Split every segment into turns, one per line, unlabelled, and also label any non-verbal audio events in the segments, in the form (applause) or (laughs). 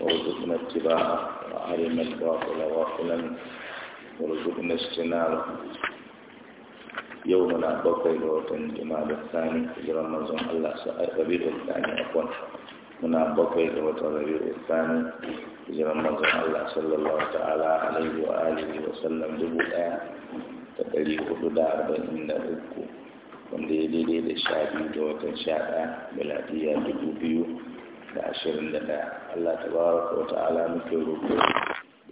ورزقنا اتباعه وعلم الباطل واقلا ورزقنا اجتنابه يوم لا بقي لوطن جمال الثاني في رمضان الله ربيع الثاني عفوا من بقي لوطن ربيع الثاني في رمضان الله صلى الله تعالى عليه وآله وسلم دبوء تقريب دار بين أكو wanda ya daidai da sha biyu da watan sha da ashirin da daya Allah ta baraka wa ta'ala muke roƙo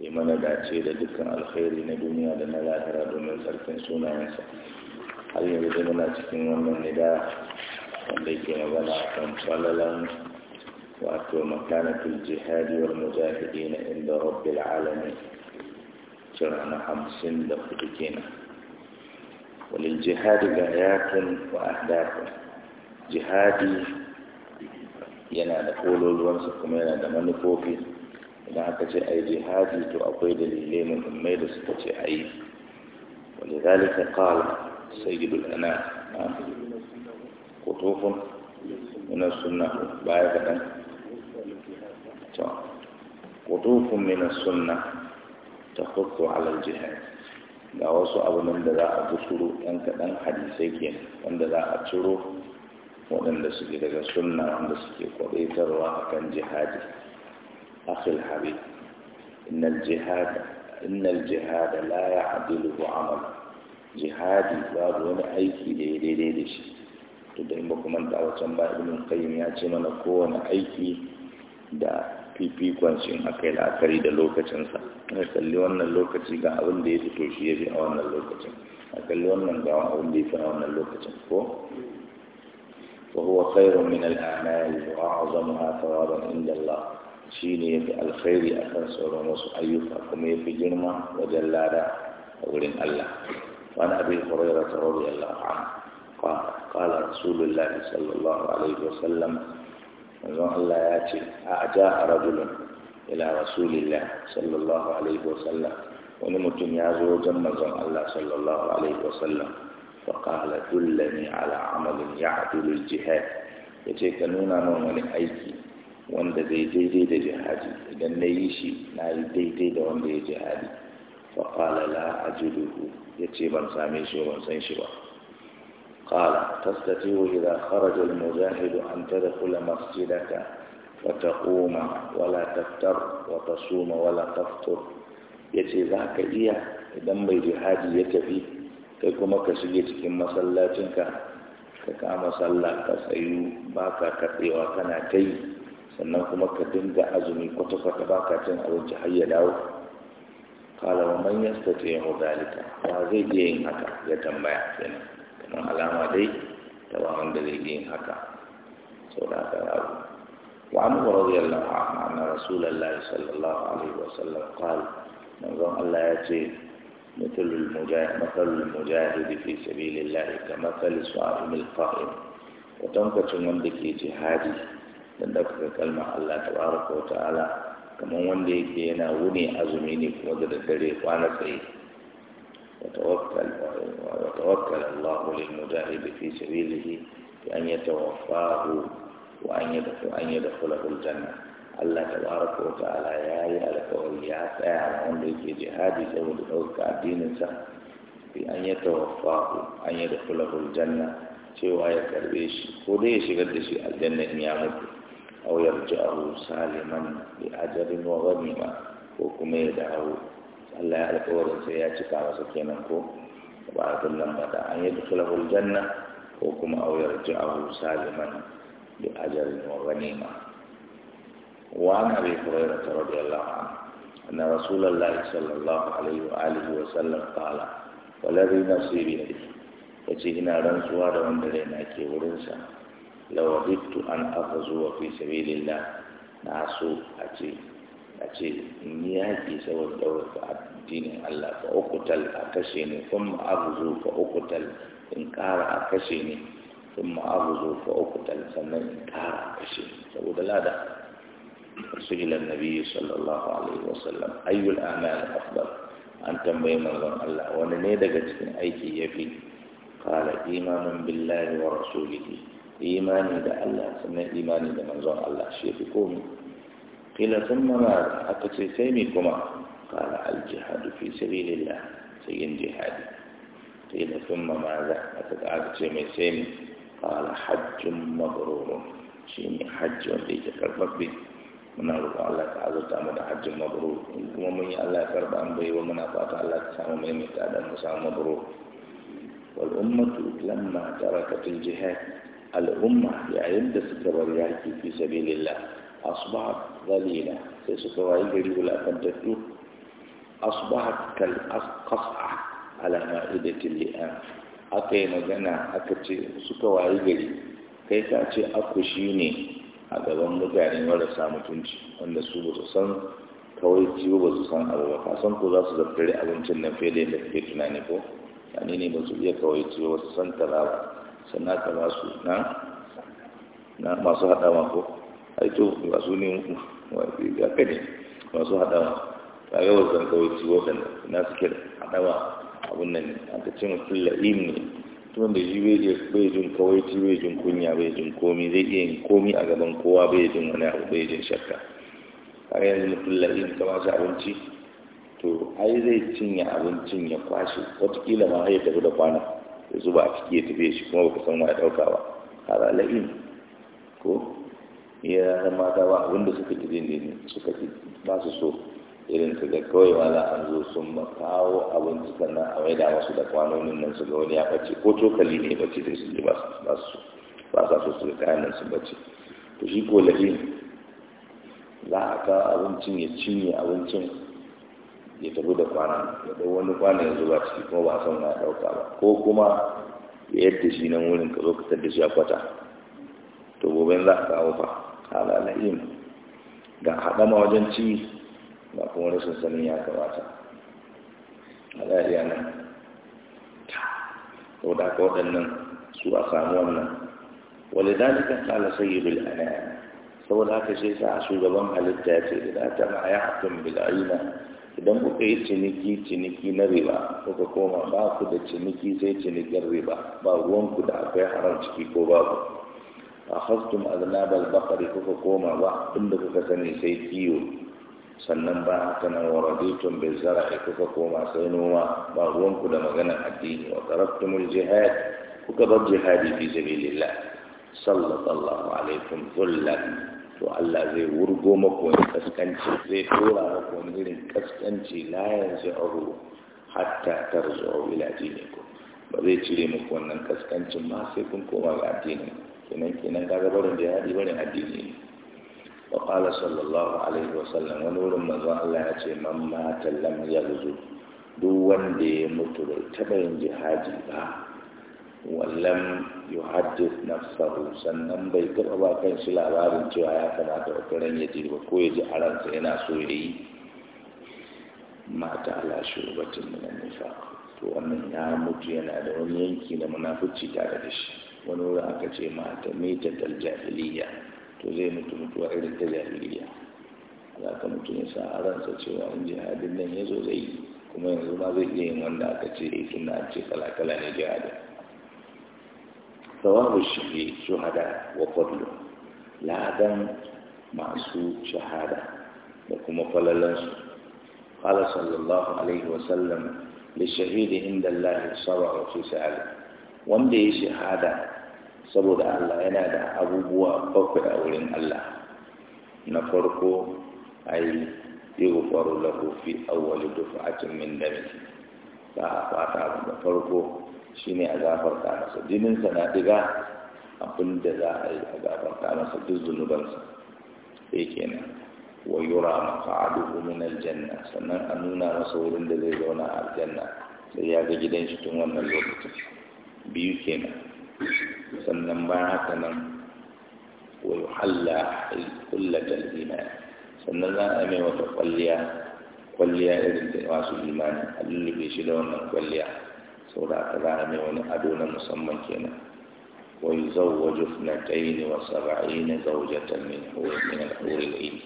ya mana dace da dukkan alkhairi na duniya da na lahira domin sarkin sunayensa har yanzu da muna cikin wannan nida wanda yake magana kan falalan wato makanatul jihadi wal na inda rabbil alamin kira na hamsin da hudu kenan Wani jihadi gayatun wa ahdafun jihadi yana da su kuma yana da manufofi idan aka ce ai jihadi to akwai dalilai muhimmai da suka ce a yi wani zalika kala sai gidu ana na kotofin yana suna baya kaɗan kotofin mina suna ta hukku alal jihadi ga wasu abunan da za a busuru yan kaɗan hadisai kenan wanda za a ciro waɗanda suke daga sunna wanda suke kwadaitarwa a kan jihadi akhil habib innal jihada innal jihada la ya'dilu amal jihadi babu wani aiki da ya daidai da shi to da in ba kuma ta wacan ba ibn qayyim ya ce mana kowane aiki da fifikon shi a kai la'akari da lokacinsa ya kalli wannan lokaci ga abin da ya fito shi ya fi a wannan lokacin a kalli wannan ga abin da ya fi a wannan lokacin ko وهو خير من الأعمال وأعظمها ثوابا عند الله شيني في الخير أكن سورة نص أيوب أكمي في جرمة وجلالا أولين الله وعن أبي هريرة رضي الله عنه قال قال رسول الله صلى الله عليه وسلم manzon Allah ya ce a ja a rajulun ila rasulillah sallallahu alaihi wasallam wani mutum ya zo wajen manzon Allah sallallahu alaihi wasallam فقال دلني على عمل يعدل الجهاد yace ka nuna min wani aiki wanda zai daidai da jihadi idan na yi shi na yi daidai da wanda ya jihadi faƙala la ajiduhu ya ce ban same shi ban san shi ba ƙala tastatihu idza kharaja al-mujahidu an tadkhula masjidaka wa taquma wa la taftar wa tasuma wa la taftur yace za ka iya idan mai jihadi ya tafi kai kuma ka shige cikin masallacinka ka kama sallah ka tsayu ba ka katsewa kana ta yi sannan kuma ka dinga azumi kwata-kwata ba ka cin abinci har ya dawo kala wa man ta yahu dalika wa zai iya yin haka ya tambaya kenan kamar alama dai ta ba wanda zai iya yin haka sau da aka rabu wa an wa radiyallahu anhu anna rasulullahi sallallahu alaihi wa sallam qala manzon Allah ya ce مثل المجاهد مثل المجاهد في سبيل الله كمثل صائم القائم وتنكة من ذكي جهادي من ذكر كلمة الله تبارك وتعالى كما من ذكي أنا أزميني في مدر الفريق وأنا وتوكل وتوكل الله للمجاهد في سبيله بأن يتوفاه وأن يدخله الجنة Allah tabaraka wa ala ya yi alkawari ya tsaya wanda yake jihadi saboda ɗauka sa bi an ya ku an da dukhulahu janna cewa ya karbe shi ko dai ya shigar da shi aljanna in ya mutu aw yarja'u saliman bi ajrin wa ghanima ko kuma ya dawo Allah ya alkawarin sai ya cika masa kenan ko ba nan ba da an yi dukhulahu janna ko kuma aw yarja'u saliman bi ajrin wa ghanima وعن ابي هريره رضي الله عنه ان رسول الله صلى الله عليه واله وسلم قال والذي نفسي بيده فجئنا رنسوا لوندرينا كي ورنسا لو اردت ان اغزو في سبيل الله naso a ce a ce ni yaƙi sabon ɗaurata a addinin Allah ka ukutal a kashe ne kun ma'abuzo ka ukutal in ƙara a kashe ne kun ma'abuzo ka ukutal sannan in ƙara a kashe saboda lada سئل النبي صلى الله عليه وسلم أي الأعمال أفضل أن تنبي منظم الله ونندق تكن أيكي يفي قال إيمان بالله ورسوله إيمان دا الله سنة إيمان دا منظم الله شيء كومي قيل ثم ما أكتسي سيمي كما قال الجهاد في سبيل الله سيين جهاد قيل ثم ماذا أتتعاد سيمي سيمي قال حج مبرور شيني حج وليس كالفقبي منار الله تعالى تام الحج مبرور ومن الله فرد عن بي ومن أفاق الله تسام من متعدى النساء مبرور والأمة لما تركت الجهاد الأمة يعني عند سكبر يحكي في سبيل الله أصبحت ذليلة في سكبر يجري ولا تنتهي أصبحت كالقصعة على مائدة اللئام أكي مجنع أكتي سكبر يجري كيف أكتي أكشيني a gaban mutane marasa mutunci wanda su ba su san kawai ciwo ba su san abu ba kasan ko za su zartare abincin nan fiye da yadda kake tunani ko yani ne ba su iya kawai ciwo ba su san tara ba sannan ka ba su na na masu haɗa ma ko ai to ba su ne ya ka ne masu haɗa ma ka ga ba su san kawai ciwo ba na suke haɗa ma abun nan ne aka ce mutum la'im ne tun da shi bai jin kawaici bai jin kunya bai jin komi zai iya yin komi a gaban kowa bai jin wani abu bai jin shakka har yanzu mutum la'in ka ba shi abinci to ai zai cinye abincin ya kwashe watakila ma ya tafi da kwana ya zuba a ciki ya tafi shi kuma ba ka san wa ya ɗauka ba har la'in ko ya mata ba abinda suka ji ne suka ji ba su so irin su da kawai za a zo sun ba kawo abinci sannan a waida wasu da kwanonin nan su ga wani ya bace ko cokali ne bace sai su ji ba su ba sa so su ga kayan nan su bace to shi ko lahin za a kawo abincin ya cinye abincin ya tafi da kwana ya dau wani kwana ya zuba ciki kuma ba san ya dauka ba ko kuma ya yadda shi nan wurin ka zo ka tadda shi a kwata to gobe za a kawo fa halalahim ga haɗama wajen ci ba kuma rashin sanin ya kamata a zariya nan to da haka waɗannan su a samu wannan wale dalika kala sayyidul anam saboda haka shi sa shugaban halitta ya ce idan ta ma ya hakan bil idan kuka yi ciniki ciniki na riba kuka koma ba ku da ciniki sai cinikin riba ba ruwanku da akwai haram ciki ko babu a hastum aznabal bakari kuka koma ba inda kuka sani sai kiyo sannan ba haka nan wa raditun bil zara'i kuka koma sai noma ba ruwanku da maganar addini wa taraktumul jihad kuka bar jihadi fi sabilillah sallallahu alaikum dhullan to Allah zai wurgo maku wani kaskanci zai tura maku wani irin kaskanci la yanzu aru hatta tarzu ila dinikum ba zai cire muku wannan kaskancin ma sai kun koma ga addini kenan kenan kaga barin jihadi barin addini ne wa qala sallallahu alaihi wasallam wani wurin manzon Allah ya ce man mata lam yalzu duk wanda ya mutu bai taɓa yin jihadi ba wallan yuhaddith nafsahu sannan bai taɓa ba kan shi labarin cewa ya kamata wataran ya yaji ba ko ya ji yana so ya yi mata ala shubatin min nifaq to wannan ya mutu yana da wani yanki na munafici tare da shi wani wurin aka ce mata mita jahiliya to zai mutu mutuwa irin ta jahiliya za ka mutum ya sa a ransa cewa in jihadin nan ya zo zai yi kuma yanzu ma zai iya yin wanda aka ce ya tun an ce kala-kala ne jihadin sawabu shige shuhada wa fadlu ladan masu shahada da kuma falalansu qala sallallahu alaihi wa sallam lishahidi inda Allah sabara fi sa'ala wanda ya shahada saboda Allah yana da abubuwa bakwai a wurin Allah na farko ai yughfaru lahu fi awwali duf'atin min dami ba a fata da farko Shi ne a gafarta masa jinin sa na diga abin da za a yi a gafarta masa duk zunubansa sai kenan wa yura maq'aduhu min aljanna sannan a nuna masa wurin da zai zauna a aljanna sai ya ga gidan shi tun wannan lokacin biyu kenan sannan baya haka nan wa halla kullatal iman sannan za a mai wata kwalliya kwalliya irin da masu imani a lullube shi da wannan kwalliya sau da aka za a mai wani ado na musamman kenan zau waje yuzawwaju ithnatayn wa sab'ina zawjatan min hur min al da yi?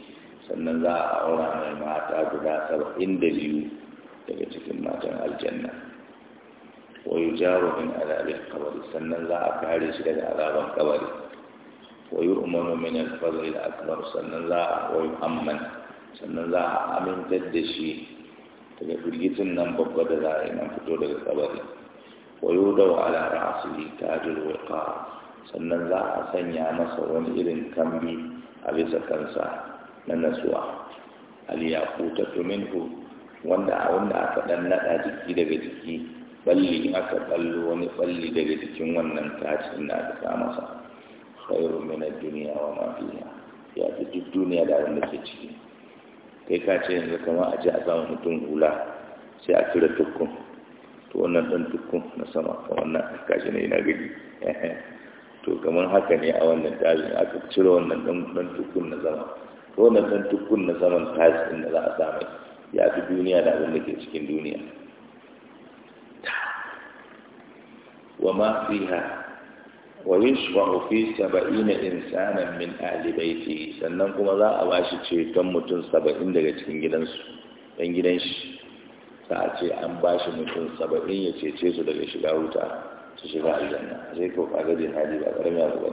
sannan za a aura mai mata guda saba'in da biyu daga cikin matan aljanna wayu jarumin min azabin sannan za a kare shi daga azaban kabari wayu umaru min alfazil akbar sannan za a wayu amman sannan za a amintar da shi daga firgitin nan babba da za a yi nan fito daga kabari wayu da wa ala ra'asihi tajul sannan za a sanya masa wani irin kambi a bisa kansa na wanda wanda aka dan nada jiki daga jiki balli aka ɓallo wani balli daga cikin wannan kacin na da ta masa khairu min ad-dunya wa ma fiha ya fi duk duniya da abin da ke ciki kai ka ce yanzu kama a ji a samu mutum hula sai a cire tukun to wannan dan tukun na sama ka wannan kashi ne yana gari (laughs) to kamar haka ne a wannan tashin aka cire wannan dan tukun na zama to wannan dan tukun na zaman tashin da za a samu ya fi duniya da abin da ke cikin duniya wa yi وما فيها ويشفع في سبعين إنسانا من أهل بيته sannan kuma za a ba bashi ceton mutum saba'in daga cikin gidansu ɗan gidan shi za a ce an ba shi mutum saba'in ya cece su daga shiga wuta su shiga aljanna sai ko kaga jihadi ba ƙarami a ba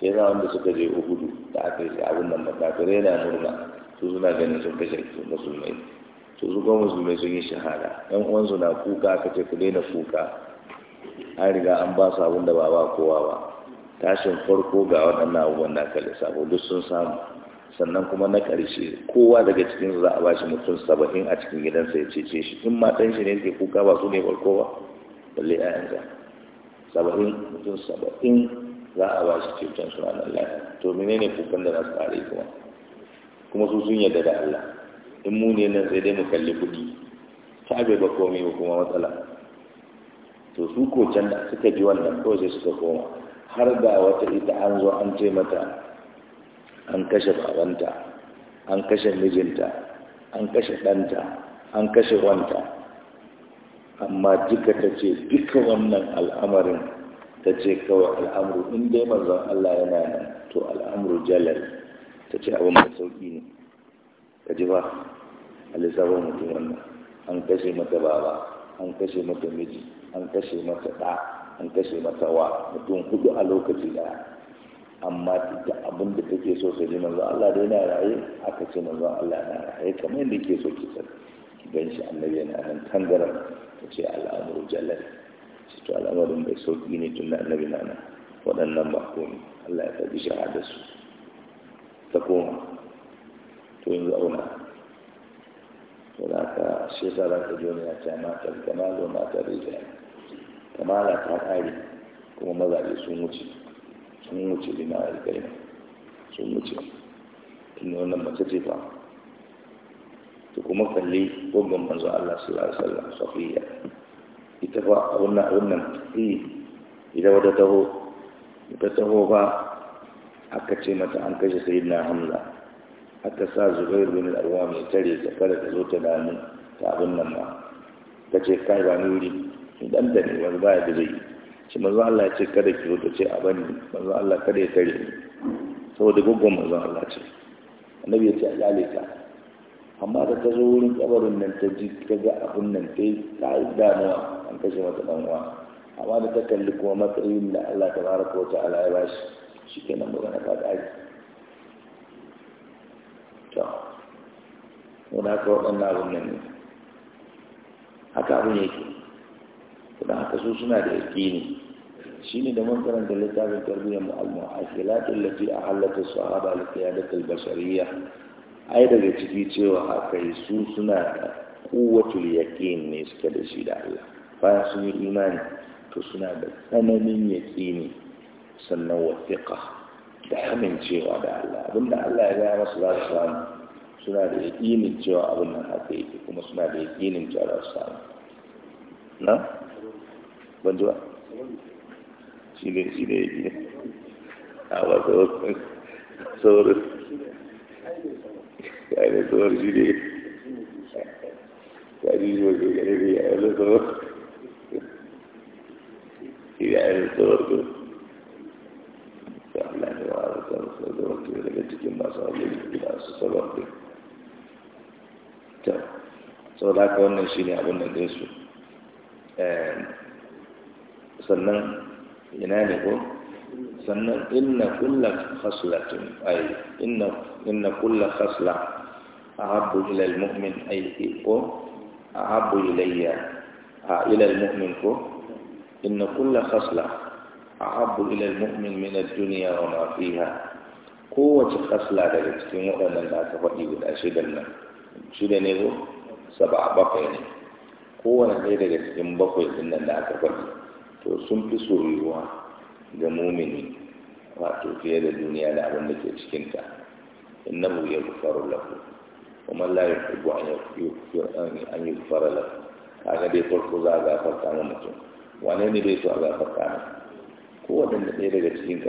sai za wanda suka je uhudu da aka yi abin nan ba kafirai na murna su suna ganin sun kashe musulmai to su kuma musulmai sun yi shahada ɗan uwansu na kuka ka ce ku daina kuka a riga an ba su abin da ba ba kowa ba tashin farko ga waɗannan abubuwan na kalli sabo duk sun samu sannan kuma na ƙarshe kowa daga cikin za a ba shi mutum saba'in a cikin gidansa ya cece shi in ma ɗan shi ne ke kuka ba su ne farko ba balle yanzu saba'in mutum saba'in za a ba shi cecen suna ranar lafiya to menene kukan da za su ƙare kuma kuma su sun yarda da Allah in mu ne nan sai dai mu kalli kuɗi ta bai ba komai ba kuma matsala to su ko can da suka ji wannan ko sai suka koma har ga wata ita an zo an ce mata an kashe babanta an kashe mijinta an kashe ɗanta an kashe wanta amma duka ta ce duka wannan al'amarin ta ce kawai al'amuru in dai manzon Allah yana nan to al'amuru jalal ta ce abin da sauƙi ne ka ji ba alisabon mutum wannan an kashe mata baba an kashe mata miji an kashe mata ɗa an kashe mata wa mutum hudu a lokaci ɗaya amma duk abin da take so ta ji manzo Allah dai na raye aka ce manzo Allah na raye kamar yadda yake so ki san ki shi annabi yana nan tangaran ta ce al'amuru jalal shi to al'amarin bai sauki ne tun annabi na nan waɗannan mahkumi Allah ya tabi shahadarsu ta koma to yanzu auna saboda shi yasa za ka ji wani ya ce matar kamala wa matar rija kamala ta kare kuma mazaje sun wuce sun wuce bi a alƙari sun wuce inda wannan mace ce fa ta kuma kalli gwamnan manzo Allah sallallahu alaihi wasallam safiya ita fa a wannan a wannan ita wata taho ita taho ba aka ce mata an kashe sayyidina Hamza aka sa zubair bin al'uwa mai tare ta kada ta zo ta damu ta abin nan ma ta ce kai ba ni wuri idan da ne wani baya da zai ce manzo Allah ya ce kada ki zo ta ce a bani manzo Allah kada ya tare ni saboda gaggon manzo Allah ce annabi ya ce a yale ta amma da ta zo wurin kabarin nan ta ji ta ga abin nan ta yi ta yi damuwa an kashe mata dan uwa amma da ta kalli kuma matsayin da Allah tabaraka wa ta'ala ya bashi shikenan magana ta ƙari to wanda aka waɗannan abin nan ne haka ne? yake kuma haka suna da yaƙini shi ne da makarantar littafin tarbiyyar mu'almu a filatin lafi a sahaba da kiyadatul bashariya ai daga ciki cewa haka su suna da kowatul yaƙin ne suka da shi da Allah bayan sun yi imani to suna da tsananin yaƙini sannan wafiƙa da amincewa da Allah abinda Allah ya gaya masu za su samu suna da yaƙinin cewa abin nan haka yake kuma suna da yaƙinin cewa za su samu na ban ji shi ne shi ne yaƙi a wata wasu saurin ya ne saurin shi ne ya ji shi wajen gare ne ya yi saurin ya yi saurin Allah ya daga cikin masu haƙuri da su wannan abin da su ehm, sannan ina ne ko sannan inna kulla khaslatun ay inna inna kulla khasla ahabbu ila almu'min ay ko ahabbu ilayya ila almu'min ko inna kulla khasla ahabbu ila almu'min min ad-dunya wa ma fiha kowace kasla daga cikin waɗannan da aka faɗi guda shidan nan shida ne ko saba bakwai ne kowane ɗaya daga cikin bakwai ɗin nan da aka faɗi to sun fi soyuwa ga mumini wato fiye da duniya da abin da ke cikinta innahu yaghfaru lahu kuma la yuhibbu an yaghfira an yaghfara lahu kaga dai farko za a gafarta mutum wane ne bai so a gafarta ko waɗanda ɗaya daga cikin ka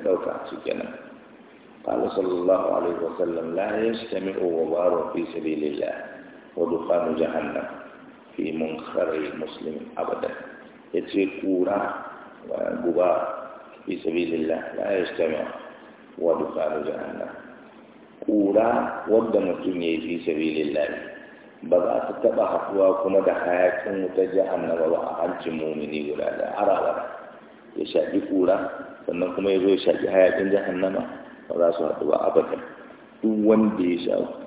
قال صلى الله عليه وسلم لا يجتمع غبار في سبيل الله ودخان جهنم في منخر مسلم أبدا يتي كورا وغبار في سبيل الله لا يجتمع ودخان جهنم كورا ودم مسلمي في سبيل الله ba za ta taɓa haɗuwa kuma da hayakin wuta ya shaƙi ƙura sannan kuma ya zo ya shaƙi hayaƙin jahannama ba za su haɗu ba abadan duk wanda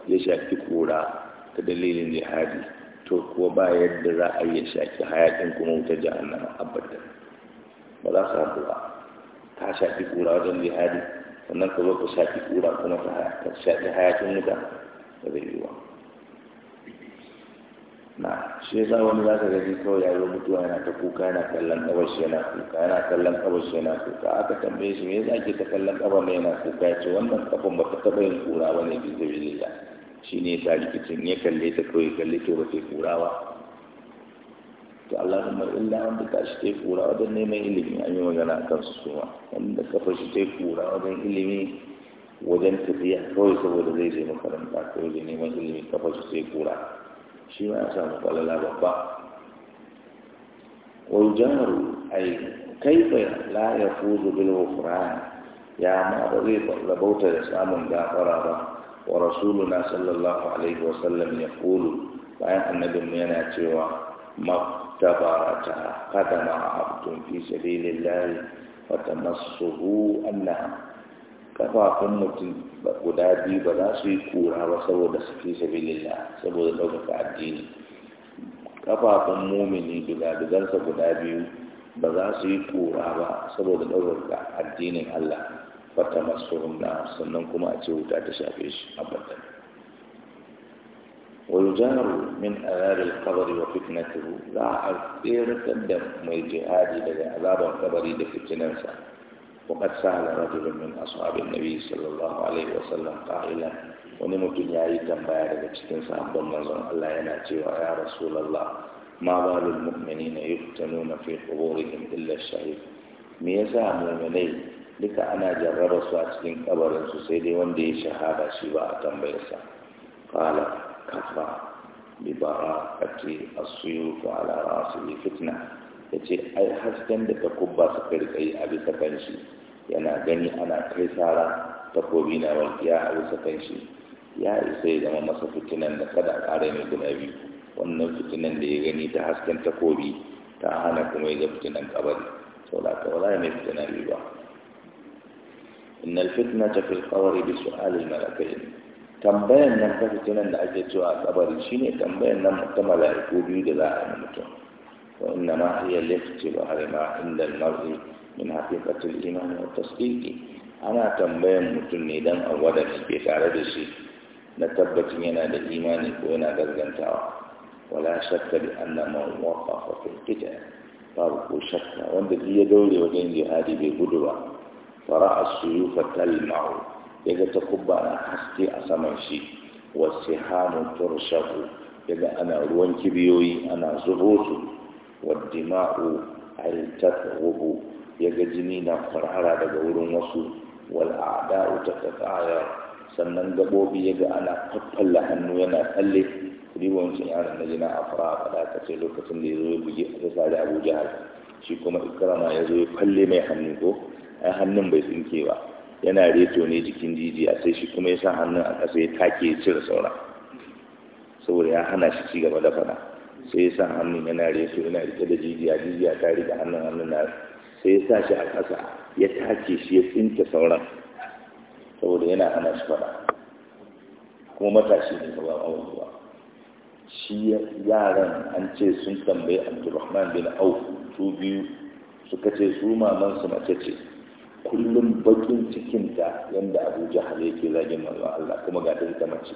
ya shaƙi ƙura ta dalilin jihadi to kuwa ba yadda za a yi ya shaƙi hayaƙin kuma wutar jahannama abadan ba za su haɗu ba ka shaƙi ƙura wajen jihadi sannan ka zo ka shaƙi ƙura kuma ka shaƙi hayaƙin wuta ba zai yi ba na shi yasa wani za ka gani kawai ya zo mutuwa yana ta kuka yana kallon kabashi yana kuka yana kallon kabashi yana kuka aka tambaye shi me yasa ake ta kallon kafa mai yana kuka ya ce wannan kafan ba ta taɓa yin kura ba ne bisa bilila shi ne yasa rikicin ya kalle ta kawai kalle to ba ta yi kura ba to allahumma illa wanda da shi ta yi kura wajen neman ilimi an yi magana a kansu su ma wanda kafa shi ta yi kura wajen ilimi wajen tafiya kawai saboda zai je makaranta kawai neman ilimi kafa shi ta yi kura shi ma ya samu kwalala babba wal jaru ai kaifa la yafuzu bil ghufran ya ma ba zai rabauta da samun gafara ba wa rasuluna sallallahu alaihi wa sallam ya kulu bayan annabin yana cewa maktabarata kadama abdun fi sabilillah wa tamassuhu annaha kafafun mutum guda biyu ba za su yi kura ba saboda su fi sabilillah saboda ɗaukaka addini kafafun mumini guda dugansa guda biyu ba za su yi kura ba saboda ɗaukaka addinin Allah fata masu na sannan kuma a ce wuta ta shafe shi abadan wani jaru min yare kabari wa fitnatuhu za a tseratar da mai jihadi daga azabar kabari da fitinansa وقد سأل رجل من أصحاب النبي صلى الله عليه وسلم wani mutum ya yi tambaya daga cikin sahabban manzon Allah yana cewa ya rasulallah ma balul mu'minina yuftanuna fi quburihim illa shahid me yasa mu'minai duka ana jarraba su a cikin kabarin su sai dai wanda ya shahara shi ba a tambayarsa qala kafa bi bara'ati as-suyuf ala ra'si fitna Ya ce ai hasken da takubba su rika yi a bisa kan yana gani ana kai tsara takobi na walƙiya a bisa kan ya isa ya zama masa fitinan da kada ƙara mai guda biyu wannan fitinan da ya gani ta hasken takobi ta hana kuma ya ga fitinan kabari sau da aka wala mai fitina biyu ba innal fitna ta fil qawri bi su'al al malakain tambayan nan ta fitinan da ake cewa a kabari shine tambayan nan ta mala'iku biyu da za a yi mutum وإنما هي الاختبار على ما عند المرء من حقيقة الإيمان والتصديق أنا تنبيه متني دم أولا في تعالى بشي نتبت من الإيمان وإن أدرزنت ولا شك بأن ما وقف في القتال فرق شك وإن هي دولة وجين هذه بغدوة فرأى السيوف تلمع إذا تقب أنا حسكي شيء والسحام ترشف إذا أنا أروان كبيوي أنا زغوطي waddima'u an ya yaga jini na kwarara daga wurin wasu wal a'da'u tatata'aya sannan gabobi ga ana kafalla hannu yana tsalle riwon shi ya na jina afra a ka ce lokacin da ya zo ya buge a sasa da abu Jahal shi kuma ikrama yazo ya mai hannu ko ai hannun bai tsinke ba yana reto ne jikin jijiya sai shi kuma ya sa hannun a kasa ya take ya cire saura saboda ya hana shi ci gaba da fada sai ya sa hannun yana reso yana rike da jijiya jijiya ta rike hannun hannun na sai ya sa shi a ƙasa ya take shi ya tsinke sauran saboda yana hana shi fada kuma matashi ne ba wani shi yaran an ce sun tambayi abdulrahman bin auf su biyu suka ce su maman su mace ce kullum bakin cikinta yadda abu jahal yake zagin manzon allah kuma ga ta mace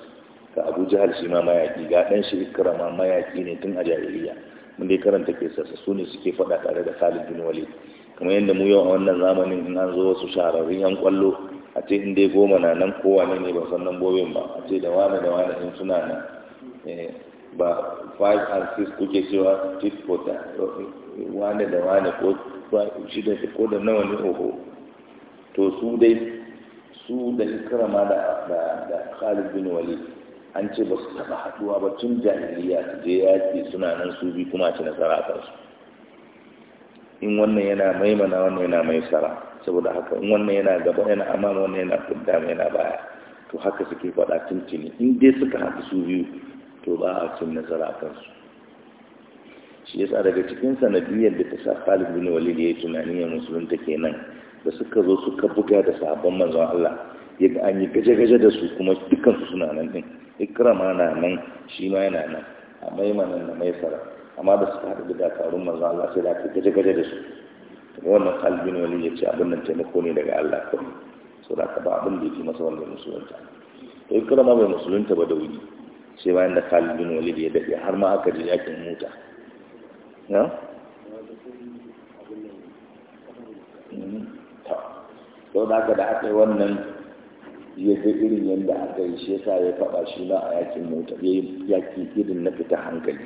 ka abu jihar shi ma mayaki ga ɗan shi ma mayaki ne tun a jahiliya mun dai karanta ke sassa su ne suke faɗa tare da Khalid bin Walid kamar yadda mu yau a wannan zamanin in an zo wasu shahararrun yan kwallo a ce in dai goma na nan kowa ne ne ba san nan bobin ba a ce da wani da wani in suna nan eh, ba 5 and 6 kuke cewa tit kota wani da wani ko shida ko da nawa ne oho to su dai su da ikrama da Khalid bin Walid an ce ba su taɓa haɗuwa ba tun jahiliya su je yaƙi suna nan su bi kuma ci nasara a kansu in wannan yana maimana wannan yana mai maisara saboda haka in wannan yana gaba yana amana wannan yana kudda yana baya to haka suke faɗa tuntuni in dai suka haɗu su biyu to ba a cin nasara a kansu shi yasa daga cikin sanadiyar da ta sa Khalid bin Walid ya yi tunani ya musulunta kenan da suka zo suka buga da sabon manzon Allah yadda an yi gaje-gaje da su kuma dukansu suna nan din ikrama na nan shi ma yana nan a maimanan na maisara amma da suka haɗu da karun manzo Allah sai da aka gaje gaje da su wannan kalbin wani ya ce abin nan taimako ne daga Allah ko so da ka ba abin da yake masa wanda musulunta to ikrama bai musulunta ba da wuri sai bayan da kalbin wani ya dade har ma aka je yakin mota na sau mm-hmm. da aka da aka yi wannan ya ga irin yadda aka yi shi yasa ya faɗa shi ma a yakin mota ya yi yaki irin na fita hankali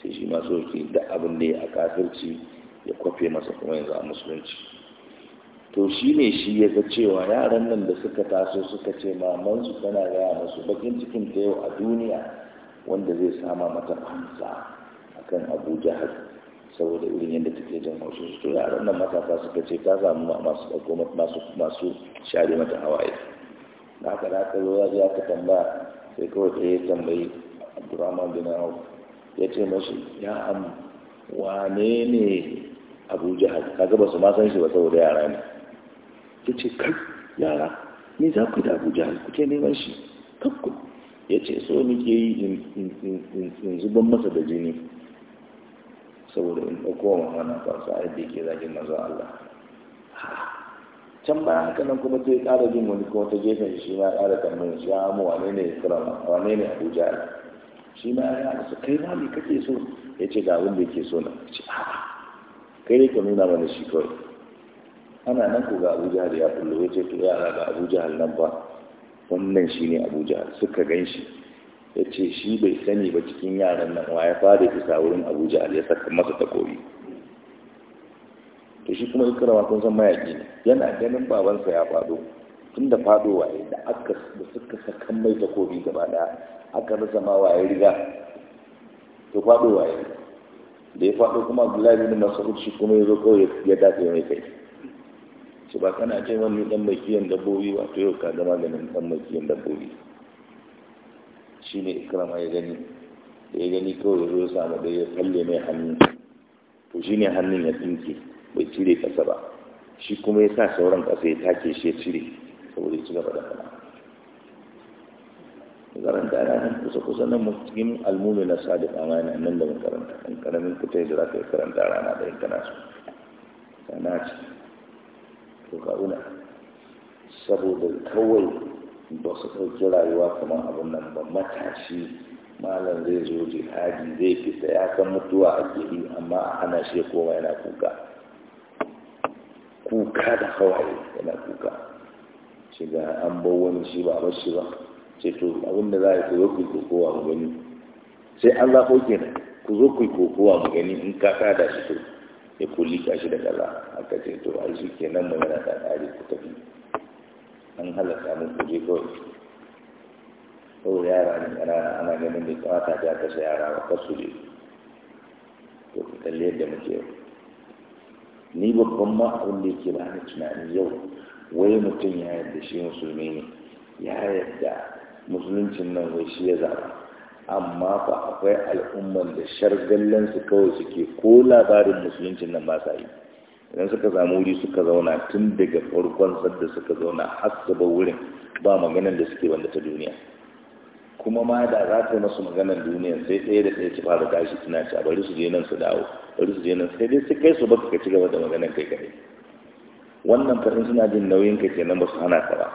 sai shi ma so ke da abin da ya a kafirci ya kwafe masa kuma yanzu a musulunci to shi ne shi ya ga cewa yaran nan da suka taso suka ce mamansu tana gaya masu bakin cikin ta yau a duniya wanda zai sama mata fansa akan abu jahal saboda irin yadda take jan hausu su to yaran nan matasa suka ce ta samu masu ɗauko masu share mata hawaye da aka da aka zo ya ji aka tambaya sai kawai ta yi tambayi abdurrahman bin auf ya ce mashi ya am wane ne abu jihar ka ba su ma san shi ba saboda yara ne ya ce kai yara ne za ku da abu jihar kuke neman shi kakku ya ce so ke yi in zuban masa da jini saboda in ɗauko wa ba su yadda ke zagin mazan Allah can bayan haka nan kuma sai ƙara jin wani kuma ta gefen shi ma ƙara tambayin shi ya mu wane ne ikrama wane ne abuja ne shi ma ya su kai ma me kake so ya ce ga abin da yake so na ce a'a kai ne ka nuna mana shi kawai ana nan ko ga abuja da ya kullu ya ce to yara ga abuja nan ba wannan shi ne abuja suka gan shi ya ce shi bai sani ba cikin yaran nan wa ya fara isa wurin abuja ya saka masa takobi to shi kuma ikrama kun san mayaki ne yana ganin babansa ya fado tun da fado waye da aka da suka sakan mai takobi gaba ɗaya, aka rasa ma waye riga to fado waye da ya fado kuma Abdullahi bin Mas'ud shi kuma ya zo kawai ya dace mai kai shi ba kana ce wani dan mai kiyan dabbobi wato yau ka da maganin dan mai kiyan dabbobi shine ikrama ya gani da ya gani kawai ya zo ya samu da ya tsalle mai hannu to shine hannun ya tsinke bai cire kasa ba shi kuma ya sa sauran kasa ya take shi ya cire saboda ya ci gaba da fana karanta da nan kusa kusa nan mutum almumi na sadi amana nan da makaranta in karamin kuta ya zira ka yi karanta rana da in kana so sana ci to kauna saboda kawai ba su ɗauki rayuwa kamar abin nan ba matashi malam zai zo jihadi zai fita ya san mutuwa a jiri amma a hana shi koma yana kuka kuka da hawaye yana kuka shiga an bau wani shi ba shi ba ce to abinda za a yi ku zo ku yi kokowa mu gani sai an ko kenan ku zo ku yi kokowa mu gani in ka kada shi to ya kulli ka shi da kaza aka ce to a shi kenan mu yana da tsari ku tafi an halatta mu ku je kawai ko yara ne ƙanana ana ganin bai kamata ta kashe yara ba kasu je to ku kalle yadda muke yau ni babban ma abin da yake bani tunani yau wai mutum ya yarda shi musulmi ne ya yarda musuluncin nan wai shi ya zaba amma fa akwai al'umman da su kawai suke ko labarin musuluncin nan ba sa yi idan suka samu wuri suka zauna tun daga farkon sadda suka zauna har su wurin ba maganar da suke wanda ta duniya kuma ma da za ta masu maganar duniya sai ɗaya da ɗaya ki fara tashi tana ci bari su je nan su dawo bari su je nan sai dai su kai su baka ka ci gaba da maganar kai kaɗai wannan fadin suna jin nauyin kai kenan ba su hana ka ba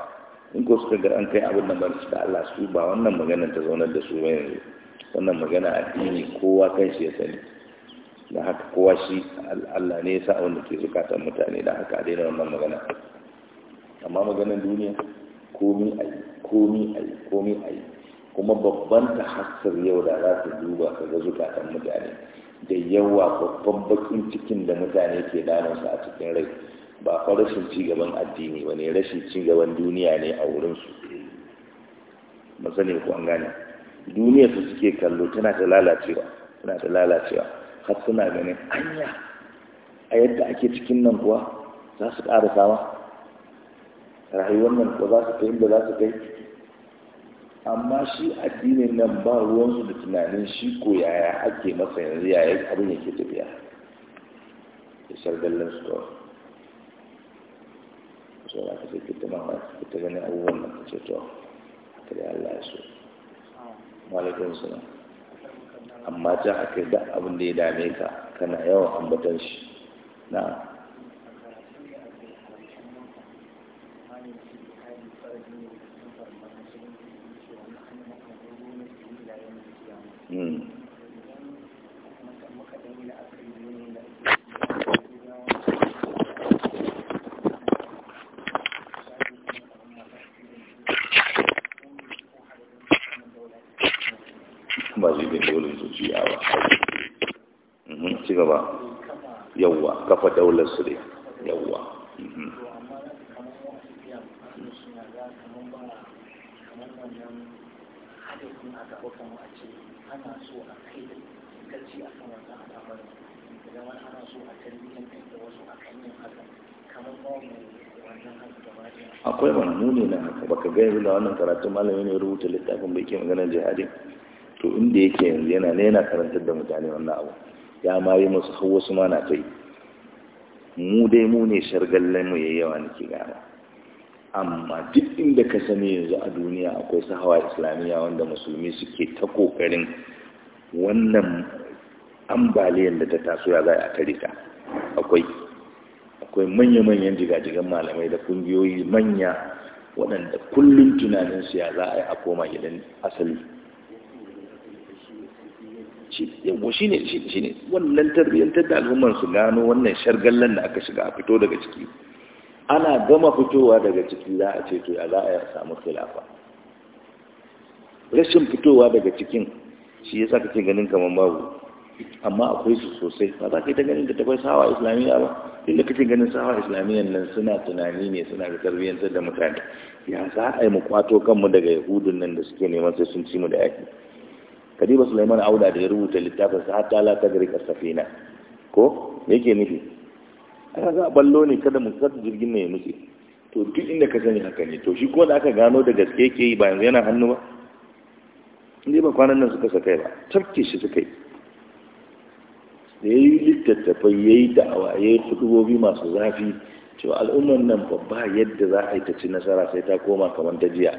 in ko suka ga an kai abin nan ba su da Allah su ba wannan maganar ta zaunar da su ba yanzu wannan magana addini kowa kan shi ya sani da haka kowa shi Allah ne ya sa wanda ke zukatan mutane da haka a daina wannan magana amma maganar duniya komi a yi komi a yi komi a yi kuma babban ta hasar yau da za ta duba ka ga zukatan mutane da yawa babban bakin cikin da mutane ke su a cikin rai ba fa rashin cigaban addini ba ne rashin cigaban duniya ne a wurinsu masani ko an gane duniya su suke kallo tana ta lalacewa tana ta lalacewa har suna ganin anya a yadda ake cikin nan kuwa za su ƙara sama rayuwar nan kuwa za su kai inda za su kai amma shi addinin nan ba ruwansu da tunanin shi ko yaya ake masa yanzu yaya abin yake tafiya da sargallan su kawai so za ka sai fita mawa ka ta gani abubuwan nan ka ce to haka da Allah ya so suna amma ta haka da abin da ya dame ka kana yawan ambatan shi na juyawa yawwa kafa daular su ne yawwa
mhm. akwai wani nuni na
haka baka gani da wannan karatun malami ne rubuta littafin bai ke maganar jihadin to inda yake yanzu yana ne yana karantar da mutane wannan abu ya ma yi musu har wasu ma na kai mu dai mu ne shargallen mu yayi yawa nake gara amma duk inda ka sani yanzu a duniya akwai sahawa islamiyya wanda musulmi suke ta kokarin wannan ambaliyar da ta taso ya za a tare ta akwai akwai manya-manyan jigajigan malamai da kungiyoyi manya waɗanda kullum tunaninsu ya za a yi a koma gidan asali shi yawa shi ne shi ne wannan tarbiyyantar da al'ummar su gano wannan shargallon da aka shiga a fito daga ciki ana gama fitowa daga ciki za a ce to ya za a yi samu khilafa rashin fitowa daga cikin shi ya saka kake ganin kamar babu amma akwai su sosai ba za ka yi ta ganin da ta bai sawa islamiyya ba inda kake ganin sawa islamiyyan nan suna tunani ne suna da tarbiyyantar da mutane ya za a yi mu kwato kanmu daga yahudun nan da suke neman sai sun ci mu da yaki kadiba sulaiman auda da ya rubuta littafin sa hatta la tagriqa safina ko yake nufi aka ga ballo ne kada mu saka jirgin ne ya nufi to duk inda ka sani haka ne to shi ko da aka gano da gaske yake yi ba yanzu yana hannu ba inda ba kwanan nan suka sakai ba tafke shi suka yi da ya yi littattafai ya yi da'awa ya yi hudubobi masu zafi cewa al'ummar nan babba yadda za a yi ta ci nasara sai ta koma kamar ta jiya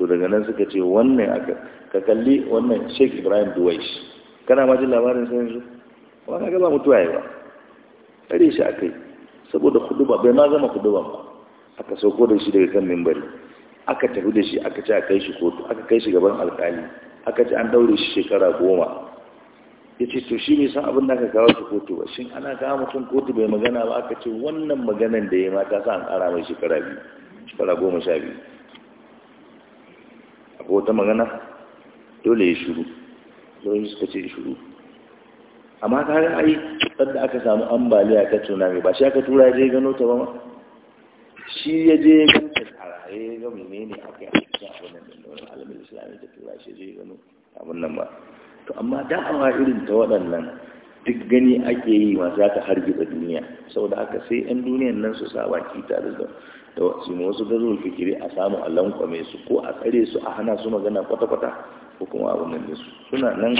to daga nan suka ce wannan aka ka kalli wannan sheikh ibrahim duwais kana ma jin labarin sa yanzu ba ka gaba mutuwa ya ba kare shi akai saboda kuduba bai ma zama kuduba ba aka sauko da shi daga kan mimbari aka tafi da shi aka ci a kai shi kotu aka kai shi gaban alkali aka ce an daure shi shekara goma ya ce to shi ne san abin da aka kawo shi kotu ba shin ana kawo mutum kotu bai magana ba aka ce wannan maganan da ya mata sa an kara mai shekara biyu shekara goma sha biyu akwai wata magana dole ya shuru don suka ce ya shuru amma ka ga ai sanda aka samu ambaliya ta tsunami ba shi aka tura je gano ta ba ma shi ya je gano ta ne ne a kai a cikin abin nan da wani alamun islami ta tura shi je gano abin nan ba to amma da'awa irin ta waɗannan duk gani ake yi masu aka hargitsa duniya saboda aka sai 'yan duniyan nan su saba kita da da wasu wasu gazo fikiri a samu a lankwame su ko a tsare su a hana su magana kwata-kwata ko kuma abin nan da su suna nan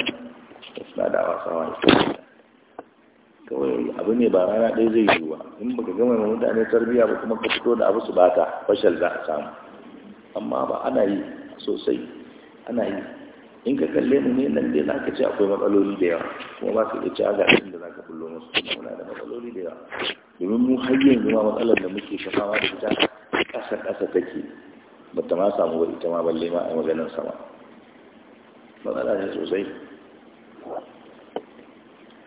suna da kawai abu ne ba rana ɗaya zai yi ba in baka gama mai mutane tarbiyya ba kuma ka fito da abu su bata fashal za a samu amma ba ana yi sosai ana yi in ka kalle mu ne nan dai za ka ce akwai matsaloli da yawa kuma ba ka iya ci aga da za ka bullo musu kuma muna da matsaloli da yawa domin mu har yanzu ma matsalar da muke shafawa da ita ƙasa ƙasa take ba ta ma samu ba ita ma balle ma a maganin sama matsala ne sosai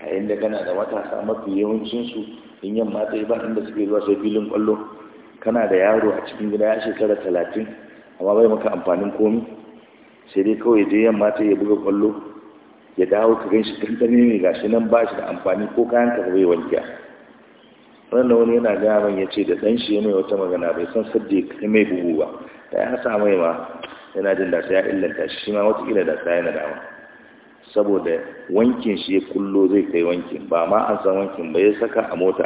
a inda kana da matasa mafi yawancinsu in yamma ta yi ba inda suke zuwa sai filin kwallo kana da yaro a cikin gida ya shekara talatin amma bai maka amfanin komi sai dai kawai je yamma ta ya buga kwallo ya dawo ka gan shi kankane ne ga shi nan ba shi da amfani ko kayan ka bai wankiya wanda wani yana gaya man ya ce da ɗan shi ya mai wata magana bai san sadda ya kai mai bugu ba ya sa mai ma yana jin da sai ya illanta shi ma watakila da sai yana dama saboda wankin shi ya kullo zai kai wankin ba ma an san wankin ba ya saka a mota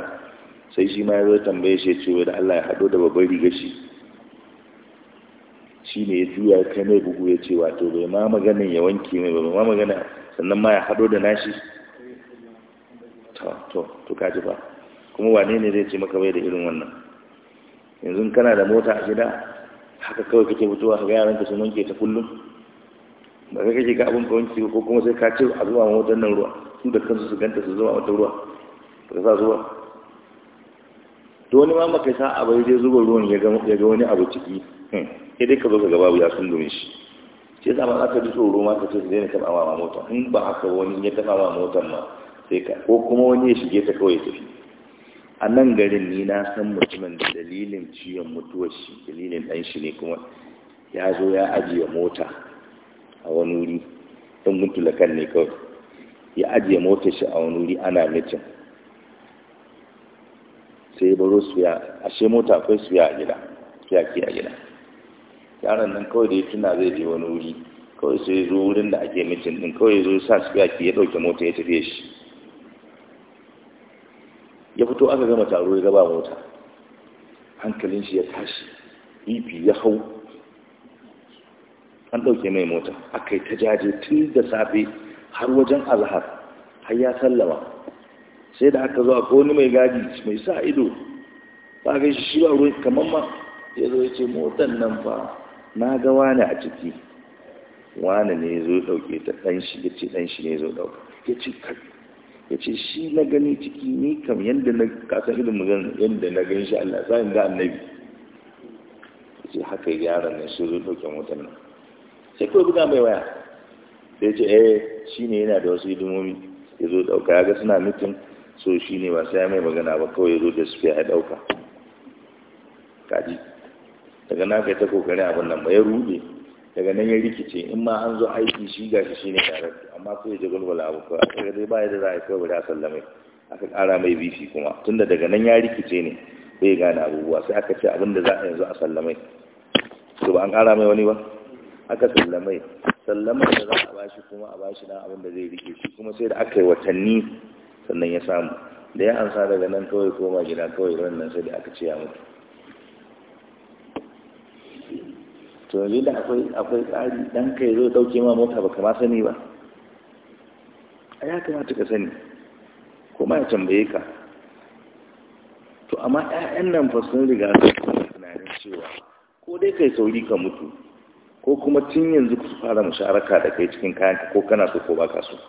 sai shi ma ya zo tambaye shi ya ce da Allah ya hado da babbar riga shi shi ne ya juya ya kai mai bugu ya ce wato bai ma maganin ya wanke mai bai ma magana sannan ma ya hado da nashi to to to kaji ba kuma wane ne zai ce maka bai da irin wannan yanzu kana da mota a gida haka kawai kake mutuwa ga yaran ka sun wanke ta kullum ba kai kake ga ka wanke ko kuma sai ka ce a zuwa ma wutar nan ruwa su da kansu su ganta su zuwa wutar ruwa ka sa zuwa to wani ma maka sa a bai zai zuba ruwan ya ga wani abu ciki hmm. sai dai ka zo ka ga babu ya sun shi sai za ma za ka ji tsoro ma ka ce su daina taɓa ma mota in ba haka wani ya taɓa ma motar ma sai ka ko kuma wani ya shige ta kawai ya tafi a nan garin ni na san mutumin da dalilin ciyon mutuwar shi dalilin ɗan shi ne kuma ya zo ya ajiye mota a wani wuri don da kan ne kawai ya ajiye mota shi a wani wuri ana mitin sai baro suya ashe mota akwai suya a gida suya ke a gida yaron nan kawai da ya tuna zai je wani wuri kawai sai zo wurin da ake mitin ɗin kawai zo sa suya ke ya ɗauke mota ya tafiye shi ya fito aka gama taro ya gaba mota hankalin shi ya tashi BP ya hau an ɗauke mai mota aka yi ta jaje tun da safe har wajen alhar har ya sallama sai da aka zuwa ko wani mai gadi mai sa ido ba ga shi ba ruwan kamar ma ya zo ya ce motan nan fa na ga wani a ciki wani ne ya zo ya ɗauke ta dan shi ya ce dan shi ne ya zo ɗauka ya ce ya ce shi na gani ciki ni kam yadda na kasar ilin magan yadda na gani shi Allah sa'in ga annabi ya ce haka yaran nan shi zo ɗauke motar nan sai kawai buga mai waya ya ce eh shi ne yana da wasu hidimomi ya zo ɗauka ya ga suna mutum. so shi ne ba sai mai magana ba kawai ya zo da su ya ɗauka kaji daga na kai ta kokarin abin nan ba ya daga nan ya rikice in ma an zo aiki shi ga shi ne tare amma sai ya ji abu ko sai dai bai da za a yi kawai da sallame aka ƙara mai bifi kuma tunda daga nan ya rikice ne bai gane abubuwa sai aka ce abin da za a yanzu a sallame to ba an ƙara mai wani ba aka sallame sallama da za a bashi kuma a bashi dan abin da zai rike shi kuma sai da aka yi watanni sannan ya samu da ya ansa daga nan kawai koma gida kawai ran nan sai da aka ce ya mutu to da akwai akwai tsari dan ka zo dauke ma mota baka ma sani ba a ya kamata ka sani kuma ya tambaye ka to amma 'ya'yan nan fa sun riga na tunanin cewa ko dai kai sauri ka mutu ko kuma tun yanzu ku fara musharaka da kai cikin kayan ko kana so ko baka so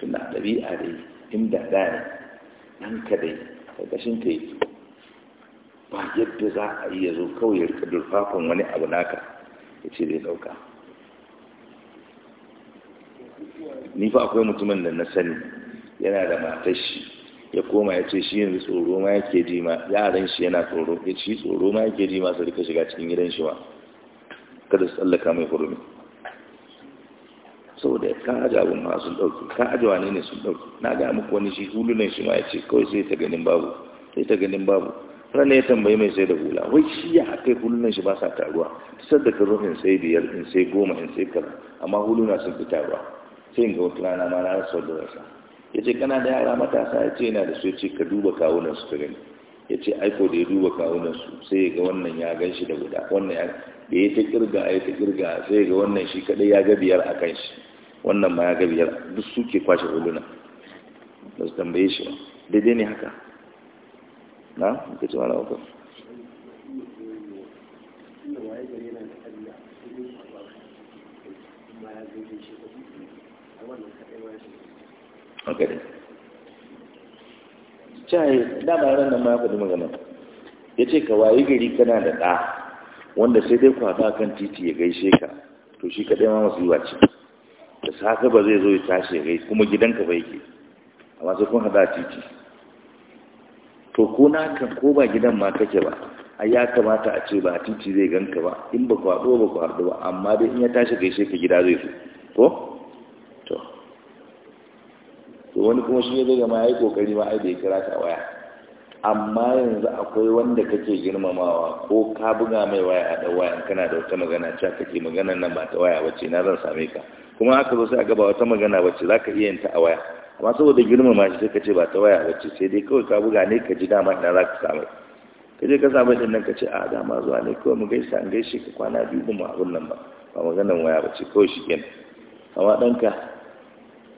tunda ɗabi'a dai inda gane ka dai ƙarƙashin ka yi ba yadda za a yi ya zo kawai ya rika durfafin wani abu naka ya ce zai dauka ni fa akwai mutumin da na sani yana da matashi ya koma ya ce shi yanzu tsoro ma yake ji ma yaran shi yana tsoro ya ci tsoro ma yake ji ma su rika shiga cikin gidan shi ma kada su tsallaka mai hurumi saboda ka aje abin ma sun ɗauki ka aje wane ne sun ɗauki na ga muku wani shi hulunan shi ma ya ce kawai sai ta ganin babu sai ta ganin babu rana ya tambayi mai sai da hula wai shi ya haka hulunan shi ba sa taruwa sai da karo in sai biyar in sai goma in sai kara amma huluna sun fi taruwa sai in ga wata rana ma na rasa da rasa ya ce kana da yara matasa ya ce yana da su ya ce ka duba kawunan su gani ya ce aiko da ya duba kawunan su sai ya ga wannan ya gan shi da guda wannan ya da ya ta kirga ya ta kirga sai ya ga wannan shi kadai ya ga biyar a kan shi wannan ma ya ga biyar duk suke kwashe huluna ba su tambaye shi ba daidai ne haka na Ke ce wani abu Okay. dama nan ma ya faɗi magana ya ce ka wayi gari kana da ɗa wanda sai dai kwafa kan titi ya gaishe ka to shi kaɗai ma masu yiwa ce da safe ba zai zo ya tashi ya gaishe kuma gidanka ba ke, amma sai kun haɗa titi to ko na kan ko ba gidan ma kake ba ai ya kamata a ce ba titi zai ganka ba in ba kwado ba kwado ba amma dai in ya tashi gaishe ka gida zai zo ko to to wani kuma shi zai ya yayi kokari ma ai da ya kira ka waya amma yanzu akwai wanda kake girmamawa ko ka buga mai waya a dan wayan kana da wata magana cewa kake magana nan ba ta waya bace na zan same ka kuma aka zo sai a gaba wata magana bace zaka iya yin ta a waya amma saboda girma ma shi sai ka ce ba ta waya wacce sai dai kawai ka buga ne ka ji dama ina za ka samu ka je ka samu din nan ka ce a dama zuwa ne kawai mu gaisa an gaishe ka kwana biyu ba mu abun nan ba ba maganan waya ba ce kawai shi kenan amma ɗanka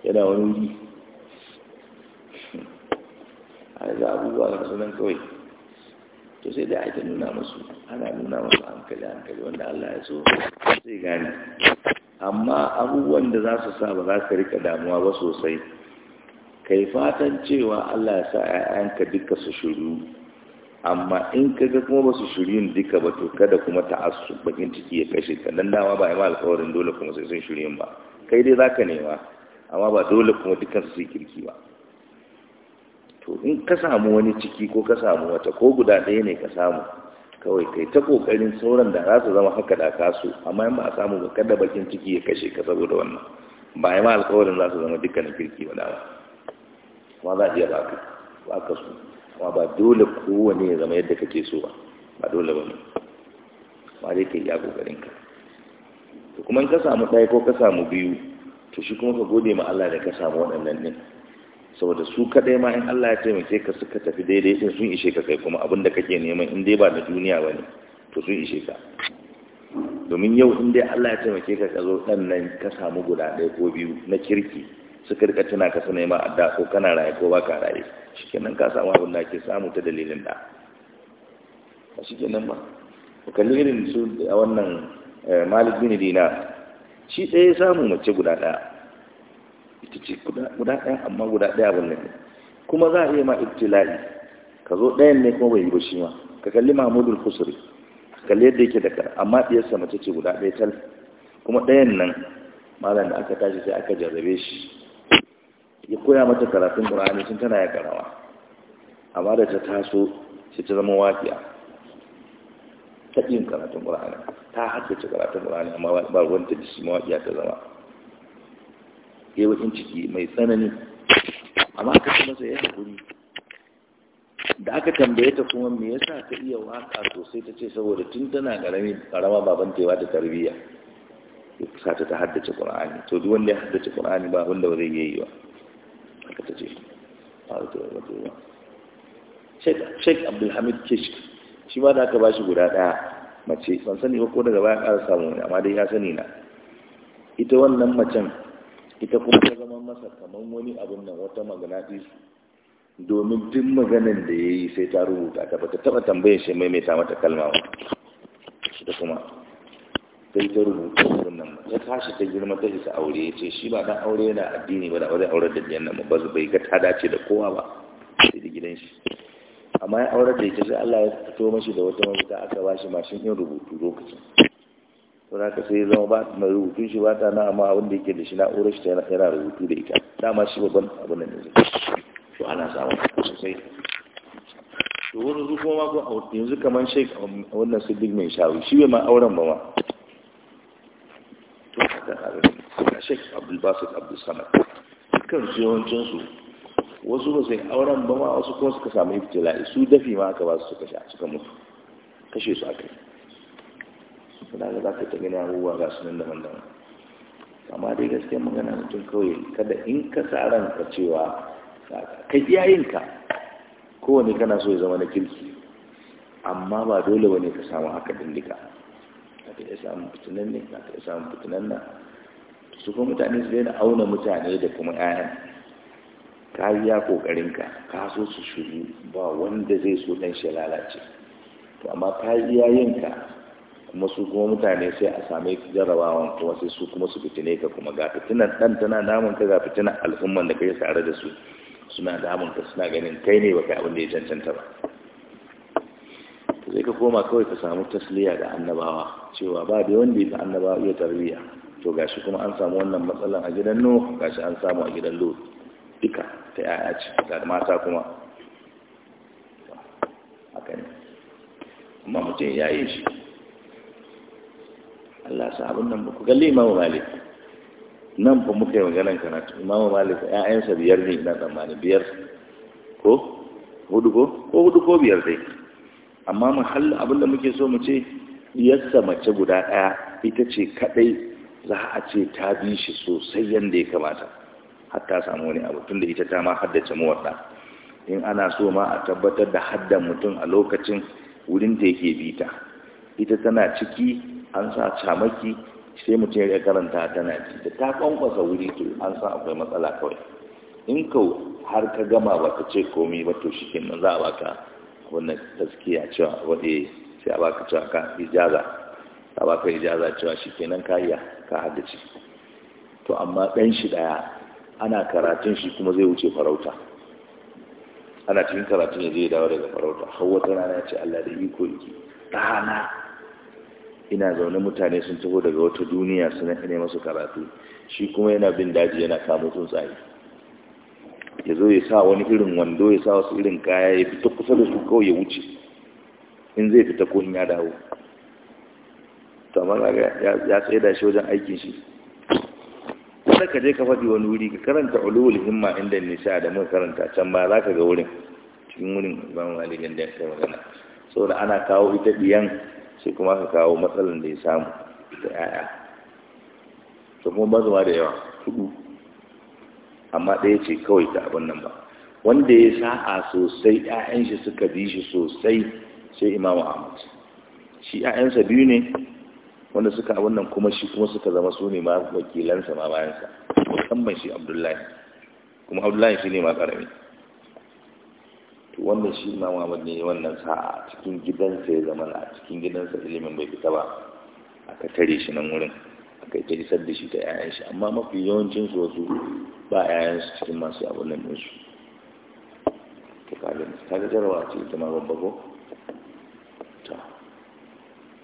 yana wani wuri a yanzu abubuwa su nan kawai to sai dai ake nuna musu ana nuna musu hankali hankali wanda Allah ya so sai gane amma abubuwan da za su sa ba za ka rika damuwa ba sosai kai fatan cewa Allah ya sa ‘ya'yanka duka su shiru amma in ka ga kuma ba su shiru yin duka ba to kada kuma ta'assu bakin ciki ya kashe ka dan dawa ba yi ma alƙawarin dole kuma sai sun yin ba kai dai zaka nema amma ba dole kuma dukkan su yi kirki ba to in ka samu wani ciki ko ka samu wata ko guda ɗaya ne ka samu kawai kai ta kokarin sauran da za su zama haka da ka su amma in ba a samu ba kada bakin ciki ya kashe ka saboda wannan ba yi ma alƙawarin za su zama dukkanin kirki ba dama kuma za a iya baka ba ka su kuma ba dole kowane ya zama yadda kake so ba ba dole ba ne ba dai ka iya kokarin ka to kuma ka samu ɗaya ko ka samu biyu to shi kuma ka gode ma Allah da ka samu waɗannan ne saboda su kaɗai ma in Allah ya taimake ka suka tafi daidai din sun ishe ka kai kuma abin da kake neman in dai ba na duniya ba ne to sun ishe ka domin yau in dai Allah ya taimake ka ka zo ɗan nan ka samu guda ɗaya ko biyu na kirki suka rika tuna ka sanai ma adda ko kana raye ko baka raye shikenan ka samu abin da ke samu ta dalilin da a shikenan ba ku kalli irin su a wannan eh, malik bin dina shi ɗaya ya samu mace guda ɗaya ita ce guda ɗaya amma guda ɗaya abin ne kuma za a iya ma ibtila'i ka zo ɗayan ne kuma bai yi ba shi ma ka kalli mahmudul kusuri kalli yadda yake da kara. amma ɗiyarsa mace ce guda ɗaya tal kuma ɗayan nan malam da aka tashi sai aka jarrabe shi ya koya mata karatun ƙura'ani sun tana ya karawa amma da ta taso sai ta zama wafiya ta yin karatun ƙura'ani ta haddace karatun ƙura'ani amma ba ruwan ta jisi mawaƙiya ta zama ya bakin ciki mai tsanani amma aka ce masa ya haƙuri da aka tambaye ta kuma me yasa ta iya waka sosai ta ce saboda tun tana ƙarami ƙarama baban tewa ta tarbiyya ya kusa ta haddace ƙura'ani to duk wanda ya haddace ƙura'ani ba wanda ba zai yi ba haka ta ce abdulhamid kishk shi ma da aka ba shi guda ɗaya mace ban sani ba ko daga baya ƙara samu ne amma dai ya sani na ita wannan macen ita kuma ta zama masa kamar wani abin nan wata magana domin duk maganin da ya yi sai ta rubuta ta ba ta taɓa tambayar mai maimaita mata kalma ba ita kuma sai ta rubuta sunan nan ta tashi ta girma ta isa aure ya ce shi ba dan aure yana addini ba da aure aurar da biyan nan ba bai ga ta dace da kowa ba sai da gidan shi amma ya aurar da ita sai Allah ya fito mashi da wata mafita aka ba shi mashin yin rubutu lokacin to da ka sai zama ba mai rubutun shi ba ta na amma abin da yake da shi na'urar shi yana rubutu da ita dama shi babban abin nan ne to ana samun sosai to wani zuwa ma ko yanzu kamar shek um, wannan siddiq mai shawi shi bai ma auren ba ma kan harin a shek abdulbasir abdulsamad dukkan yawancinsu wasu ba yi auren ba ma wasu kuma suka samu iftilai su dafi ma aka ba su suka sha suka mutu kashe su aka yi suna ga za ka ta gani abubuwa ga su nan amma dai gaskiya magana mutum kawai kada in ka sa ran ka cewa ka ka kowane kana so ya zama na kirki amma ba dole ne ka samu haka dindika za ka iya samun fitinan ne za ka iya samun fitinan nan su kuma mutane su daina auna mutane da kuma 'ya'yan ka yi ya ƙoƙarinka ka so su shiru ba wanda zai so ɗan shi lalace to amma ka yi ka kuma su kuma mutane sai a same jarrabawan kuma sai su kuma su fitine ka kuma ga fitinan ɗan tana namun ka ga fitinan al'umman da kai tare da su suna damun ka suna ganin kai ne baka abin da ya cancanta ba sai ka koma kawai ka samu tasliya da annabawa cewa ba da wanda ya annabawa iya tarbiyya to gashi kuma an samu wannan matsalan a gidan no gashi an samu a gidan lot duka ta yaya ce ga mata kuma haka ne amma mutum ya yi shi Allah sa abin nan ba ku galli imamu malik nan ba muka yi maganan karatu imamu malik 'ya'yansa biyar ne na tsammani biyar ko hudu ko ko hudu ko biyar dai amma abin abinda muke so mu ce yassa mace guda ɗaya ita ce kaɗai za a ce ta bi shi sosai yadda ya kamata har ta samu wani abu tunda ita ta ma haddace mu muwadda in ana so ma a tabbatar da haddan mutum a lokacin wurin da yake bi ta ita tana ciki an sa camaki sai mutum ya karanta tana ji da ta kwankwasa wuri to an sa akwai matsala kawai in ka har ka gama ba ka ce komai ba to shi kenan za a baka wannan taskiya cewa waɗe sai a baka cewa ka ijaza a baka ijaza cewa shi kenan ka iya ka haddace to amma ɗan shi ɗaya ana karatun shi kuma zai wuce farauta ana cikin karatun ya zai dawo daga farauta har wata rana ya ce Allah da iko yake rana ina zaune mutane sun taho daga wata duniya suna ne masu karatu shi kuma yana bin daji yana kamo tsuntsaye ya zo ya sa wani irin wando ya sa wasu irin kaya ya fita kusa da su kawai ya wuce in zai fita ko in ya dawo tamar ya tsaye da shi wajen aikin shi kada ka je ka faɗi wani wuri ka karanta ulul himma inda nisa da mun karanta can ba za ka ga wurin cikin wurin ban walidan da ya magana saboda ana kawo ita diyan sai kuma ka kawo matsalan da ya samu da 'ya'ya to kuma ba zuwa da yawa amma ɗaya ce kawai ta abin nan ba wanda ya sa'a sosai 'ya'yan shi suka bi shi sosai sai imamu ahmad shi 'ya'yansa biyu ne wanda suka abin nan kuma shi kuma suka zama su ne ma wakilansa ma bayansa musamman shi abdullahi kuma abdullahi shi ne ma ƙarami to wannan shi imamu ahmad ne wannan sa'a cikin gidansa ya zama na cikin gidansa ilimin bai fita ba aka tare shi nan wurin aka yi ta isar da shi ta 'ya'yan shi amma mafi yawancin su wasu ba 'ya'yan su cikin masu abu nan ne su jarawa ce ta ma babba ko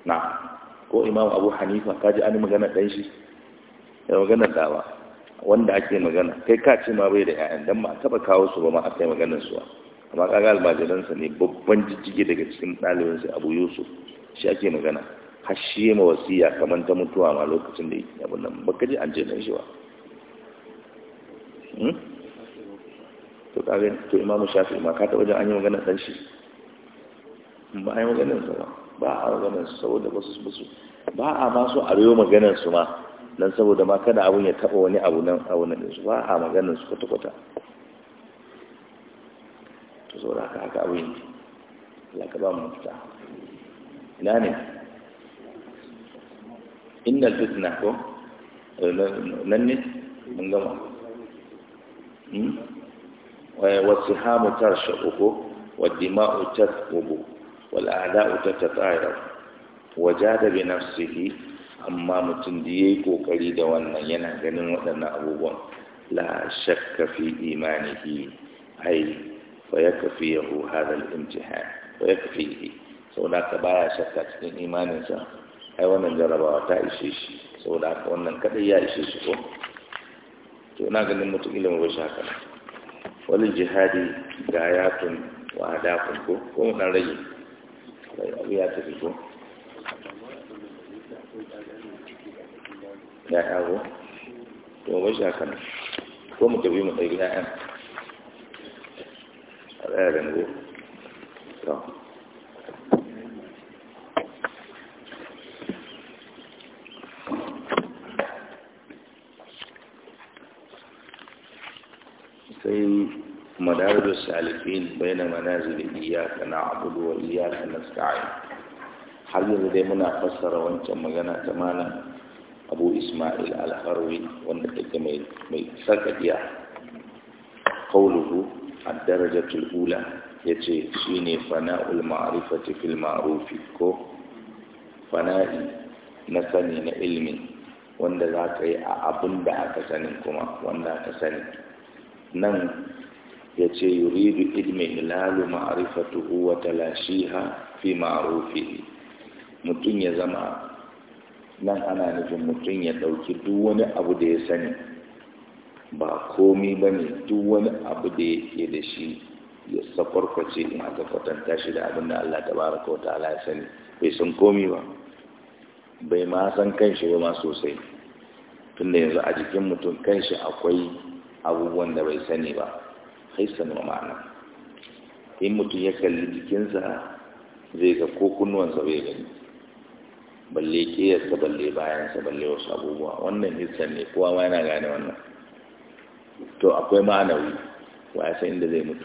na ko imam abu hanifa kaji an magana dan shi da magana dawa wanda ake magana kai ka ce ma bai da 'ya'yan dan ma taba kawo su ba ma aka yi maganar su amma kaga almajiransa ne babban jijjige daga cikin ɗalibinsa abu yusuf shi ake magana hashe ma wasiya kamar ta mutuwa ma lokacin da yake abin nan baka ji an ce dan shi ba hmm? to kaga to imamu shafi ma ka ta wajen an yi magana dan shi ba a yi maganar sa ba ba a maganar su saboda ba su su ba a ma su arewa rayo su ma dan saboda ma kada abun ya taba wani abu nan abu nan su ba a maganar su kwata kwata to saboda haka haka abun yake ka ba mu mafita ina ne إن الفتنة كم لنس من قمع والسحام ترشقه والدماء تثقب والأعداء تتطاير وجاد بنفسه أما متنديك قريد وأن ينهجن وأن أبوه لا شك في إيمانه أي فيكفيه هذا الامتحان ويكفيه سوناك بايا شكت إيمانه ai wannan jarabawa ta ishe shi saboda haka wannan kadai ya ishe shi ko to ina ganin mutum ilimin ba shi haka wani jihadi ga yatun wa hadafin ko ko mu dan rage bai abu ya tafi ko ya yago? to ba shi haka ko mu tafi mu ɗauki ya'yan a ɗaya ne to مدارج السالكين بين منازل إياك نعبد وإياك نستعين har yanzu dai muna fassara wancan magana ta malam abu ismail al-harwi wanda take mai mai sakabiya qawluhu ad-darajatul ula yace shine fana'ul ma'rifati fil ko fana'i na sani na ilmi wanda za ka yi a abin da aka sani kuma wanda ka sani nan ya ce yuridu ilmi hilalu ma'arifatuhu wa talashiha fi ma'arufi mutum ya zama nan ana nufin mutum ya dauki duk wani abu da ya sani ba komi ba duk wani abu da yake da shi ya sakwarkwace in aka kwatanta shi da abin da Allah ta baraka wa ta'ala ya sani bai san komi ba bai ma san kanshi ba ma sosai tunda yanzu a jikin mutum kanshi akwai abubuwan da bai sani ba haisan wa ma'ana in mutum ya kalli jikinsa zai ga ko kunnuwansa bai gani balle ƙiyarsa balle bayansa balle wasu abubuwa wannan hissan ne kowa ma yana gane wannan to akwai ma'anawi wa ya san inda zai mutu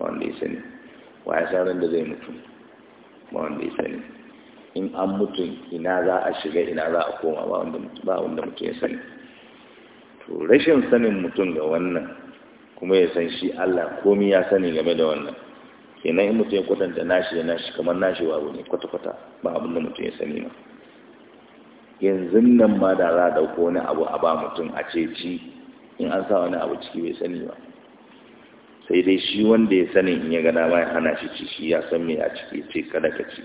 wanda ya sani wa ya san da zai mutu wanda ya sani in an mutu ina za a shiga ina za a koma ba wanda mutum ya sani to rashin sanin mutum ga wannan kuma ya san shi Allah komi ya sani game da wannan kenan in mutum ya kwatanta nashi da nashi kamar nashi wa ne kwata-kwata ba abin da mutum ya sani ba. yanzu nan ma da za a dauko wani abu a ba mutum a ce ci in an sa wani abu ciki bai sani ba sai dai shi wanda ya sani in ya gana ma ya hana shi ci shi ya san me a ciki ce kada ka ci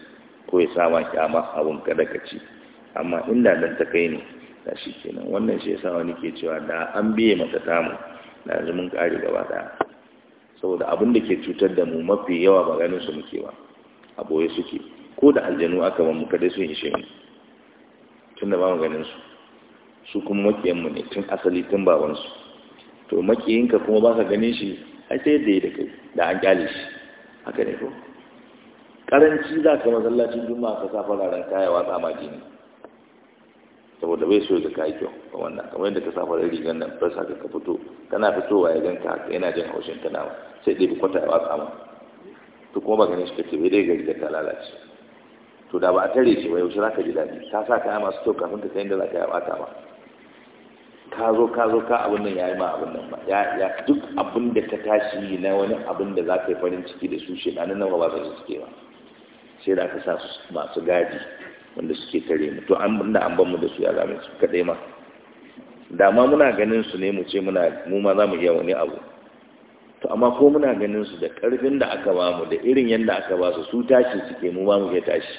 ko ya sa ma kyama abun kada ka ci amma inda dan ta kai ne da shi kenan wannan shi ya sa wani ke cewa da an biye mata tamu da yanzu mun kare gaba daya saboda abin da ke cutar da mu mafi yawa ba ganin su muke ba a boye suke ko da aljanu aka ba muka dai sun ishe mu tun da ba mu ganin su su kuma makiyan mu ne tun asali tun babansu. su to makiyinka kuma ba ka ganin shi ai sai da da kai da an kyale shi haka ne ko karanci za ka masallacin juma'a ka safa fararen kaya watsa majini jini saboda bai so ka yi kyau ga wannan kamar yadda ka sa farar rigar nan ba sa ka fito kana fitowa ya ganka haka yana jin haushin ka nawa sai dai kwata ya watsa ma to kuma ba ganin shi ka ce bai dai gari da ta lalace to da ba a tare shi ba yaushe za ka ji daɗi ka sa kaya masu kyau kafin ka kai inda za ka yi bata ba ka zo ka zo ka abin nan ya yi ma abin nan ba ya ya duk abin da ka tashi na wani abin da za ka yi farin ciki da su shi na nan ba za su ciki ba sai da aka sa masu gadi wanda suke tare mu to an da an bamu da su ya zame su kadai ma da ma muna ganin su ne mu ce muna mu ma za iya wani abu to amma ko muna ganin su da karfin da aka ba mu da irin yanda aka ba su su tashi suke mu ba mu iya tashi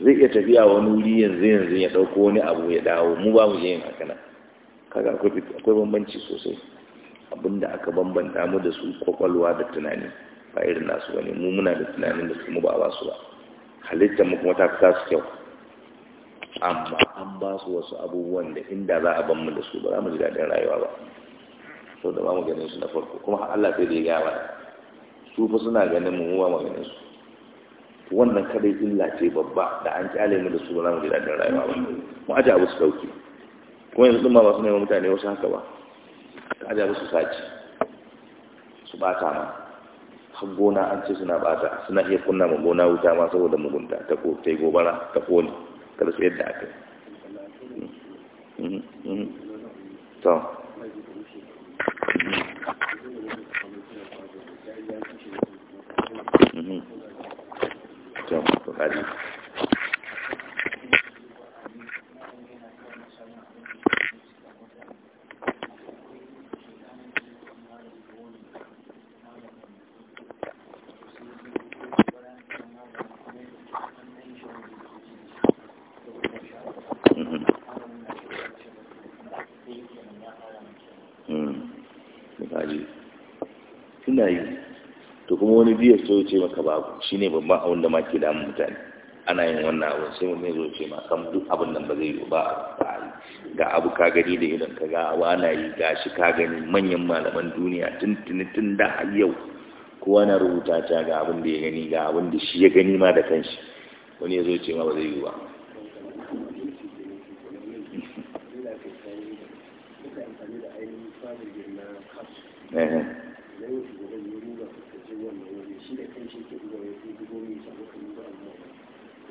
zai iya tafiya wani wuri yanzu yanzu ya dauko wani abu ya dawo mu ba mu iya yin haka nan kaga akwai bambanci sosai abinda aka bambanta mu da su kwakwalwa da tunani ba irin nasu bane mu muna da tunanin da su mu ba ba su ba halittar muku kuma ta fi tasu kyau amma an ba su wasu abubuwan da inda za a ban mu da su ba za mu ji daɗin rayuwa ba so da ba mu ganin su na farko kuma Allah sai da ya gaba su fa suna ganin mu wa maganin su wannan kadai illa ce babba da an kyale mu da su ba za mu ji daɗin rayuwa ba mu aje abu su dauke kuma yanzu ɗin ma ba su neman mutane wasu haka ba ka aje abu su sace su bata ma har gona an ce suna bata suna iya kunna mu gona wuta ma saboda mugunta ta ko ta gobara ta kone kada su yadda aka mm, mm, mm.
to to to
wani biyar so ya ce maka babu shi ne babban abin da ma ke damun mutane ana yin wannan abu sai mun zo ce ma kan duk abin nan ba zai yi ba a yi ga abu ka gani da idan ka ga abu ana yi ga shi ka gani manyan malaman duniya tun tuni tun da a yau kowa na rubuta ta ga abin da ya gani ga abin da shi ya gani ma da kanshi wani ya zo ce ma ba zai yi ba Uh-huh.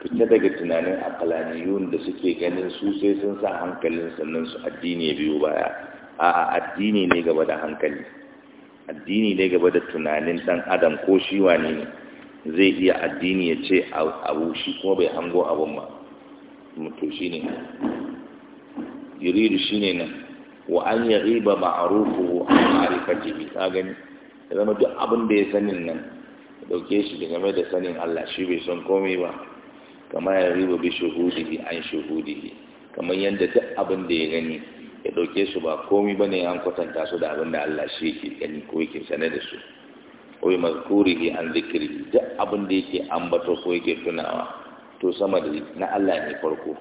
fita daga tunanin akalaniyun da suke ganin su sai sun sa hankalin sannan su addini ya biyo baya a addini ne gaba da hankali addini ne gaba da tunanin dan adam ko shi wane ne zai iya addini ya ce abu shi kuma bai hango abun ba mutu shi ne yuridu shi ne nan wa an yi riba ma'arufu a ma'arifati ta gani ya zama duk abin da ya sanin nan dauke shi da game da sanin Allah shi bai son komai ba kamar ya riba bi shuhudihi an shuhudihi kamar yadda duk abin da ya gani ya dauke su ba komai bane an kwatanta su da abin da Allah shi yake gani ko yake sane da su ko mazkurihi an zikri duk abin da yake ambato ko yake tunawa to sama da na Allah ne farko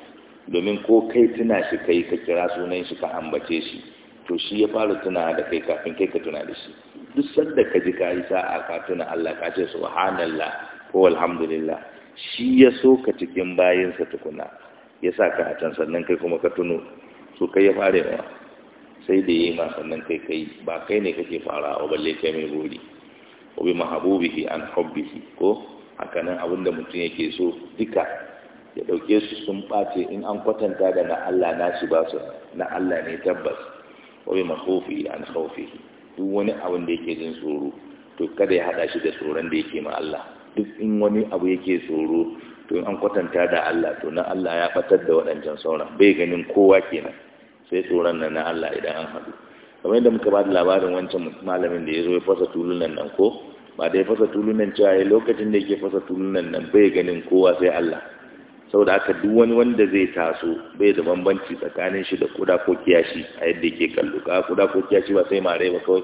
domin ko kai tuna shi kai ka kira sunan shi ka ambace shi to shi ya fara tuna da kai kafin kai ka tuna da shi duk sanda ka ji ka yi sa'a ka tuna Allah ka ce subhanallah ko alhamdulillah shi ya so ka cikin bayinsa tukuna ya sa ka a sannan kai kuma ka tuno so kai ya fara yawa sai da yi ma sannan kai kai ba kai ne kake fara a balle kai mai gori ko bi mahabubihi an hubbihi ko haka nan abinda mutum yake so duka ya dauke su sun ɓace in an kwatanta da na Allah na shi ba su na Allah ne tabbas ko bi makhufi an khawfihi duk wani abin da yake jin tsoro to kada ya haɗa shi da tsoron da yake ma Allah duk in wani abu yake tsoro to an kwatanta da Allah to na Allah ya batar da waɗancan sauran bai ganin kowa kenan sai tsoron nan na Allah idan an haɗu kamar yadda muka ba da labarin wancan malamin da ya zo ya fasa tulunan nan ko ba da ya fasa tulunan cewa ya lokacin da yake fasa tulunan nan bai ganin kowa sai Allah saboda haka duk wani wanda zai taso bai da bambanci tsakanin shi da kuda ko kiyashi a yadda yake kallo ka kuda ko kiyashi ba sai mare ba kawai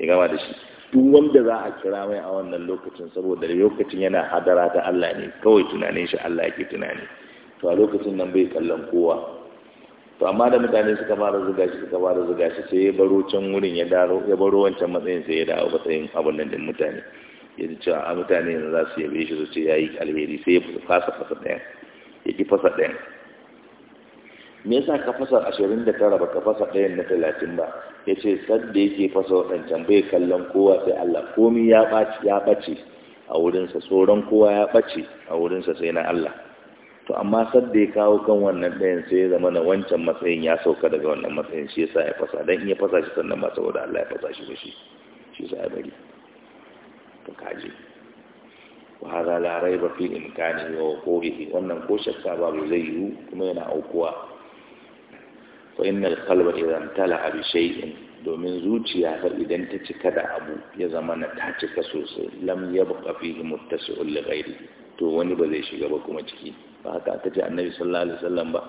ya gama da shi duk wanda za a kira mai a wannan lokacin saboda lokacin yana hadara ta Allah ne kawai tunanin shi Allah yake tunani to a lokacin nan bai kallon kowa to amma da mutane suka fara zuga shi suka fara zuga shi sai ya baro can wurin ya daro ya baro wancan matsayin sai ya dawo matsayin abun nan din mutane ya cewa a mutane yanzu za su yabe shi su ce yayi alheri sai ya fasa fasa ɗaya ya ki fasa ɗayan me yasa ka fasa ashirin da tara baka fasa ɗayan na talatin ba ya ce sadda yake fasa waɗancan bai kallon kowa sai Allah komi ya ɓace a wurinsa tsoron kowa ya ɓace a wurinsa sai na Allah to amma sadda ya kawo kan wannan ɗayan sai ya zama na wancan matsayin ya sauka daga wannan matsayin shi yasa ya fasa dan in ya fasa shi sannan ba saboda Allah ya fasa shi ba shi shi yasa ya bari to kaje وهذا wa ريب wannan ko shakka babu zai yi kuma yana aukuwa. wa innal qalba idan tala'a bi shay'in domin zuciya har idan ta cika da abu ya zama na ta cika sosai lam yabqa fihi muttasi'un li ghairihi to wani ba zai shiga ba kuma ciki ba haka aka ce annabi sallallahu alaihi wasallam ba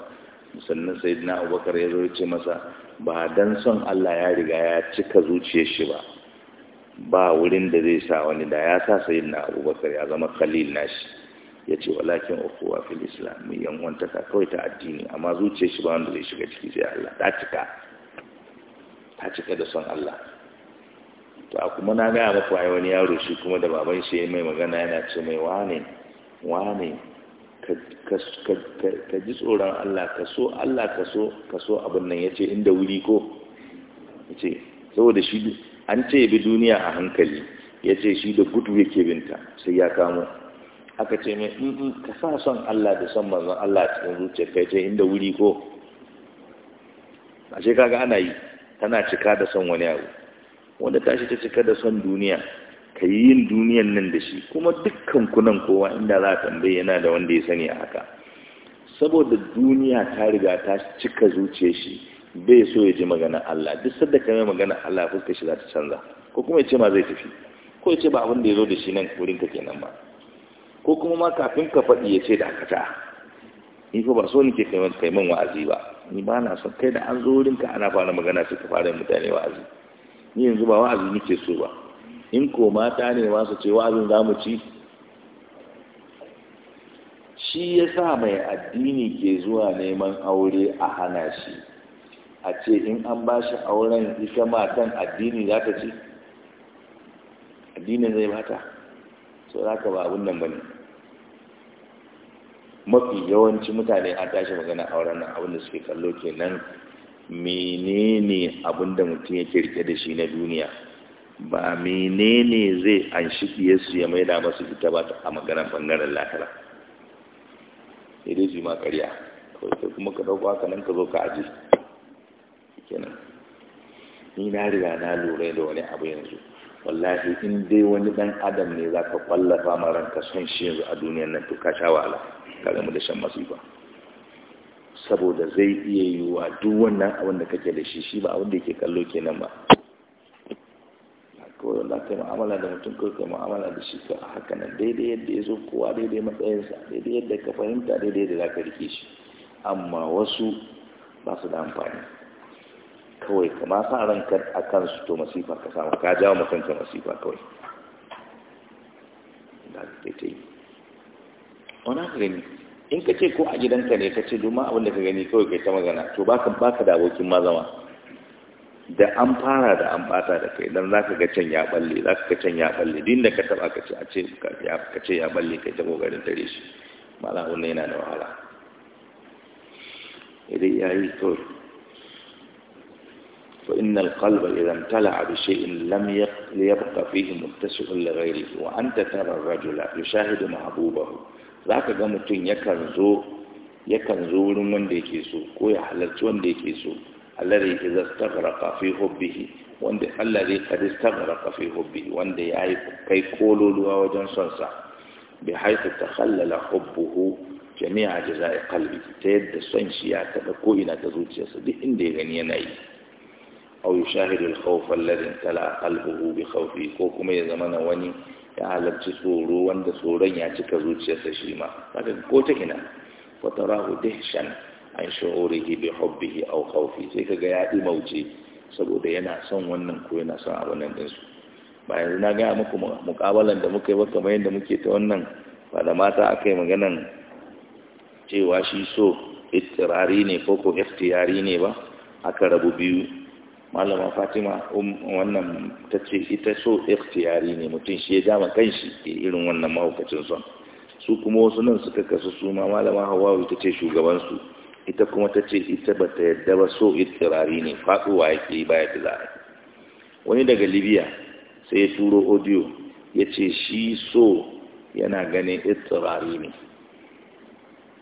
sannan sayyidina abubakar ya zoce masa ba dan son Allah ya riga ya cika zuciyar shi ba ba wurin da zai sa wani da ya sa sayyidina abubakar ya zama khalil nashi ya ce walakin ukuwa fil islam mai ka kawai ta addini amma zuciyar shi ba wanda zai shiga ciki sai Allah ta cika ta cika da son Allah to a kuma na gaya maku wai wani yaro shi kuma da baban shi ya mai magana yana ce mai wane wane ka ji tsoron Allah ka so Allah ka so ka so abin nan yace inda wuri ko yace saboda shi an ce bi duniya a hankali yace shi da gudu yake binta sai ya kamo aka ce mai in mm, mm, ka sa son Allah da son manzon Allah cikin zuciyar kai ce inda wuri ko ce kaga ana yi tana cika da son wani abu wanda tashi ta cika da son duniya ka yi yin duniyan nan da shi kuma dukkan kunan kowa inda za a tambaye yana da wanda ya sani a haka saboda duniya ta riga ta cika zuciya shi bai so ya ji magana Allah duk sadda ka mai magana Allah fuskar shi za ta canza ko kuma ya ce ma zai tafi ko ya ce ba abin da ya zo da shi nan wurin ka kenan ba ko kuma ma kafin ka faɗi ya ce dakata ni fa ba so nake kai min wa'azi ba ni ba na son kai da an zo wurinka ana fara magana sai ka fara yin mutane wa'azi ni yanzu ba wa'azi nake so ba in ko mata ne ma su ce wa'azin za mu ci shi ya sa mai addini ke zuwa neman aure a hana shi a ce in an ba shi auren ita matan addini za ta ci addini zai mata sau za ka ba abin nan ba ne mafi yawanci mutane an tashi magana auren nan abinda suke kallo kenan menene abinda mutum yake rike da shi na duniya ba menene zai an fiye su ya maida masu fita ba a maganar bangaren lahira Idan su ma ƙarya kawai kuma ka ɗauko haka nan ka zo ka aji kenan ni na riga na lura da wani abu yanzu wallahi in dai wani dan adam ne za ka kwallafa maranka ka son shi yanzu a duniyar nan to ka sha wahala ka gamu da shan masifa saboda zai iya yiwuwa duk wannan abin da kake da shi shi ba abin da yake kallo kenan ba ko da ka yi mu'amala da mutum ko ka mu'amala da shi ka haka nan daidai yadda ya zo kowa daidai matsayinsa daidai yadda ka fahimta daidai yadda za ka rike shi amma wasu ba su da amfani kawai kuma sa ranka a su to masifa ka samu ka jawo makanka masifa kawai da ta yi wani haka gani in ka ce ko a gidanka ne ka ce duma abin da ka gani kawai kai ta magana to baka baka da abokin ma zama da an fara da an bata da kai don za ka ga can ya balle za ka ga can ya balle din da ka taba ka ce a ce ka ce ya balle kai ta kokarin tare shi malam wannan yana da wahala idan yi to فإن القلب إذا امتلأ بشيء لم يبقى فيه متسع لغيره وأنت ترى الرجل يشاهد محبوبه ذاك جمتين يكنزو يكنزو من ديكيسو كوي حلت من ديكيسو الذي إذا استغرق في حبه وند الذي قد استغرق في حبه وند يعي كي قولوا له وجن صنصا بحيث تخلل حبه جميع جزاء قلبه تيد صنشيا تبقوا إلى تزوجيا صدق إن دي غنيا نايه au yushahidu al-khawf alladhi tala qalbuhu bi khawfi ko kuma ya zamana wani ya halarci tsoro wanda tsoron ya cika zuciyarsa shi ma ko ta ina wa tarahu dahshan an shu'urihi bi hubbihi aw khawfi sai kaga ya dimauce saboda yana son wannan ko yana son abin nan din ba yanzu na ga muku mukabalan da muka yi ba kamar yadda muke ta wannan ba da mata aka yi maganan cewa shi so istirari ne ko ko ikhtiyari ne ba aka rabu biyu malama fatima um, wannan ta ce ita so ikhtiyari ne mutum shi ya dama kanshi ke irin wannan mahaukacin son su kuma wasu nan suka kasu su ma malama hawawu ta ce shugabansu ita kuma ta ce ita ba ta yadda ba so ikhtiyari ne faɗuwa ya ke baya da za'a wani daga libya sai ya turo audio ya ce shi so yana ganin ikhtiyari ne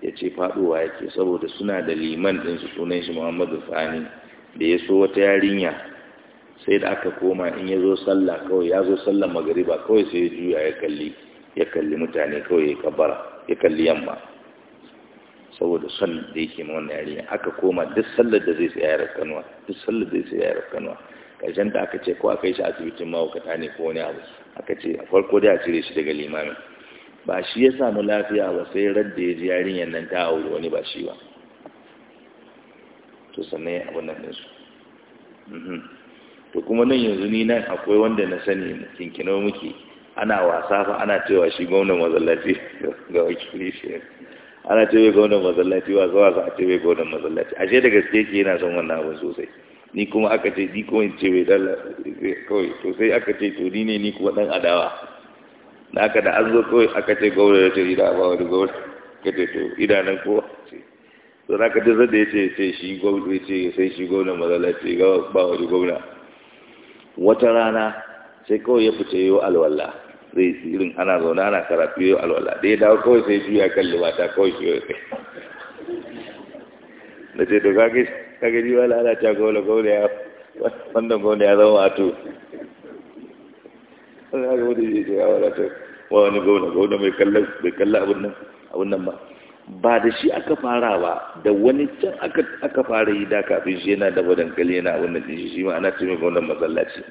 ya ce faɗuwa ya ke saboda suna da liman ɗinsu sunan shi muhammadu sani da ya so wata yarinya sai da aka koma in ya zo sallah kawai ya zo sallah magariba kawai sai ya juya ya kalli ya kalli mutane kawai ya kabara ya kalli yamma saboda son da yake ma wannan yarinya aka koma duk sallar da zai sai ya kanuwa duk sallar da zai sai ya karshen da aka ce ko aka yi shi asibitin mawukata ne ko wani abu aka ce a farko da a cire shi daga limamin ba shi ya samu lafiya ba sai radda ya ji yarinyar nan ta auri wani ba shi ba to sannan ya abin nan su mhm. to kuma nan yanzu ni nan akwai wanda na sani kinkino muke ana wasa fa ana cewa shi gwamnan mazallaci (laughs) ga wakili shi ana cewa gwamnan mazallaci wasa wasa a cewa gwamnan mazallaci ashe da gaske ke yana son wannan abin sosai ni kuma aka ce ni kuma in ce bai dala kawai to sai aka ce to ni ne ni kuma dan adawa na aka da an zo kawai aka ce gwamnan da ce ina ba wani gwamnan ka ce to idanan kowa ce to za ka tazar da ya ce sai shi gwamna mazala ce ba wani gwamna wata rana sai kawai ya fice yau alwala zai irin ana zaune ana karatu yau alwala da ya dawo kawai sai juya kan limata kawai shi yau kai da ce to kage kage ji wala ala ta gwamna gwamna ya wannan gwamna ya zama wato wani gwamna ya ce ya wala ta wani mai kalla abin nan ba ba da shi aka fara ba da wani can aka fara yi da kafin shi yana daba dankali yana wannan ɗin shi ma ana ce mai gwamnan masallaci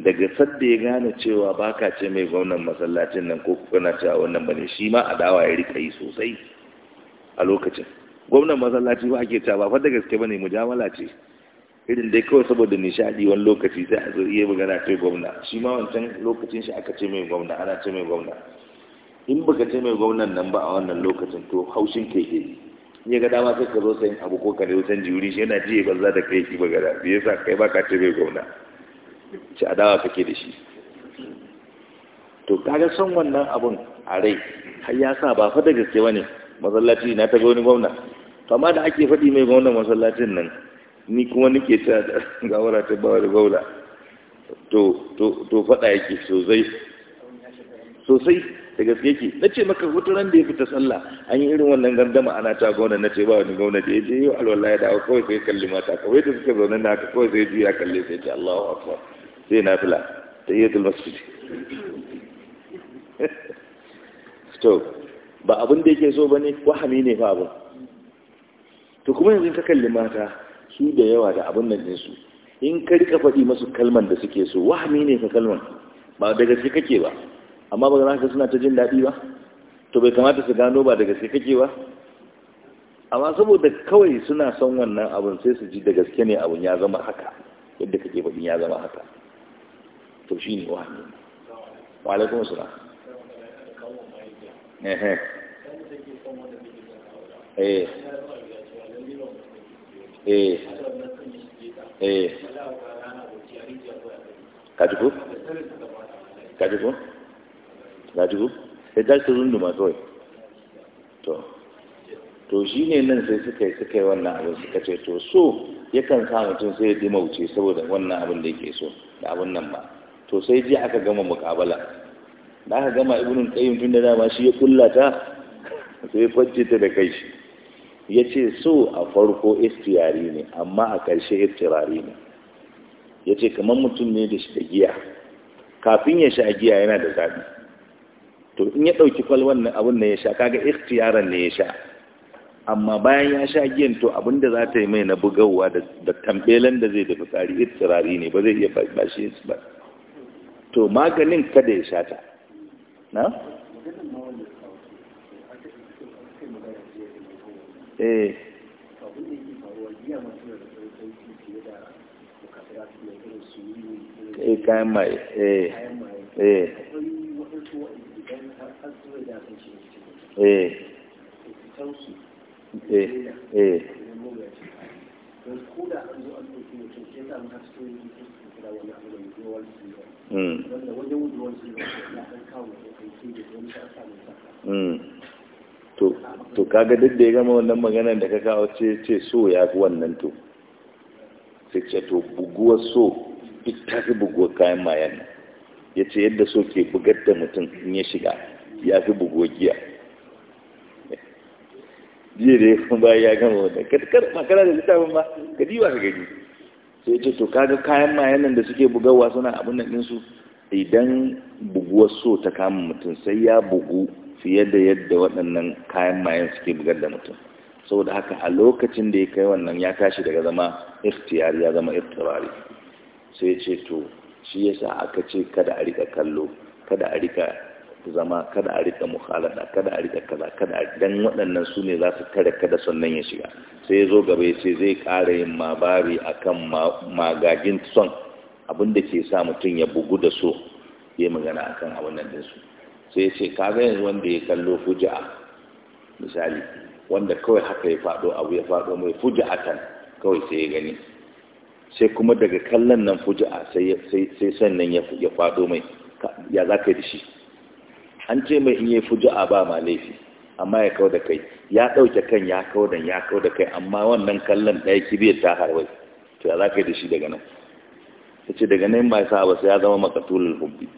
daga sadda ya gane cewa ba ka ce mai gwamnan masallacin nan ko kuna cewa wannan bane shi ma adawa ya rika yi sosai a lokacin gwamnan masallaci ba ake cewa ba fa da gaske bane mujamala ce irin dai kawai saboda nishadi wani lokaci sai a zo iya magana ce gwamna shi ma wancan lokacin shi aka ce mai gwamna ana ce mai gwamna in baka ce mai gwamnan nan ba a wannan lokacin to haushin ke ke ga dama sai ka zo sai abu ko kare wutan juri shi yana jiye banza da kai ki bagara me yasa kai baka ce mai gwamna ci adawa kake da shi to kaga son wannan abun a rai har ya sa ba fa da gaske bane masallaci na ta ga wani gwamna to amma da ake faɗi mai gwamnan masallacin nan ni kuma nake ta ga wara ta ba da gwamna to to to faɗa yake sosai sosai da gaske ki na ce maka wata ran da ya fita sallah an yi irin wannan gandama ana ta gona na ce ba wani gwamna da ya je yau alwala ya dawo kawai sai kalli mata kawai da suke zaune na haka kawai sai ya kalle sai ce Allahu akbar sai na fila ta iya masjid (laughs) to ba abin da yake so ba ne wahami ne fa abin to kuma yanzu ka kalli mata su da yawa da abin nan ɗinsu in ka rika faɗi masu kalman da suke so wahami ne ka kalman ba da gaske kake ba amma ba ka suna ta jin daɗi ba to bai kamata su gano ba da gaske kake ba amma saboda kawai suna son wannan abin sai su ji da gaske ne abin ya zama haka yadda kake faɗin ya zama haka to shi ne wa wa alaikun suna ehe eh,
eh. eh. kaji ko
kaji ko ga dubu sai da su runduma kawai to to shi ne nan sai suka yi suka yi wannan abin suka ce to so yakan sa mutum sai ya dimauce saboda wannan abin da yake so da abin nan ba to sai ji aka gama mukabala da aka gama ibn qayyim tun da dama shi ya kullata sai ya fajje ta da kai shi ya ce so a farko istiyari ne amma a ƙarshe iftirari ne ya ce kamar mutum ne da shi da giya kafin ya sha giya yana da zaɓi to in ya ɗauki falwan na abin da ya sha kaga ikhtiyaran ne ya sha amma bayan ya sha giyan to abin da za ta yi mai na bugawa da tambelan da zai da fitsari ikhtirari ne ba zai iya bashi ba to maganin kada ya sha ta na? eh, eh kayan mai eh eh
Eh. Eh, eh. Hmm.
Hmm. to kaga duk da ya gama wannan maganar da ka kawo ce ce so ya fi wannan to sai ce to buguwar so ita fi buguwar kayan mayan ya ce yadda so ke bugar da mutum in ya shiga ya fi bugu giya jiya da ya bayan ya gama wannan katkar makara da littafin ba ka diwa ka gani sai ce to kaga kayan mayan nan da suke bugawa suna abin nan ɗinsu idan buguwar so ta kama mutum sai ya bugu fiye da yadda waɗannan kayan mayan suke bugar da mutum saboda haka a lokacin da ya kai wannan ya tashi daga zama iftiyari ya zama iftirari sai ce to shi yasa aka ce kada a rika kallo kada a rika zama kada a rika mukhalada kada a rika kaza kada dan waɗannan su ne za su tare kada sannan ya shiga sai ya zo gaba ya ce zai ƙara yin mabari kan magagin son abin ke sa mutum ya bugu da so ya magana kan abin nan dinsu sai ya ce kaga yanzu wanda ya kallo fuja'a misali wanda kawai haka ya faɗo abu ya faɗo mai kan kawai sai ya gani sai kuma daga kallon nan fuja'a sai sannan ya faɗo mai ya za ka yi da shi an ce mai in yi fuju'a ba ma laifi amma ya kau da kai ya ɗauke kan ya kau da ya kau da kai amma wannan kallon ɗaya kibiyar ta harwai to ya za ka yi da shi daga nan ta ce daga nan ba sa wasu ya zama makatulun hubbi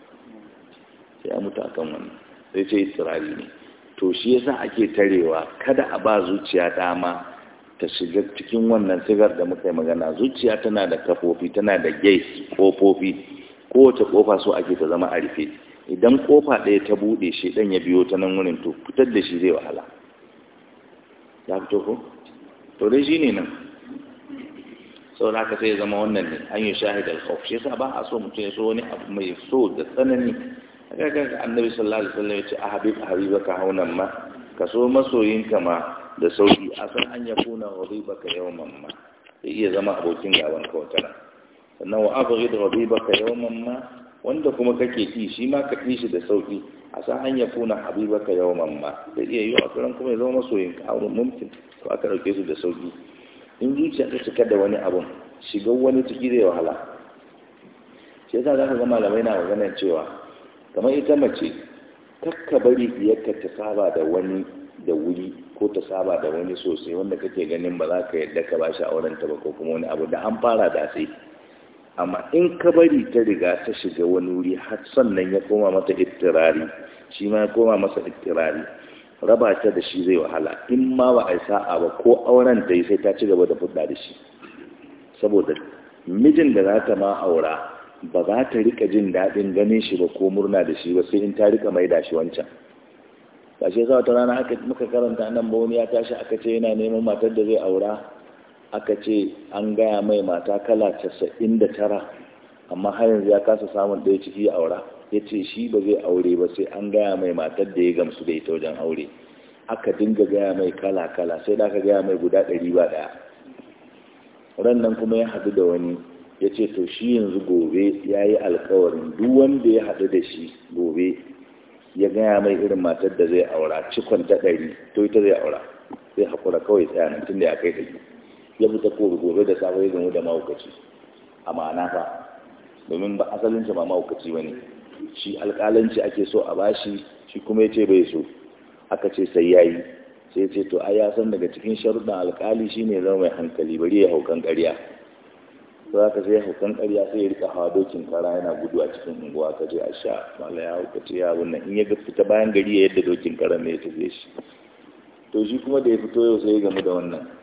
sai ya mutu akan wannan sai ce isra'ili ne to shi yasa ake tarewa kada a ba zuciya dama ta shiga cikin wannan sigar da muka yi magana zuciya tana da kafofi tana da gates kofofi kowace kofa so ake ta zama a rufe idan kofa ɗaya ta buɗe shi ɗan ya biyo ta nan wurin to fitar da shi zai wahala ya fito ko to dai shi ne nan sau da sai zama wannan ne an yi shahid al-khawf shi yasa ba a so mutum ya so wani abu mai so da tsanani kaga kaga annabi sallallahu alaihi wasallam ya ce ka habibaka haunan ma ka so masoyinka ma da sauki san an yakuna ka yawman ma zai iya zama abokin gaban ka wata sannan wa abghid ka yawman ma wanda kuma kake ki shi ma ka ki shi da sauki a san an yakuna habibaka yawman ma da iya yi a turan kuma ya zama masoyin a mumkin to aka dauke su da sauki in zuciya ta cika da wani abun shiga wani ciki zai wahala shi yasa ka ga malamai na magana cewa kamar ita mace takka bari iyakka ta saba da wani da wuri ko ta saba da wani sosai wanda kake ganin ba za ka yadda ka bashi auren ta ba ko kuma wani abu da an fara da sai amma in ka bari ta riga ta shiga wani wuri har sannan ya koma mata ittirari shi ma ya koma masa ittirari raba ta da shi zai wahala in ma ba a yi sa'a ba ko auren ta yi sai ta ci gaba da fudda da shi saboda mijin da za ta ma aura ba za ta rika jin daɗin ganin shi ba ko murna da shi ba sai in ta rika mai da shi wancan ba shi yasa wata rana aka muka karanta nan ba wani ya tashi aka ce yana neman matar da zai aura aka ce an gaya mai mata kala casa'in da tara amma har yanzu ya kasa samun ɗaya ciki aura ya ce shi ba zai aure ba sai an gaya mai matar da ya gamsu da ita wajen aure aka dinga gaya mai kala-kala sai da aka gaya mai guda ɗari ba ɗaya ran nan kuma ya haɗu da wani ya ce to shi yanzu gobe ya yi alkawarin duk wanda ya haɗu da shi gobe ya gaya mai irin matar da zai aura cikon ta ɗari to ita zai aura sai haƙura kawai tsayanantun tun da ya kai ɗari ya fita kori gobe da safe ya da mahaukaci a ma'ana fa domin ba asalin ba mahaukaci ba ne shi alƙalanci ake so a bashi shi kuma ya ce bai so aka ce sai yayi yi sai ce to ai ya san daga cikin sharuɗin alƙali shi ne zama mai hankali bari ya haukan ƙarya to aka sai ya haukan ƙarya sai ya rika hawa dokin kara yana gudu a cikin unguwa ka je a sha mala ya hauka ce ya wannan in ya ga fita bayan gari ya yadda dokin kara ne ya tafi shi to shi kuma da ya fito yau sai ya gamu da wannan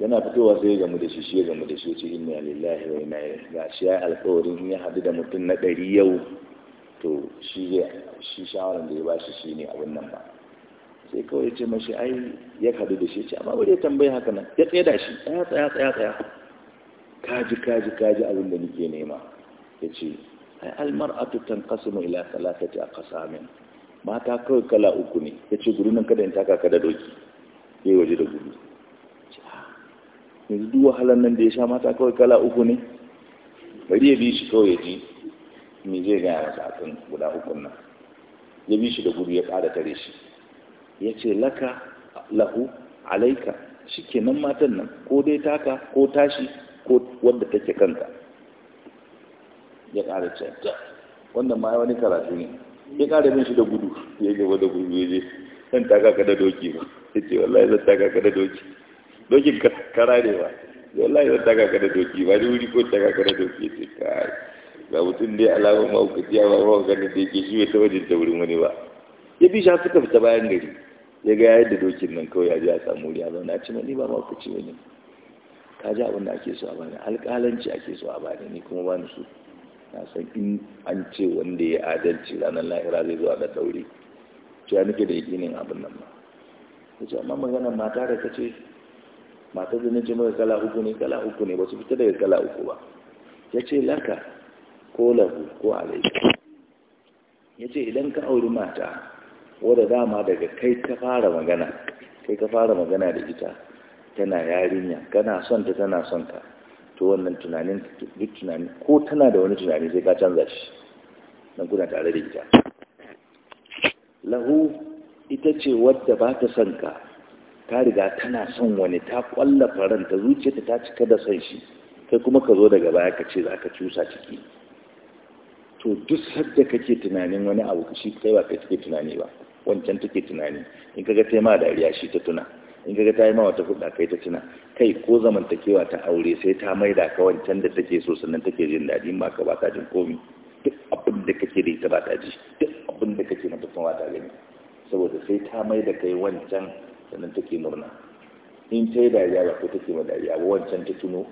yana fitowa sai ya gamu da shi shi ya gamu da shi ce inna lillahi wa inna ilaihi ga shi ya alƙawarin ya hadu da mutum na ɗari yau to shi ya shi shawaran da ya ba shi shine abin nan ba sai kawai ya ce mashi ai ya hadu da shi ce amma bari ya tambaye haka nan ya tsaya da shi tsaya tsaya tsaya tsaya kaji kaji kaji abin da nake nema ya ce ai almar'atu tanqasimu ila thalathati aqsamin mata kawai kala uku ne ya ce gudunan kada in taka ka da doki yayi waje da gudu yanzu duk wahalar nan da ya sha mata kawai kala uku ne bari ya bi shi kawai ya ji me zai gaya masa a kan guda uku nan ya bi shi da gudu ya kada tare shi ya ce laka lahu alaika shi kenan matan nan ko dai taka ko tashi ko wadda take kanka ya kada ce wannan ma wani karatu ne ya kada bin shi da gudu ya gaba da gudu ya je zan taka ka da doki ba ya ce wallahi zan taka ka da doki dokin kara ne ba wallahi zan taka ka da doki ba ni wuri ko daga ka da doki ce kai ga mutum dai alamun mahaukaci ya ba ba ganin da yake shi bai taɓa jin wurin wani ba ya bi shi suka fita bayan gari ya ga yadda dokin nan kawai ya ji a samu wuri a zauna ci ma ni ba mahaukaci ba ne ka ji abin da ake so a bani alƙalanci ake so a bani ni kuma ba ni so na san in an ce wanda ya adalci ranar lahira zai zuwa da ɗaure to ya nake da yakinin abin nan ba ta ce amma maganar mata da ka ce matar da nace mai kala uku ne kala uku ne ba su fita daga kala uku ba ya ce laka ko lahu ko alaiki ya ce idan ka auri mata wadda dama daga kai ka fara magana kai ka fara magana da ita tana yarinya kana son ta tana son ka to wannan tunanin duk tunani ko tana da wani tunani sai ka canza shi dan kuna tare da ita lahu ita ce wadda ba ta son ka ta riga tana son wani ta kwalla faran ta zuciyarta ta cika da san shi kai kuma ka zo daga baya ka ce za ka cusa ciki to duk sadda kake tunanin wani abu shi kai ba kai take tunani ba wancan take tunani in kaga ta ma dariya shi ta tuna in kaga ta yi ma wata hudda kai ta tuna kai ko zamantakewa ta aure sai ta maida ka wancan da take so sannan take jin daɗi ba ka ba ka jin komi duk abin da kake da ita ba ta ji duk abin da kake na kuma ba ta gani saboda sai ta maida kai wancan sannan take murna in ta yi dariya ba ko take ma dariya ba wancan ta tuno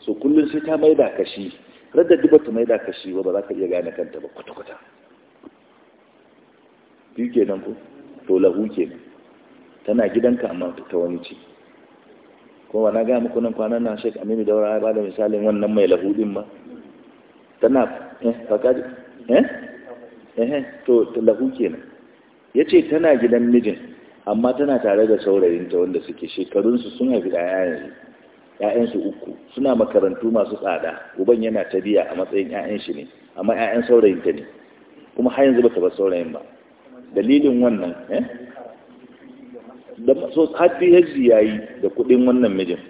so kullum sai ta maida kashi radda duba ta maida kashi ba ba za ka iya gane kanta ba kwata-kwata biyu nan ko to lahu nan tana gidanka amma ta wani ce kuma na gaya muku nan kwanan na shek aminu daura ya bada misalin wannan mai din ma tana eh fakaji eh? eh eh to lahu nan yace tana gidan mijin amma tana tare da saurayinta wanda suke shekarunsu sun haifi ɗaya ‘ya'yansu uku suna makarantu masu tsada uban yana ta biya a matsayin ‘ya'yan shi ne amma ‘ya'yan saurayinta ne kuma har yanzu ba ta ba saurayin ba dalilin wannan eh? da so hafi ya yi da kuɗin wannan mijin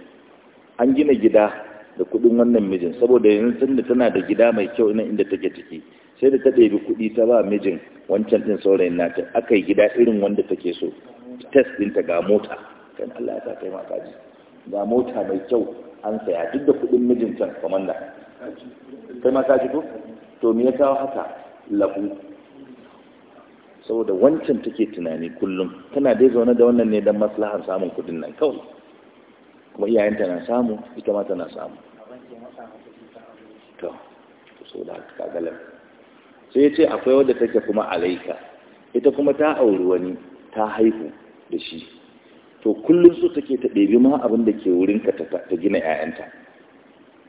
an gina gida da kuɗin wannan mijin saboda yanzu da tana da gida mai kyau nan inda take ciki sai da ta ɗebi kuɗi ta ba mijin wancan ɗin saurayin nata aka yi gida irin wanda take so test ɗinta ga mota kan Allah ya sa kai kaji ga mota mai kyau an saya duk da kuɗin mijin can kamar da kai ma kaji ko to me ya kawo haka labu saboda wancan take tunani kullum tana dai zaune da wannan ne don maslahar samun kuɗin nan kawai kuma iyayenta na samu ita ma tana samu to so da ka kagalar sai ya ce akwai wadda take kuma alaika ita kuma ta auri wani ta haihu da shi to kullum so take ta ɗebi ma abin da ke wurinka ta gina 'ya'yanta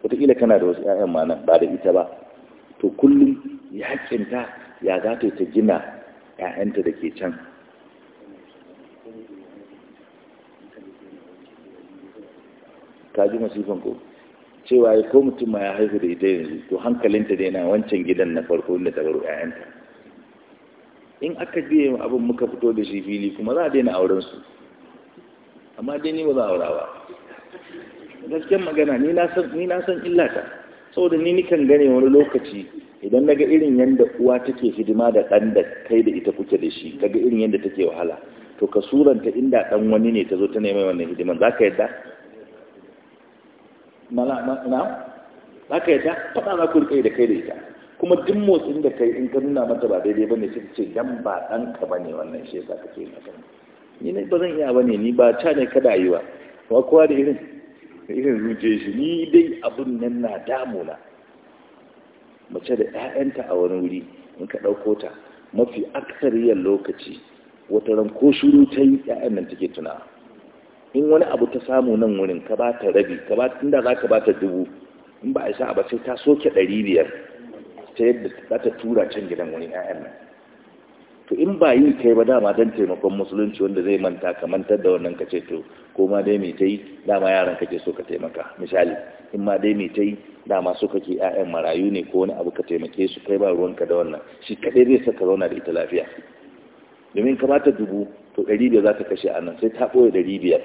wataƙila kana da wasu 'ya'yan ma ba da ita ba to kullum yakinta ya za ta ta gina 'ya'yanta da ke can ta ji masifan ko cewa ya ko mutum ma ya haihu da ita yanzu to hankalinta dai na wancan gidan na farko inda ta baro 'ya'yanta in aka biye abin muka fito da shi fili kuma za a daina auren su amma dai ni ba za a aura ba gaskiyar magana ni na san ni na san illata saboda ni nikan gane wani lokaci idan naga irin yanda uwa take hidima da ɗan da kai da ita kuke da shi kaga irin yanda take wahala to ka suranta inda ɗan wani ne ta zo ta neman wannan hidiman za ka yadda?
na?
za ka yadda faɗa za ku da kai da ita kuma duk motsin da kai in ka nuna mata ba daidai bane sai ce dan ba dan ka bane wannan shi yasa kake ni ne ba zan iya bane ni ba ca ne kada yi ba kowa da irin irin shi ni dai abun nan na damuna mace da ƴaƴanta a wani wuri in ka ɗauko ta mafi aksariyar lokaci wata ran ko shiru ta yi ƴaƴan nan take tunawa in wani abu ta samu nan wurin ka ba ta rabi ka ba za ka ba ta dubu in ba a sa ba sai ta soke ɗari biyar ta yadda za ta tura can gidan wani 'ya'yan nan to in ba yi kai ba dama don taimakon musulunci wanda zai manta ka mantar da wannan kace to ko ma dai mai ta yi dama yaran kake so ka taimaka misali in ma dai mai ta yi dama so kake 'ya'yan marayu ne ko wani abu ka taimake su kai ba ruwanka da wannan shi kaɗai zai saka zauna da ita lafiya domin bata dubu to ɗari biyar za ta kashe a nan sai ta ɓoye ɗari biyar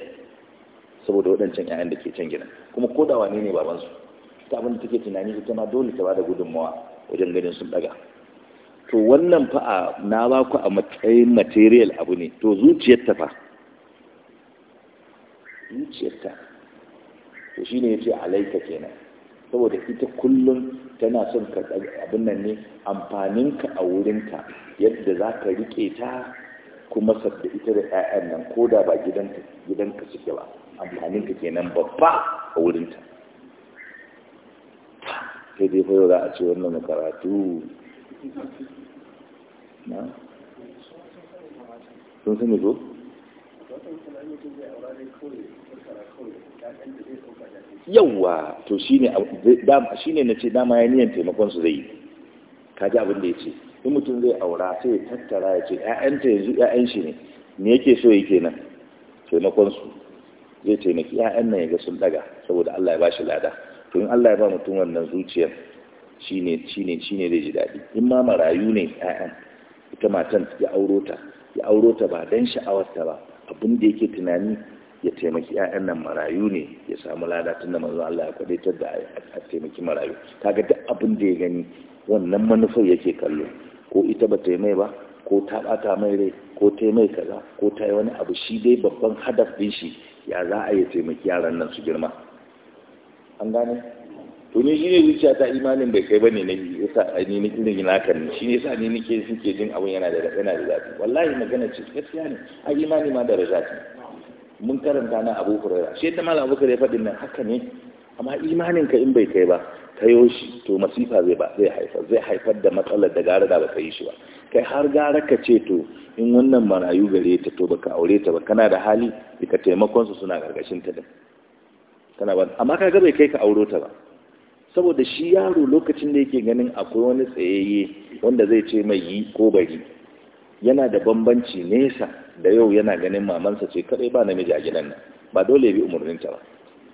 saboda waɗancan 'ya'yan da ke can gidan kuma ko da wane ne babansu ta abin da take tunani ita ma dole ta ba da gudunmawa wajen ganin sun daga to wannan fa na ba ku a matsayin material abu ne to zuciyarta fa zuciyarta to shine yace alaika kenan saboda ita kullum tana son ka abin nan ne amfaninka a wurinka yadda za ka rike ta kuma sabda ita da ƴaƴan nan ko da ba gidanka suke ba amfaninka kenan babba a wurinta sai dai fa za a ce wannan makaratu na sun sani ko yawwa to shine na ce dama ya niyan taimakon su zai yi kaji abin da ya ce in mutum zai aura sai ya tattara ya ce ‘ya'yanta yanzu ‘ya'yan shi ne me yake so yake nan taimakon su zai taimaki ‘ya'yan nan ya ga sun daga saboda Allah ya ba shi lada to in Allah ya ba mutum wannan zuciyar shine shine shine zai ji daɗi in ma marayu ne ƴaƴan ita matan ya auro ta ya auro ta ba dan sha'awarta ba abin da yake tunani ya taimaki ƴaƴan nan marayu ne ya samu lada tunda manzo Allah ya kwadaitar da a taimaki marayu kaga duk abin da ya gani wannan manufar yake kallo ko ita ba ta mai ba ko ta bata mai rai ko ta mai kaza ko ta yi wani abu shi dai babban hadaf din shi ya za a yi taimaki yaran nan su girma an gane to ne shi ne zuciya ta imanin bai kai bane na biyu yasa a ni nake yin hakan shi ne yasa ni nake suke jin abun yana da yana da zafi wallahi magana ce gaskiya ne a imani ma da rajati mun karanta na Abu Hurairah shi da malam Abu Hurairah fadin nan haka ne amma imanin ka in bai kai ba kayo shi to masifa zai ba zai haifar zai haifar da matsalar da gara da baka yi shi ba kai har gara ka ce to in wannan marayu gare ta to baka aure ta ba kana da hali ka taimakon su suna gargashin ta din tana ba amma kaga bai kai ka auro ta ba saboda shi yaro lokacin da yake ganin akwai wani tsayayye wanda zai ce mai yi ko bari yana da bambanci nesa da yau yana ganin mamansa ce kadai ba namiji a gidan nan ba dole ya bi umarninta ba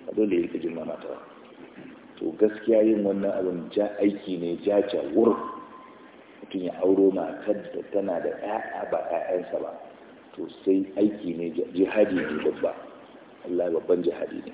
ba dole ya rika mama ta ba to gaskiya yin wannan abin ja aiki ne ja jawur mutum ya auro matar da tana da yaya ba yayansa ba to sai aiki ne jihadi ne babba Allah babban jihadi ne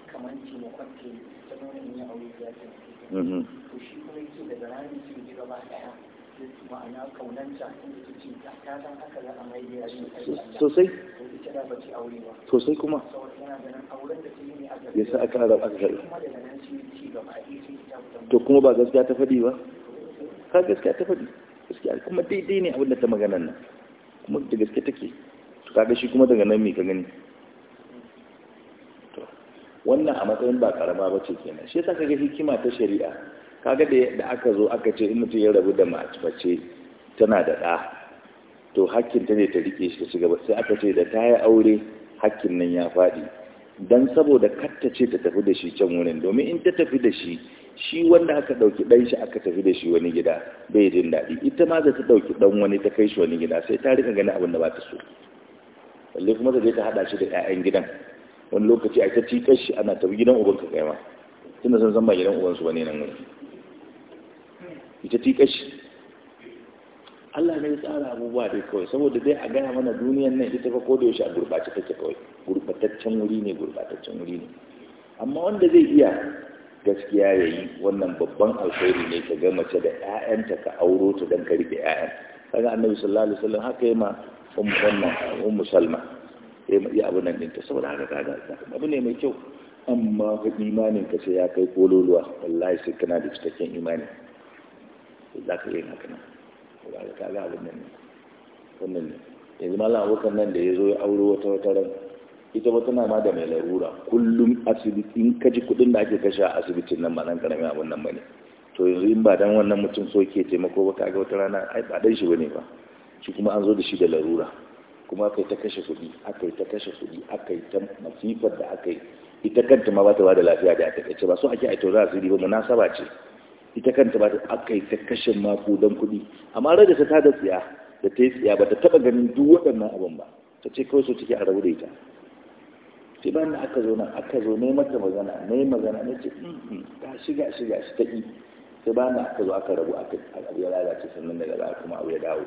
kamar ce ya ta nuna aure ya ce mm-hmm. to shi kuma yake daga ranar ce ya gaba daya ma'ana kaunanta inda ce ta haka za a mai da sosai sosai kuma ya sa aka haɗa aka haɗa to kuma ba gaskiya ta faɗi
ba ka gaskiya ta faɗi gaskiya kuma daidai ne abinda ta maganan nan kuma da gaske take to kaga shi kuma daga nan me ka gani wannan a matsayin ba karama ba ce kenan shi yasa kaga hikima ta shari'a kaga da aka zo aka ce in mutum ya rabu da mace tana da ɗa to hakkin ta ne ta rike shi ta ci gaba sai aka ce da ta yi aure hakkin nan ya faɗi don saboda katta ce ta tafi da shi can wurin domin in ta tafi da shi shi wanda aka ɗauki dan shi aka tafi da shi wani gida bai jin daɗi ita ma za ta ɗauki ɗan wani ta kai shi wani gida sai ta rika gani abin da ba ta so balle kuma ta je ta haɗa shi da 'ya'yan gidan wani lokaci a ta tikar shi ana tafi gidan uban ka kai ma tunda sun san ba gidan uban su bane nan wani ita tikar shi
Allah ne ya tsara
abubuwa dai kawai saboda dai a gaya mana duniyan nan ita fa ko da yaushe a gurbace take kawai gurbataccen wuri ne gurbataccen wuri ne amma wanda zai iya gaskiya ya yi wannan babban alkhairi ne ka ga mace da 'ya'yanta ka auro ta don ka rike 'ya'yan kaga annabi sallallahu alaihi wasallam haka yi ma ummu salma sai iya abu nan ɗinta saboda haka kaga abu ne mai kyau amma ga imanin ka sai ya kai kololuwa wallahi sai kana da cikakken imani za ka yi haka nan saboda kaga abin nan ne wannan ne yanzu malam abokan nan da ya zo ya auro wata wata ran ita ba tana ma da mai larura kullum asibiti in ka ji kuɗin da ake kashe a asibitin nan ba nan karamin abin nan ba ne to yanzu in ba dan wannan mutum so ke taimako ba kaga wata rana ai ba dan shi bane ba shi kuma an zo da shi da larura kuma aka yi ta kashe kuɗi aka yi ta kashe kuɗi aka yi ta masifar da aka yi ita kanta ma ba ta ba da lafiya da aka kace ba su ake za su yi ba munasaba ce ita kanta ba ta aka yi ta kashe makudan kuɗi amma rage ta da tsiya da ta yi tsiya ba ta taɓa ganin duk waɗannan abin ba ta ce kawai su cike a rabu da ita sai ba da aka zo nan aka zo ne mata magana ne magana ne ce ta shiga shiga shi ta yi sai ba da aka zo aka rabu aka abu ya lalace sannan daga za kuma abu ya dawo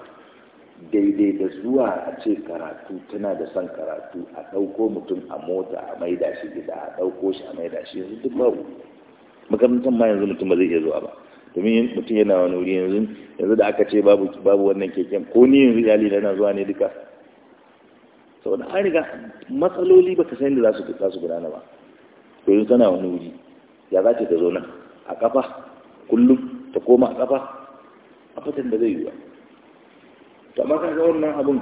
daidai da zuwa a ce karatu tana da son karatu a ɗauko mutum a mota a maida shi gida a ɗauko shi a maida shi yanzu duk babu makarantar ma yanzu mutum ba zai iya zuwa ba domin mutum yana wani wuri yanzu yanzu da aka ce babu babu wannan keken ko ni yanzu iyali na zuwa ne duka saboda an riga matsaloli ba ka san da za su gudana ba to yanzu tana wani wuri ya za ta zo nan a kafa kullum ta koma a kafa a fatan da zai yi ba to kan zaun wannan abun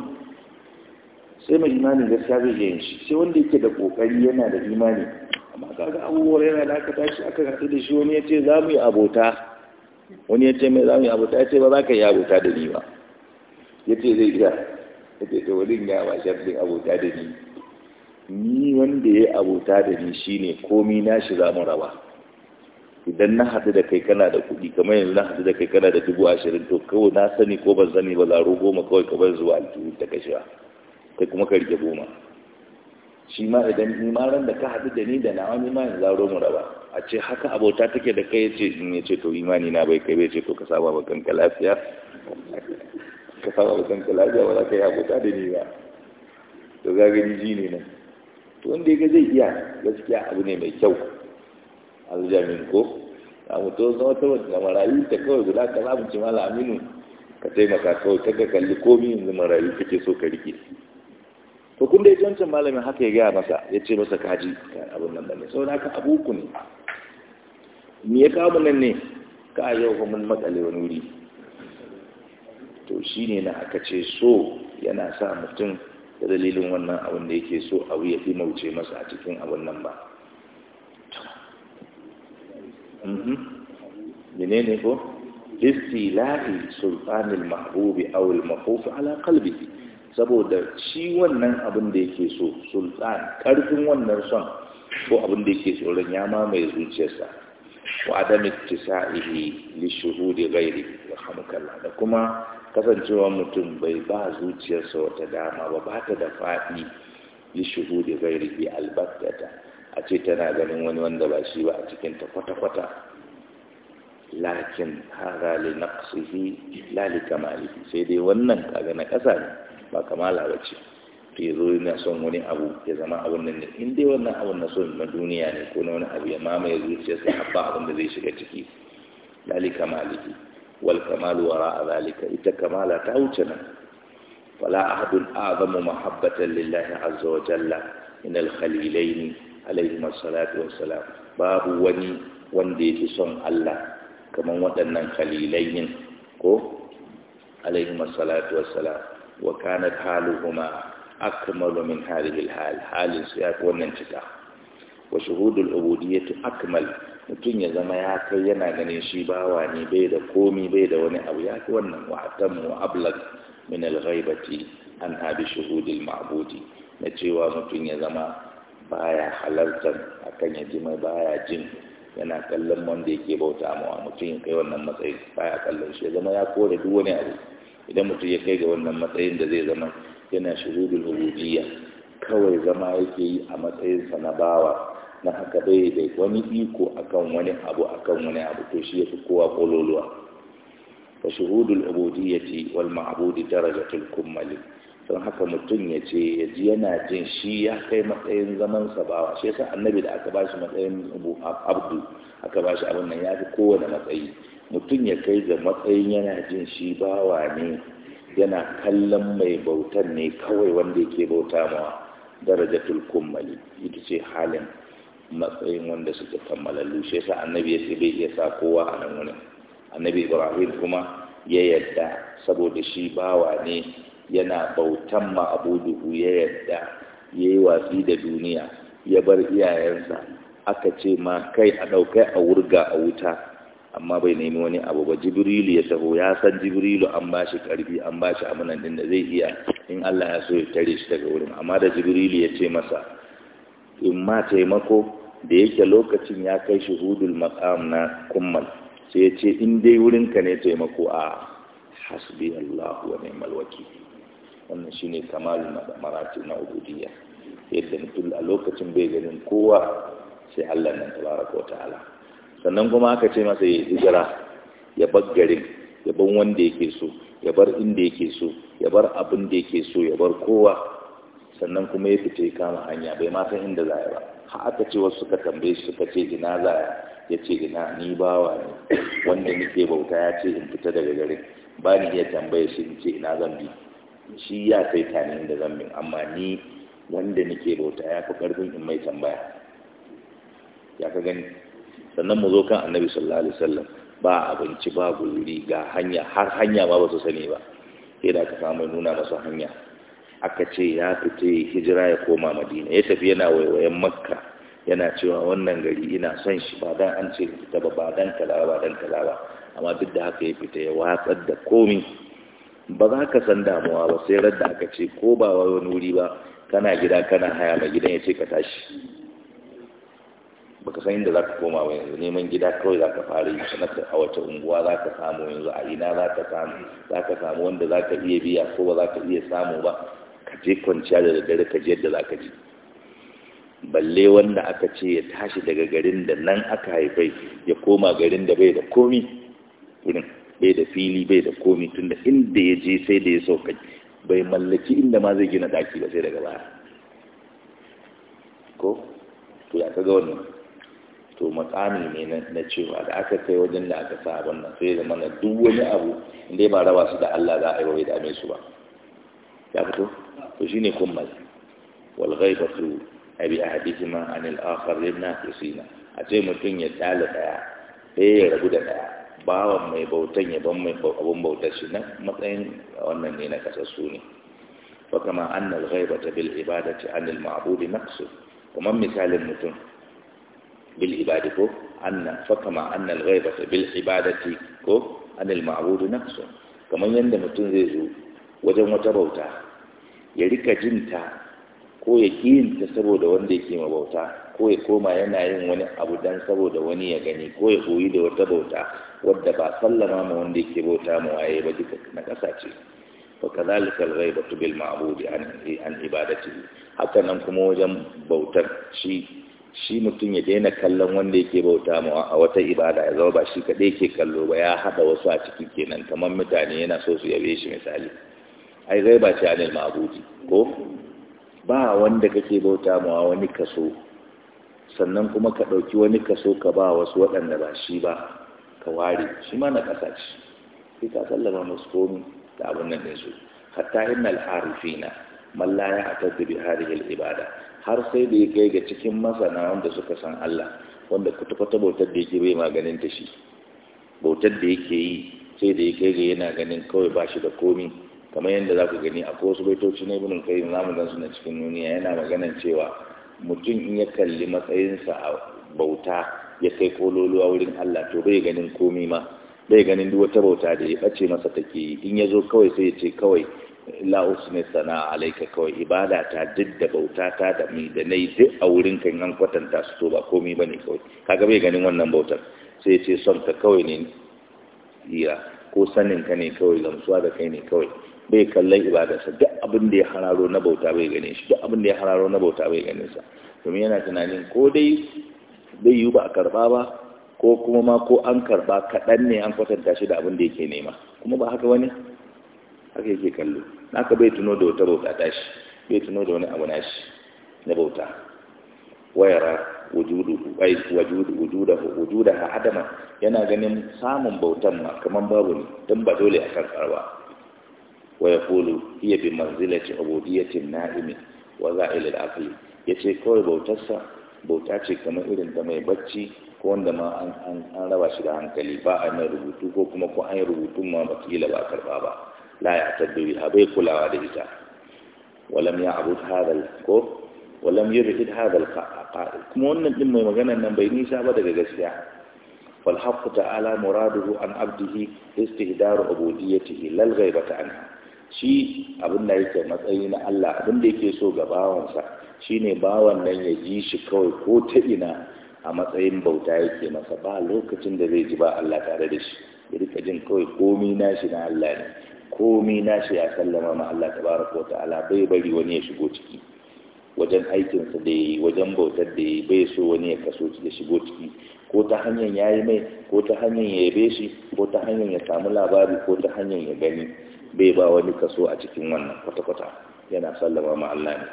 sai mai imanin gaskiya zai iya yin shi sai wanda yake da kokari yana da imani amma ga abubuwar yana da aka tashi aka haɗu da shi wani ya ce za mu yi abota wani ya ce mai za mu yi abota ya ce ba za ka yi abota da ni ba ya ce zai iya ya ce ta wani ya ba shafin abota da ni ni wanda ya abota da ni shine komi na shi za mu raba idan na haɗu da kai kana da kuɗi kamar yanzu na haɗu da kai kana da dubu ashirin to kawai na sani ko ban sani ba laro goma kawai ka bar zuwa aljihu ta kashewa kai kuma ka rike goma shi ma idan imaran da ka haɗu da ni da na wani ma yanzu laro mu raba a ce haka abota take da kai yace in yace to imani na bai kai bai ce to ka saba ba kanka lafiya ka saba ba kanka lafiya ba za ka yi abota da ni ba to zagani ji ne nan to wanda ya ga zai iya gaskiya abu ne mai kyau aljamin ko a mutu zama ta wata marayu ta kawai guda ka zabinci mala aminu ka taimaka kawai kaga kalli komi yanzu marayu kake so ka rike to kun dai wancan malamin haka ya gaya masa ya ce masa kaji abin nan bane sau da abu abuku ne me ya kawo nan ne ka yau fa mun makale wani wuri to shi ne na aka ce so yana sa mutum da dalilin wannan abin da yake so abu ya fi mauce masa a cikin abin nan ba Mhm. menene ko istilahi sultanil mahbubi aw al mahfuf ala qalbihi saboda shi wannan abin da yake so sultan karfin wannan son ko abin da yake tsoron ya mamaye zuciyarsa wa adam ittisa'ihi li shuhudi ghairi rahmukallah da kuma kasancewa mutum bai ba zuciyarsa wata dama ba ba ta da fadi li shuhudi ghairi albattata a ce tana ganin wani wanda ba shi ba a cikinta kwata-kwata lakin hara li naqsihi la li sai dai wannan kaga na ƙasa ne ba kamala ba ce to yazo na son wani abu ya zama abun nan ne in dai wannan abun na son na duniya ne ko na wani abu ya mamaye zuciyarsa har ba abin da zai shiga ciki Lalika li wal kamalu a zalika ita kamala ta wuce nan fala ahadun a'zamu mahabbatan lillahi azza wa jalla min al khalilaini alaihi masalatu wassalam babu wani wanda yake son Allah kaman waɗannan khalilain ko alaihi masalatu wassalam wa kanat haluhuma akmalu min hadhihi alhal halin su yafi wannan cika wa shuhudul ubudiyyati akmal mutum ya zama ya kai yana ganin shi bawa ne bai da komi bai da wani abu ya fi wannan wa'atan wa ablag min al an habi shuhudil ma'budi na cewa mutum ya zama baya halartar akan ya ji mai baya jin yana kallon wanda yake bauta mawa mutum ya kai wannan matsayin baya kallon shi ya zama ya kore duk wani abu idan mutum ya kai ga wannan matsayin da zai zama yana shuhudul ubudiyya kawai zama yake yi a matsayinsa na bawa na haka bai da wani iko akan wani abu akan wani abu to shi ya fi kowa kololuwa fa shuhudul ubudiyyati wal ma'budi darajatul kummali don haka mutum ya ce ya ji yana jin shi ya kai matsayin zaman sabawa shi yasa annabi da aka bashi matsayin abdu aka bashi abin nan ya fi kowane matsayi mutum ya kai ga matsayin yana jin shi bawa ne yana kallon mai bautan ne kawai wanda yake bauta mawa darajatul kummali ita ce halin matsayin wanda suke kammalallu shi yasa annabi ya ce bai iya sa kowa a nan wani annabi ibrahim kuma ya yadda saboda shi bawa ne yana bautan ma'abuduhu ya yadda ya yi watsi da duniya ya bar iyayensa aka ce ma kai a ɗaukai a wurga a wuta amma bai nemi wani abu ba jibrilu ya taho ya san jibrilu an ba shi ƙarfi an ba shi amunan din da zai iya in allah ya so ya tare shi daga wurin amma da jibrilu ya ce masa in ma taimako da yake lokacin ya kai shuhudul maqam na kummal sai ya ce in dai wurinka ne taimako a hasbi allahu wa ni'mal wakil wannan shine kamalin marati na ubudiyya yadda mutum a lokacin bai ganin kowa sai Allah nan tabara ko ta'ala sannan kuma aka ce masa ya hijira ya bar garin ya bar wanda yake so ya bar inda yake so ya bar abin da yake so ya bar kowa sannan kuma ya fita ya kama hanya bai ma san inda za ba ha aka ce wasu suka tambaye shi suka ce ina za ya ce ina ni bawa ne wanda nake bauta ya ce in fita daga garin ba ni iya tambaye shi in ce ina zan bi shi ya sai ta ne da zambin amma ni wanda nake bauta ya fi karfin in mai tambaya ya ka gani sannan mu zo kan annabi sallallahu alaihi wasallam ba abinci ba guri ga hanya har hanya ba ba su sani ba sai da aka samu nuna masa hanya aka ce ya fita hijira ya koma madina ya tafi yana waiwayen makka yana cewa wannan gari ina son shi ba dan an ce ba ba dan kaza ba dan kaza amma duk da haka ya fita ya watsar da komi ba za ka san damuwa ba sai radda aka ce ko ba wani wuri ba kana gida kana haya mai gidan ya ce ka tashi Ba ka san inda za ka koma wa yanzu neman gida kawai za ka fara yi sanar a wace unguwa za ka samu yanzu a ina za ka samu za ka samu wanda za ka iya biya ko ba za ka iya samu ba ka je kwanciya da daddare ka ji yadda za ka ji balle wanda aka ce ya tashi daga garin da nan aka haifai ya koma garin da bai da komi wurin bai da fili bai da komi tun da inda ya je sai da ya sauka bai mallaki inda ma zai gina daki ba sai daga baya ko to ya kaga wannan to makami ne na cewa da aka kai wajen da aka sa abin sai da mana duk wani abu inda ba raba su da Allah za a yi wai dame su ba ya fito to shine kummal wal ghaibatu abi ahadithima anil akhar lin naqisina a ce mutum ya tsala daya sai ya rabu da daya bawan mai bautan ya ban mai abun bauta shi na matsayin wannan ne na kasassu ne fa kama annal ghaibata bil ibadati anil na naqsu kuma misalin mutum bil ibadi ko na fa kama annal ghaibata bil ibadati ko anil na naqsu kamar yadda mutum zai zo wajen wata bauta ya rika jinta ko ya kiyinta saboda wanda ya ma bauta. ko ya koma yana yin wani abu dan saboda wani ya gani ko ya koyi da wata bauta wadda ba sallama ma wanda yake bauta mu waye ba duka na kasa ce fa kadhalika al-ghaibatu bil ma'bud an an ibadatihi hatta nan kuma wajen bautar shi shi mutum ya daina kallon wanda yake bauta mu a wata ibada ya zama ba shi kadai yake kallo ba ya hada wasu a cikin kenan kamar mutane yana so su yabe shi misali ai ghaiba ce anil ma'budi ko ba wanda kake bauta mu wani kaso sannan kuma ka ɗauki wani kaso ka ba wasu waɗanda ba shi ba ka ware shi ma na ƙasa ce sai ka sallama musu komi da abin nan ɗinsu hatta inna al na. mallaya a ya'tadu bi hadhihi al-ibada har sai da ya kai ga cikin masana wanda suka san Allah wanda kwata ta bautar da yake bai maganin ta shi bautar da yake yi sai da ya kai ga yana ganin kawai ba shi da komi kamar yadda za ku gani akwai wasu baitoci na ibn al-qayyim zamu gan suna na cikin duniya yana maganan cewa mutum in ya kalli matsayinsa a bauta ya kai kololuwa wurin Allah to bai ganin komi ma bai ganin duk wata bauta da ya bace masa take yi in ya zo kawai sai ya ce kawai la usmi sana alaika kawai ibada ta duk da bauta ta da mi da nayi duk a wurin kan an kwatanta su to ba komi bane kawai kaga bai ganin wannan bautar sai ya ce son ta kawai ne iya ko sanin ka ne kawai gamsuwa da kai ne kawai bai kallon ibadarsa duk abin da ya hararo na bauta bai gane shi duk abin da ya hararo na bauta bai gane sa domin yana tunanin ko dai bai yi ba a karba ba ko kuma ma ko an karba kaɗan ne an kwatanta shi da abin da yake nema kuma ba haka wani haka yake kallo naka bai tuno da wata bauta ta shi bai tuno da wani abu na shi na bauta wayara wujuduhu ai wujuduhu wujudaha adama yana ganin samun bautan ma kaman babu ne dan ba dole a karba. ba ويقول هي بمنزلة عبودية النائم وزائل العقل يتي كوي بوتسا بوتاتي كما إذن كما يبتشي كون دما أن أن أن كلي با أما يربوتو كو كما كو ما بكي لبا كربابا لا يعتد بها بيكو لا وادهتا ولم يعبد هذا الكور ولم يرهد هذا القائل كما أن نتنمو يمغانا نبيني سابدا كغسيا والحق تعالى مراده عن عبده استهدار عبوديته لا الغيبة عنها shi abin da yake matsayi na Allah abin da yake so ga bawansa shi ne bawan nan ya ji shi kawai ko ta ina a matsayin bauta yake masa ba lokacin da zai ji ba Allah tare da shi ya rika jin kawai komi shi na Allah ne komi shi ya sallama ma Allah ko ta ala, bai bari wani ya shigo ciki wajen aikinsa da ya yi wajen bautar da ya yi bai so wani ya kaso ya shigo ciki ko ta hanyar ya yi mai ko ta hanyar ya yabe shi ko ta hanyar ya samu labari ko ta hanyar ya gani bai ba wani kaso a cikin wannan kwata-kwata yana sallama ma Allah ne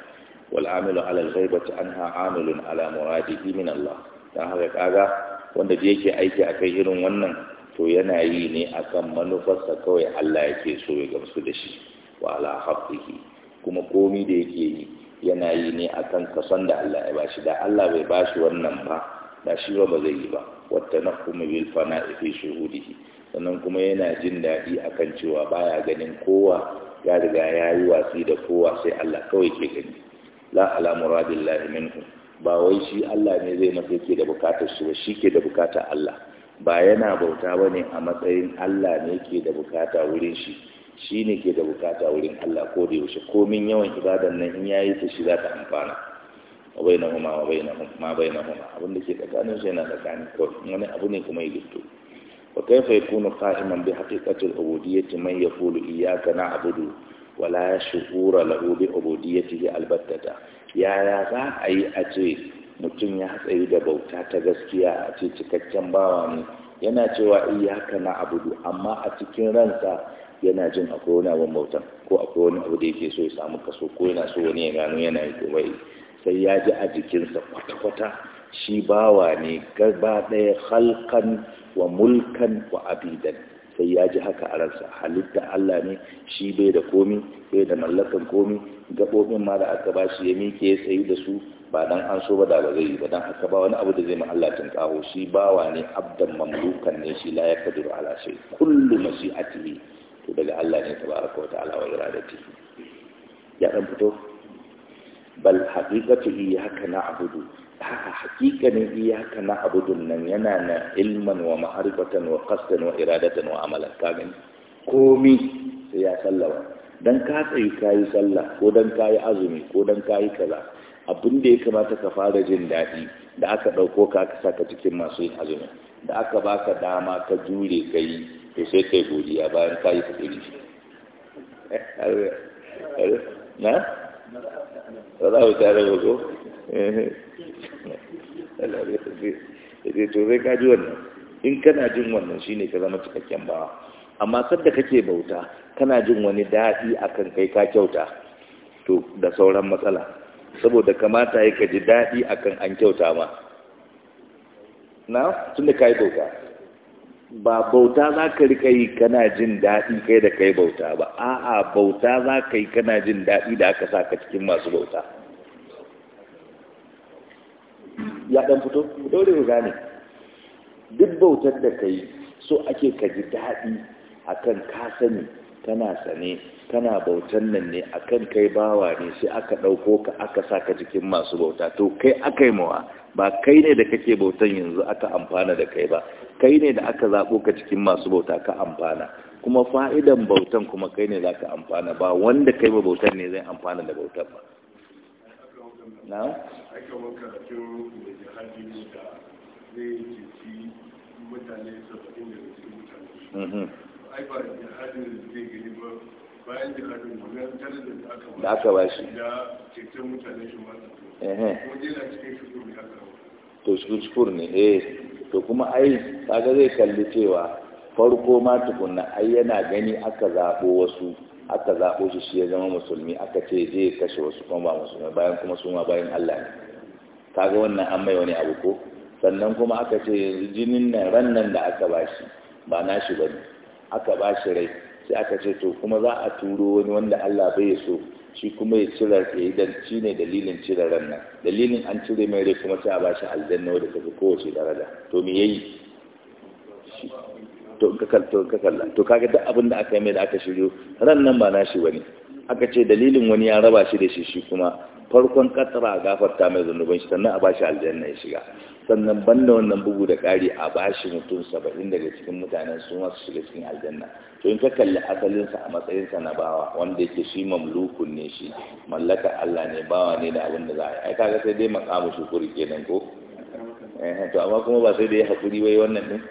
wal amilu ghaibati anha amilun ala muradihi min Allah dan haka kaga wanda da yake aiki akai irin wannan to yana yi ne akan manufarsa kawai Allah yake so ya gamsu da shi wa ala haqqihi kuma komai da yake yi yana yi ne akan kason da Allah ya bashi da Allah bai bashi wannan ba da shi ba ba zai yi ba wata na kuma bil fana'i fi shuhudihi sannan kuma yana jin daɗi a kan cewa baya ganin kowa ya riga ya yi watsi da kowa sai Allah kawai ke gani la ala muradillahi minhu ba wai shi Allah ne zai masa yake da bukatar shi ba shi ke da bukatar Allah ba yana bauta ba ne a matsayin Allah ne ke da bukata wurin shi shi ne ke da bukata wurin Allah ko da yaushe komin yawan ibadan nan in yayi ta shi za ta amfana wa bainahuma wa bainahuma ma ke tsakanin shi yana tsakanin kawai wani abu ne kuma ya gitto wa kaifa yakunu qa'iman bi haqiqati ya kulu man na a gudu wa la yashkura lahu bi ya albattata yaya za a yi a ce mutum ya tsayi da bauta ta gaskiya a ce cikakken bawa ne yana cewa a gudu amma a cikin ransa yana jin akwai wani abin bautan ko akwai wani abu da yake so ya samu kaso ko yana so wani ya gano yana yi sai ya ji a jikinsa kwata-kwata shi bawa ne gaba ɗaya halkan wa mulkan wa abidan sai ya ji haka a ransa halitta Allah ne shi bai da komi bai da mallakan komi gaɓoɓin ma da aka ba shi ya miƙe ya tsayi da su ba dan an so ba da ba zai yi ba dan haka ba wani abu da zai ma Allah tunƙaho shi bawa ne abdan mamlukan ne shi la ya kaduru ala shi kullu mashi'atihi to daga Allah ne tabaraka wa ta'ala wa iradatihi ya dan fito bal haqiqatu iyyaka na'budu haka haqiqanin iyyaka na'budun nan yana na ilman wa ma'rifatan wa qasdan wa iradatan wa amalan kamin komi sai ya sallawa dan ka tsayi kayi sallah ko dan kayi azumi ko dan kayi kaza abin da ya kamata ka fara jin daɗi da aka ɗauko ka ka saka cikin masu yin azumi da aka baka dama ka jure ka yi to sai kai godiya bayan yi ka tsiri eh, na ba za mu tare ba ko to zai kaji wannan in kana jin wannan shine ka zama cikakken bawa amma sadda kake bauta kana jin wani daɗi akan kai ka kyauta to da sauran matsala saboda kamata ya ka ji daɗi akan an kyauta ma na tun da ka yi bauta ba bauta za ka rika yi kana jin daɗi kai da kai bauta ba a'a bauta za ka yi kana jin daɗi da aka sa ka cikin masu bauta ya ɗan fito daure ku gane duk bautar da ka yi so ake ka ji daɗi akan ka sani kana sane kana bautan nan ne a kan kai bawa ne sai aka ɗauko ka aka sa ka cikin masu bauta to kai aka yi mawa ba kai ne da kake bautan yanzu aka amfana da kai ba kai ne da aka zaɓo ka cikin masu bauta ka amfana kuma fa'idan bautan kuma kai ne za ka amfana ba wanda kai ba bautan ne zai amfana da bautan ba
na? mutane saba'in da mutane mhm. da ba da zai gani ba da aka ba shi
to shukuru ne eh to kuma ai kaga zai kalli cewa farko ma tukunna ai yana gani aka zaɓo wasu aka zaɓo shi shi ya zama musulmi aka ce je kashe wasu kuma ba musulmi bayan kuma su ma bayan Allah ne kaga wannan an mai wani abu ko sannan kuma aka ce yanzu jinin nan ran nan da aka ba shi ba na shi bane aka ba shi rai sai aka ce to kuma za a turo wani wanda Allah bai so shi kuma ya cira ya yi dan shi ne dalilin cire ran nan dalilin an cire mai rai kuma sai a shi aljanna wanda ta fi kowace daraja to me yayi to ka to ka kalla to kaga duk abin da aka yi mai da aka shiryo ran nan ba na shi wani aka ce dalilin wani ya raba shi da shi shi kuma farkon katsara a gafarta mai zunubin shi sannan a bashi aljanna ya shiga sannan banda wannan bugu da ƙari a bashi mutum saba'in daga cikin mutanen su masu shiga cikin aljanna to in ka kalli asalinsa a matsayinsa na bawa wanda yake shi mamlukun ne shi mallakar Allah ne bawa ne da abin da za a yi ai kaga sai dai makamu shukuri kenan ko eh to amma kuma ba sai dai hakuri wai wannan din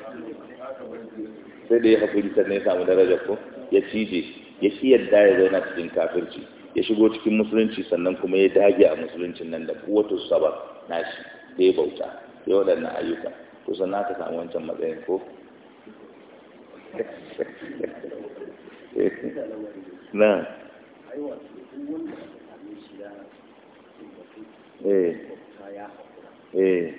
sai dai hakuri sannan ya samu daraja ko ya cije ya shi yadda ya zauna cikin kafirci ya shigo cikin musulunci sannan kuma ya dage a musuluncin nan da kuwatu sabab nashi da ya bauta ya waɗannan ayyuka to sannan aka samu wancan matsayin ko
(laughs) na eh eh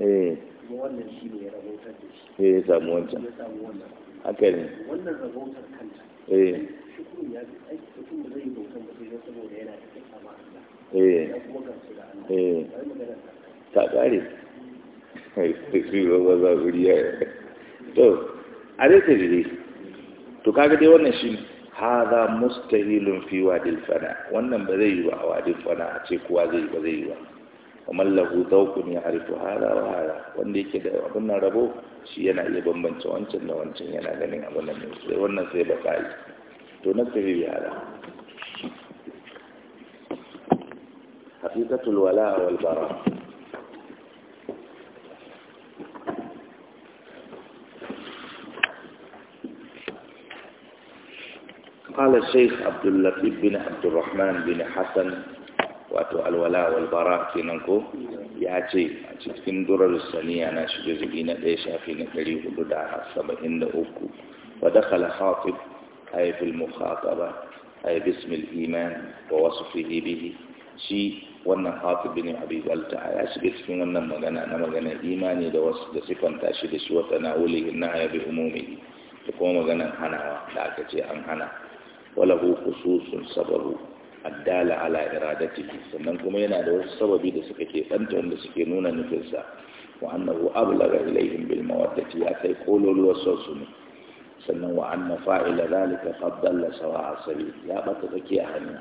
eh haka ne wannan rabautar kanta eh. shi aiki da zai yi bautar da saboda yana da eh. ya kuma da eh.
ta kare shi ba ba za guri ya to a dai ta to kaga dai wannan shi hadha mustahilun fi wadil fana wannan ba zai yi ba a wadil fana a ce kowa zai ba zai yi ba ومن له ذوق يعرف هذا وهذا wanda yake da abin nan rabo shi yana iya bambance wancan da wancan yana ganin abin nan sai wannan sai bakai to na sirri yara haqiqatul wala wal bara قال الشيخ عبد اللطيف بن عبد الرحمن بن حسن wato alwala walbara kenan ko ya ce a cikin durar saniya na shi jazuli na ɗaya shafi na ɗari hudu da saba'in da uku wa dakhala khatib ay fil mukhataba bismil iman wa wasu bihi shi wannan khatib bin abi ya shiga cikin wannan magana na magana imani da wasu da sifanta shi da shi wa tanawulihi na bi umumi da kuma maganan hanawa da aka ce an hana wala hu sababu addala ala iradatihi sannan kuma yana da wasu sababi da suka ke tsanta wanda suke nuna nufinsa wa annahu ablaga ilaihim bil mawaddati ya kai kololuwar son ne sannan wa anna fa'ila zalika qad sawa sawa'a ya bata take a hannu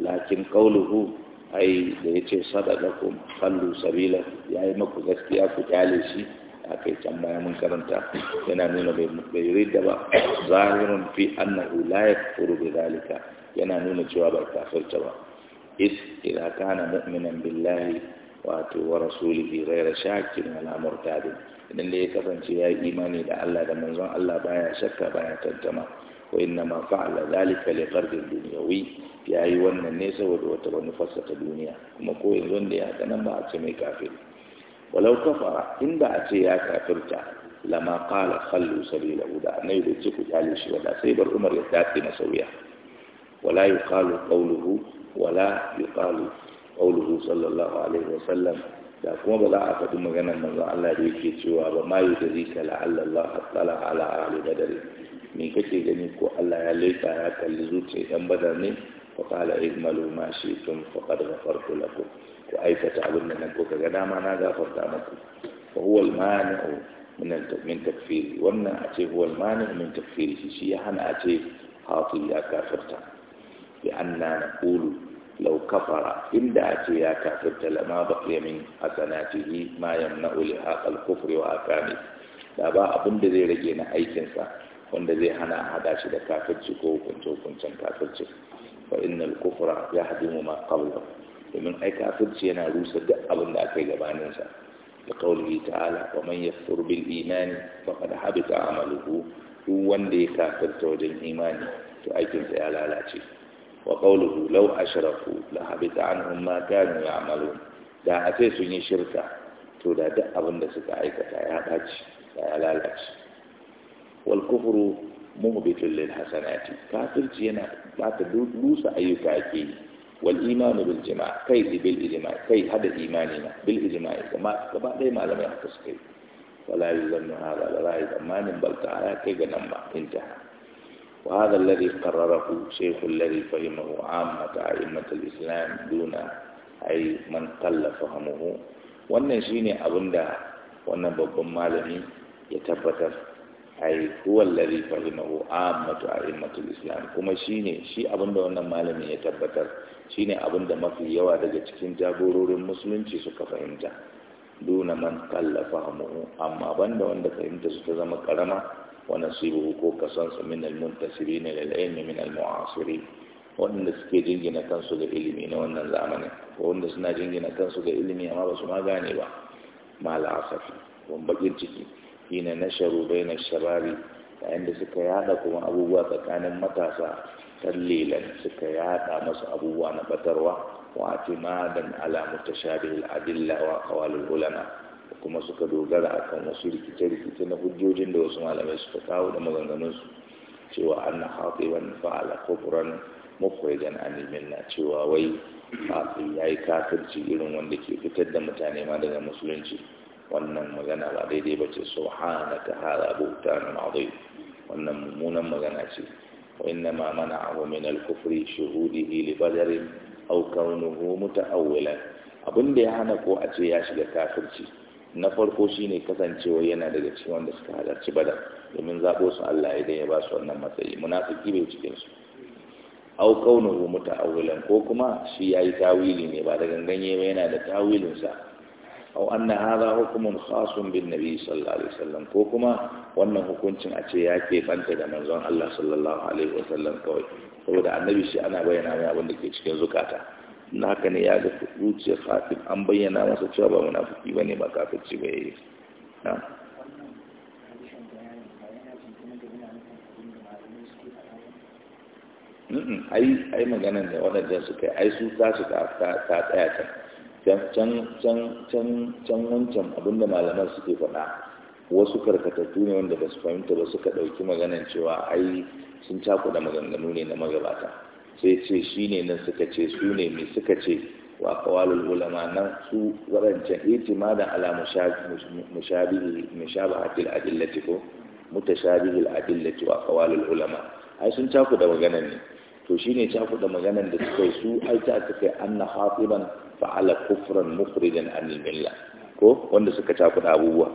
lakin qawluhu ai da yace sadaqakum khallu sabila yayi maku gaskiya ku kyale shi akai can baya mun karanta yana nuna bai ridda ba zahirun fi annahu la yakfuru bi zalika yana nuna cewa bai kafirta ba is idza kana mu'minan billahi wato wa rasulihi ghayra shakin wala murtadin idan da ya kasance ya yi imani da Allah da manzon Allah baya shakka baya tantama wa inna ma fa'ala zalika li qardi dunyawi ya yi wannan ne saboda wata manufarsa ta duniya kuma ko yanzu da ya nan ba a ce mai kafir walau kafara inda a ce ya kafirta lama qala khallu sabila da annabi da ce ku kyale shi wada sai bar Umar ya dace masa wuya wala yuqalu qawluhu wala yuqalu qawluhu sallallahu alaihi wasallam da kuma ba za a faɗi maganar manzo Allah da yake cewa ba ma da yudrika la Allah ta'ala ala ahli badr me kake gani ko Allah ya laifa ya kalli zuciya dan badar ne fa qala igmalu ma shi'tum faqad ghafartu lakum ku aikata abin da nan kuka ga dama na gafarta muku fa huwa al-mani'u min min takfiri wannan a ce huwa al-mani'u min takfiri shi ya hana a ce hafi ya kafirta bi anna kulu law kafara inda a ce ya kafirta lama baqiya min hasanatihi ma yamna'u li haqal kufri wa akani da ba abin da zai rage na aikinsa wanda zai hana hada shi da kafirci ko hukunce hukuncen kafirci fa innal ya yahdimu ma qabla domin ai kafirci yana rusa duk abin da aka yi gabanin sa da kauli ta'ala wa man yakfur bil imani faqad habita amaluhu duk wanda ya kafirta wajen imani to aikinsa ya lalace وقوله لو أشركوا لحبط عنهم ما كانوا يعملون da a ce sun yi shirka to da suka aikata ya ɓaci ya lalace wal kufru muhbitun lil hasanati kafirci yana bata dusa ayyuka yake yi wal imanu kai bil ijma' kai hada imani na bil ijma' kuma gaba ɗaya malamai yi wala yuzannu kai ga nan وهذا الذي قرره شيخ الذي فهمه عامة أئمة الإسلام دون أي من قل فهمه wannan shine abin da wannan babban malami ya tabbatar ai huwa alladhi fahimahu ammatu a'immatul islam kuma shine shi abin da wannan malami ya tabbatar shine abin mafi yawa daga cikin jagororin musulunci suka fahimta duna man qalla fahmuhu amma banda wanda fahimta su ta zama karama ونصيبه كوكا صنص من المنتسبين للعلم من المعاصرين waɗanda suke jingina kansu ga ilimi na wannan zamanin wanda suna jingina kansu ga ilimi amma ba su ma gane ba mala asafi bakin ciki ina na sharu bai na shabari yayin da suka yada kuma abubuwa tsakanin matasa tallilan suka yada masu abubuwa na batarwa wa atimadan ala mutashabihil adilla wa qawalul ulama kuma suka dogara a kan wasu rikice-rikice na hujjojin da wasu malamai suka kawo da maganganunsu cewa an na wani fa'ala kofuran a an na cewa wai ya yi kafirci irin wanda ke fitar da mutane ma daga musulunci wannan magana ba daidai ba ce bace ka hada na azim wannan mummunan magana ce wa na ma mana'ahu min al-kufri shuhudihi li badr aw abin da abinda ya hana ko a ce ya shiga kafirci na farko shine kasancewa yana daga cikin wanda suka halarci bada domin zaɓo su Allah dai ya ba su wannan matsayi munafiki bai cikin su au kaunahu muta'awwilan ko kuma shi yayi tawili ne ba da ganganye ba yana da tawilin sa au anna hadha hukmun khasun bin nabi sallallahu alaihi wasallam ko kuma wannan hukuncin a ce ya ke banta da manzon Allah sallallahu alaihi wasallam kawai saboda annabi shi ana bayyana mai abin da ke cikin zukata na haka ne ya ga zuciyar khatib an bayyana masa cewa ba munafiki bane ba kafirci ba yayi na ai ai maganan ne wadannan suka ai su za su ta ta tsaya can can can can can wancan abinda malaman suke faɗa wasu karkatattu ne wanda ba su fahimta ba suka ɗauki maganan cewa ai sun cakuɗa maganganu ne na magabata sai ce shi ne nan suka ce su ne mai suka ce wa kawalul ulama nan su waɗancan itima da ala mushabihatil adillati ko mutashabihil adillati wa kawalul ulama ai sun caku da maganan ne to shi ne caku da maganan da suka yi su ai ta suka yi na khatiban fa'ala kufran mukhrijan an milla ko wanda suka caku da abubuwa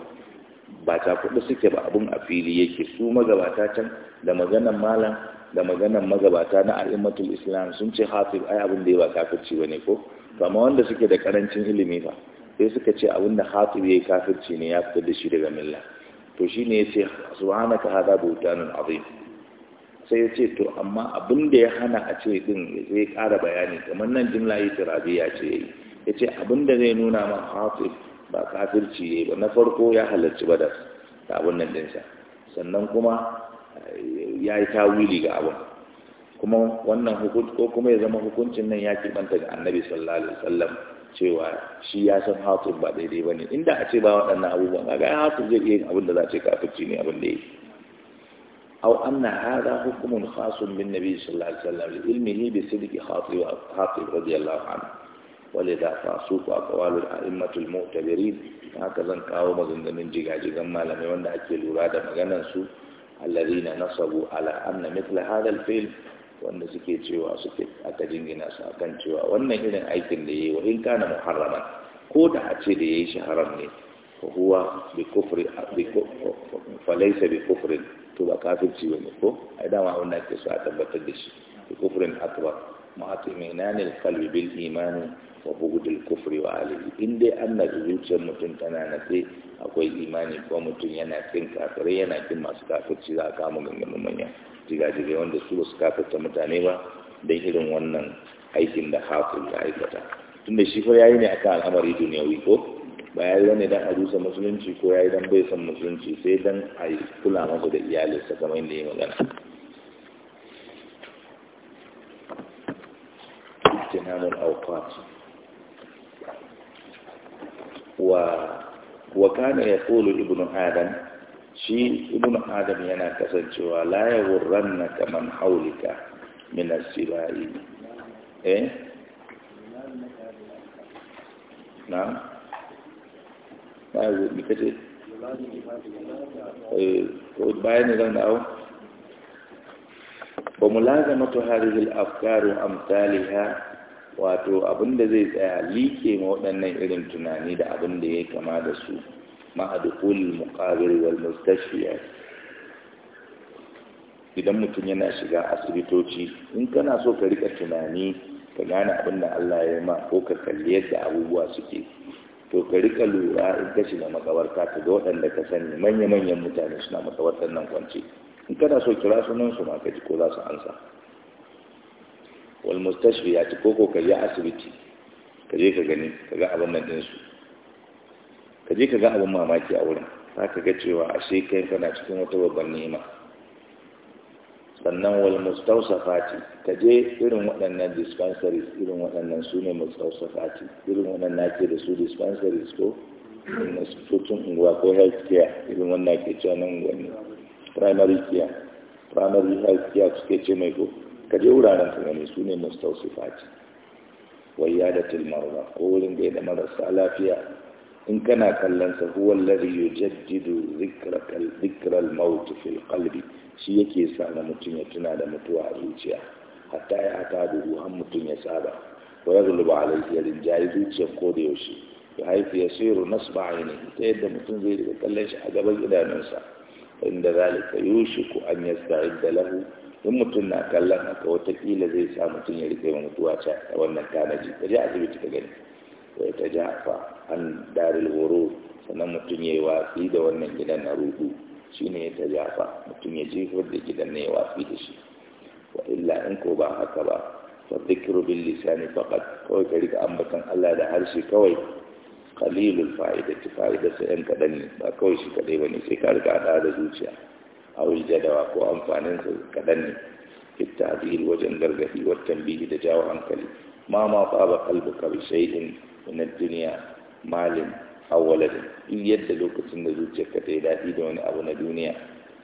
ba ta da suke ba abun a fili yake su magabata can da maganan malam da maganan magabata na al'immatul islam sun ce hafiz ai abin da ya ba kafirci bane ko amma wanda suke da karancin ilimi fa sai suka ce abin da hafiz yayi kafirci ne ya fitar da shi daga milla to shine yace subhanaka hada butanun azim sai ya to amma abin da ya hana a ce din zai ƙara bayani kamar nan jimla yi tirabiya ce yayi ya ce abin da zai nuna ma hafiz ba kafirci yayi ba na farko ya halarci badar da abin nan dinsa sannan kuma ya yi tawili ga abin kuma wannan hukunci ko kuma ya zama hukuncin nan ya kimanta ga annabi sallallahu alaihi wasallam cewa shi ya san hatun ba daidai ba ne inda a ce ba waɗannan abubuwan ga ya hatun zai iya abin da za a ce kafirci ne abin da ya yi أو أن هذا حكم خاص بالنبي صلى الله عليه وسلم لعلمه بصدق ولذا فاسوق أقوال الأئمة المعتبرين هكذا كاو أكي na nasabu ala anna mithla hadha al-fi'l wanda suke cewa suke aka jingina su akan cewa wannan irin aikin da yayi wa in kana muharraman ko da a ce da yayi shi haram ne fa huwa bi kufri bi fa laysa bi kufrin to ba kafirci bane ko ai dama wannan ke so a tabbatar da shi bi kufrin akbar mu'atminan nanin qalbi bil imani wa bughd kufri wa alihi in dai an na zuciyar mutum tana na sai akwai imani ko mutum yana kin kafirai yana kin masu kafirci za a kama gangamin manya jigajigai wanda su ba su kafirta mutane ba don irin wannan aikin da hafiz ya aikata tunda shi shifar yayi ne akan al'amari duniyawi ko ba ya yi wani dan a rusa musulunci ko ya yi dan bai san musulunci sai dan a kula masa da iyalinsa kamar yadda ya magana إمام الأوقات و وكان يقول ابن آدم شيء ابن آدم ينا كسنشوا لا يغرنك من حولك من السباء إيه نعم ما يقول بكتير
إيه، باين لنا أو
وملازمة هذه الأفكار وأمثالها wato abin da zai tsaya liƙe ma waɗannan irin tunani da abin da ya kama da su ma'adukul muqabir wal idan mutum yana shiga asibitoci in kana so ka rika tunani ka gane abin da Allah ya yi ma ko ka kalli yadda abubuwa suke to ka rika lura in ka shiga makabarta ka ga waɗanda ka sani manya-manyan mutane suna makabartar nan kwance in kana so kira sunan su ma ka ji ko za su ansa wal mustashfi ya ci koko ka je asibiti ka je ka gani ka ga abin nan ɗinsu ka je ka ga abin mamaki a wurin za ka ga cewa ashe kai kana cikin wata babban nema sannan wal mustausafati ka je irin waɗannan dispensaries irin waɗannan su ne mustausafati irin waɗannan ke da su dispensaries ko tun unguwa ko health care irin wannan ke cewa nan wani primary care primary health care suke ce mai ko ka je wuraren ka su ne ya da marwa ko wurin gaida marasa lafiya in kana kallon sa huwa alladhi yujaddidu jaddidu dhikral maut fil shi yake sa na mutum ya tuna da mutuwa a zuciya hatta ya hata duhu har mutum ya saba wa yaghlibu alayhi ya jayi zuciya ko da yaushe ya haifi ya siru nasba aini ta yadda mutum zai riga kallon shi a gaban idanunsa inda zalika yushiku an da lahu in mutum na kallon haka watakila zai sa mutum ya rike mutuwa a wannan tanaji ka asibiti ka gani wai ta ja fa an daril wuro sannan mutum ya yi watsi da wannan gidan na rudu shi ne ya ta ja fa mutum ya jefar da gidan na ya watsi da shi wa illa in ko ba haka ba fa dhikru bil lisani faqat kawai ka rika ambatan Allah da harshe kawai qalilul fa'idati fa'idatsa yan ne ba kawai shi ba ne sai ka rika da zuciya awil ko amfaninsa kaɗan ne fitta azir wajen gargadi watan tambihi da jawo hankali ma ma tsaba kalbuka bi shay'in min ad-dunya malin aw waladin yadda lokacin da zuciyarka ta yi daɗi da wani abu na duniya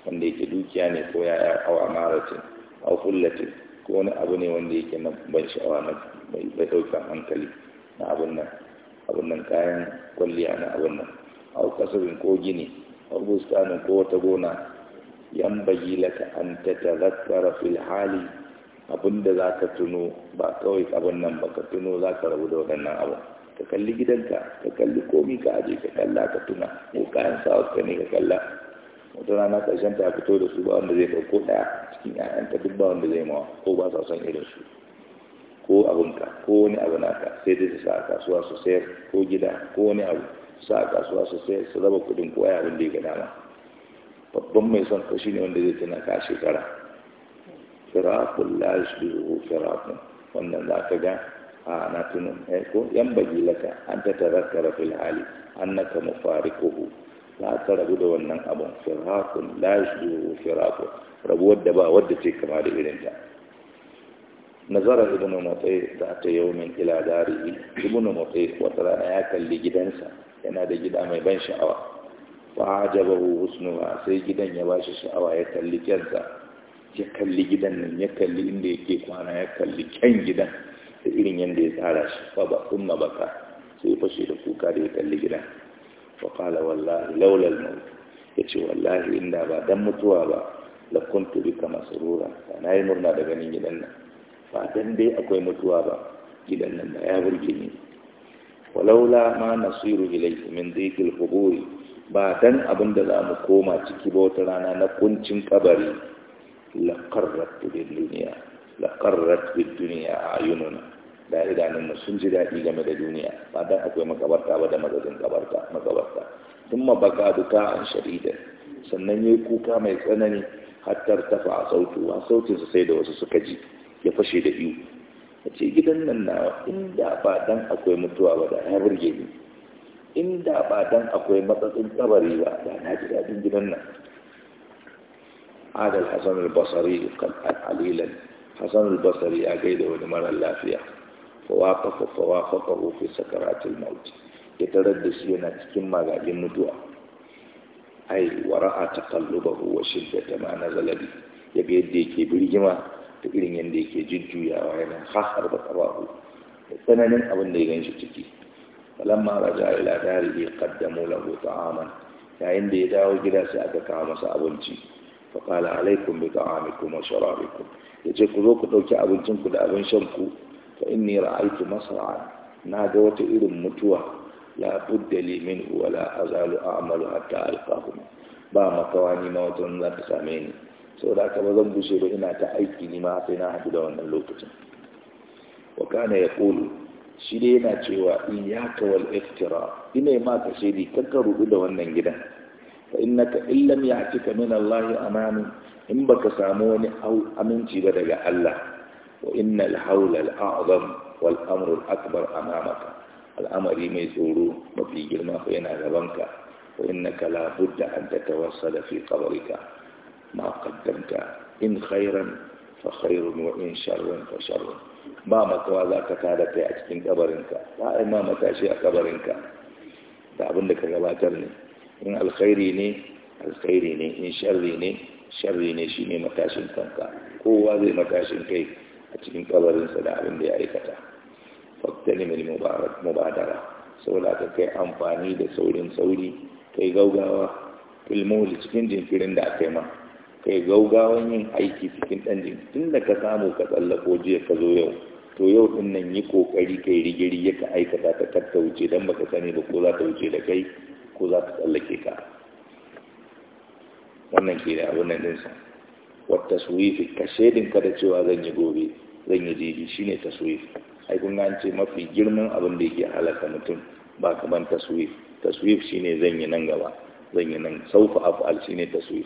wanda yake dukiya ne ko ya'ya aw amaratin aw kullatin ko wani abu ne wanda yake na ban sha'awa mai ɗaukar hankali na abun nan abun nan kayan kwalliya na abun nan aw kasabin ko gini aw bustanin ko wata gona ينبغي لك ta تتذكر fil hali abinda za ka tuno ba kawai abin nan ba ka tuno za ka rabu da waɗannan abu ka kalli gidanka ka kalli komi ka aje ka kalla ka tuna ko kayan sawa ka ne ka kalla wata rana ƙarshen ta fito da su ba wanda zai ɗauko ɗaya cikin ta duk ba wanda zai mawa ko ba sa son irin su ko abinka ko wani abu naka sai dai su sa a kasuwa su sayar ko gida ko wani abu su sa a kasuwa su sayar su raba kuɗin ko ya abin da ya ga dama babban mai son ka ne wanda zai tana ka shekara Firakun la yashbihu firakun. wannan za ka ga a na tunan eh, ko yan bagi laka an ta tarakkara fil hali fari kohu Za ka rabu da wannan abun Firakun la yashbihu firakun. rabuwar wadda ba wadda ce kama da irinta nazara ibn mutai da ta min ila darihi ibn mutai wata rana ya kalli gidansa yana da gida mai ban sha'awa fa ajabahu husnuha sai gidan ya bashi sha'awa ya kalli kyansa ya kalli gidan nan ya kalli inda yake kwana ya kalli kyan gidan da irin yadda ya tsara shi fa ba umma baka sai fashe da kuka da ya kalli gidan fa qala wallahi laula al-maut yace wallahi inda ba dan mutuwa ba la kuntu bika masrura na yi murna da ganin gidan nan ba dan dai akwai mutuwa ba gidan nan da ya burge ni walaula ma nasiru ilayhi min dhikil quburi ba dan abin da za mu koma ciki ba wata rana na kuncin kabari laƙarrat bid duniya a ayununa da idanunmu sun ji daɗi game da duniya ba dan akwai makabarta ba da magajin makabarta sun mabaka duka an sharida sannan ya kuka mai tsanani hattar tafa a sautu sautinsa sai da wasu suka ji ya fashe da biyu a ce gidan nan na inda ba dan akwai mutuwa ba da ya burge ni inda ba dan akwai matsatsin kabari ba da na ji daɗin gidan nan adal hasan al-basri kan alilan hasan al-basri ya gaida wani mara lafiya fawaqafa fawaqafa fi sakaratul maut ya tarar da shi yana cikin magajin mutuwa ai wara'a taqallubahu wa shiddata ma nazala bi ya ga yadda yake birgima ta irin yadda yake jujjuyawa yana haharba tsabahu da tsananin abin da ya ganshi ciki falamma raja ila darihi qaddamu lahu ta'aman yayin da ya dawo gida sai aka kawo masa abinci fa qala alaikum bi ta'amikum wa sharabikum yace ku zo ku ɗauki abincin ku da abin shan ku fa inni aiki masra'a na ga wata irin mutuwa la budda li min a la azalu a'malu hatta ba makawa ni ma wajen za ta same ni da aka ba zan bushe ba ina ta aiki ni ma sai na haɗu da wannan lokacin wa kana yaqulu shine yana cewa iyyaka wal iftira ina ma ka shiri kakka rubu da wannan gida fa innaka illam ya'tika min Allah amani in baka samu wani au aminci ba daga Allah wa innal hawla al a'zam wal amru al akbar amamaka al'amari mai tsoro mafi girma ko yana gabanka wa innaka la budda an tatawassal fi qabrika ma qaddamta in khayran fa khayrun wa in sharran fa sharran ba makawa za ka tada kai a cikin kabarinka ba a yi ma matashi a kabarinka da abin da ka gabatar ne in alkhairi ne alkhairi ne in sharri ne sharri ne shi ne matashin kanka kowa zai matashin kai a cikin kabarinsa da abin ya aikata faktani mai mubadara sau da ka kai amfani da saurin sauri kai gaugawa filmoli cikin jinkirin da aka yi ma kai gaugawan yin aiki cikin ɗan jinkirin da ka samu ka tsallako jiya ka zo yau to yau din nan yi kokari kai rigiri ka aikata ta kar wuce dan baka sani ba ko za ta wuce da kai ko za ta tsallake ka wannan ke da abin nan dinsa wata suwifi ka shaidin ka da cewa zan yi gobe zan yi jibi shine taswif ai kun an ce mafi girman abin da yake halaka mutum ba kaman taswif taswif shine zan yi nan gaba zan yi nan saufa af'al shine taswif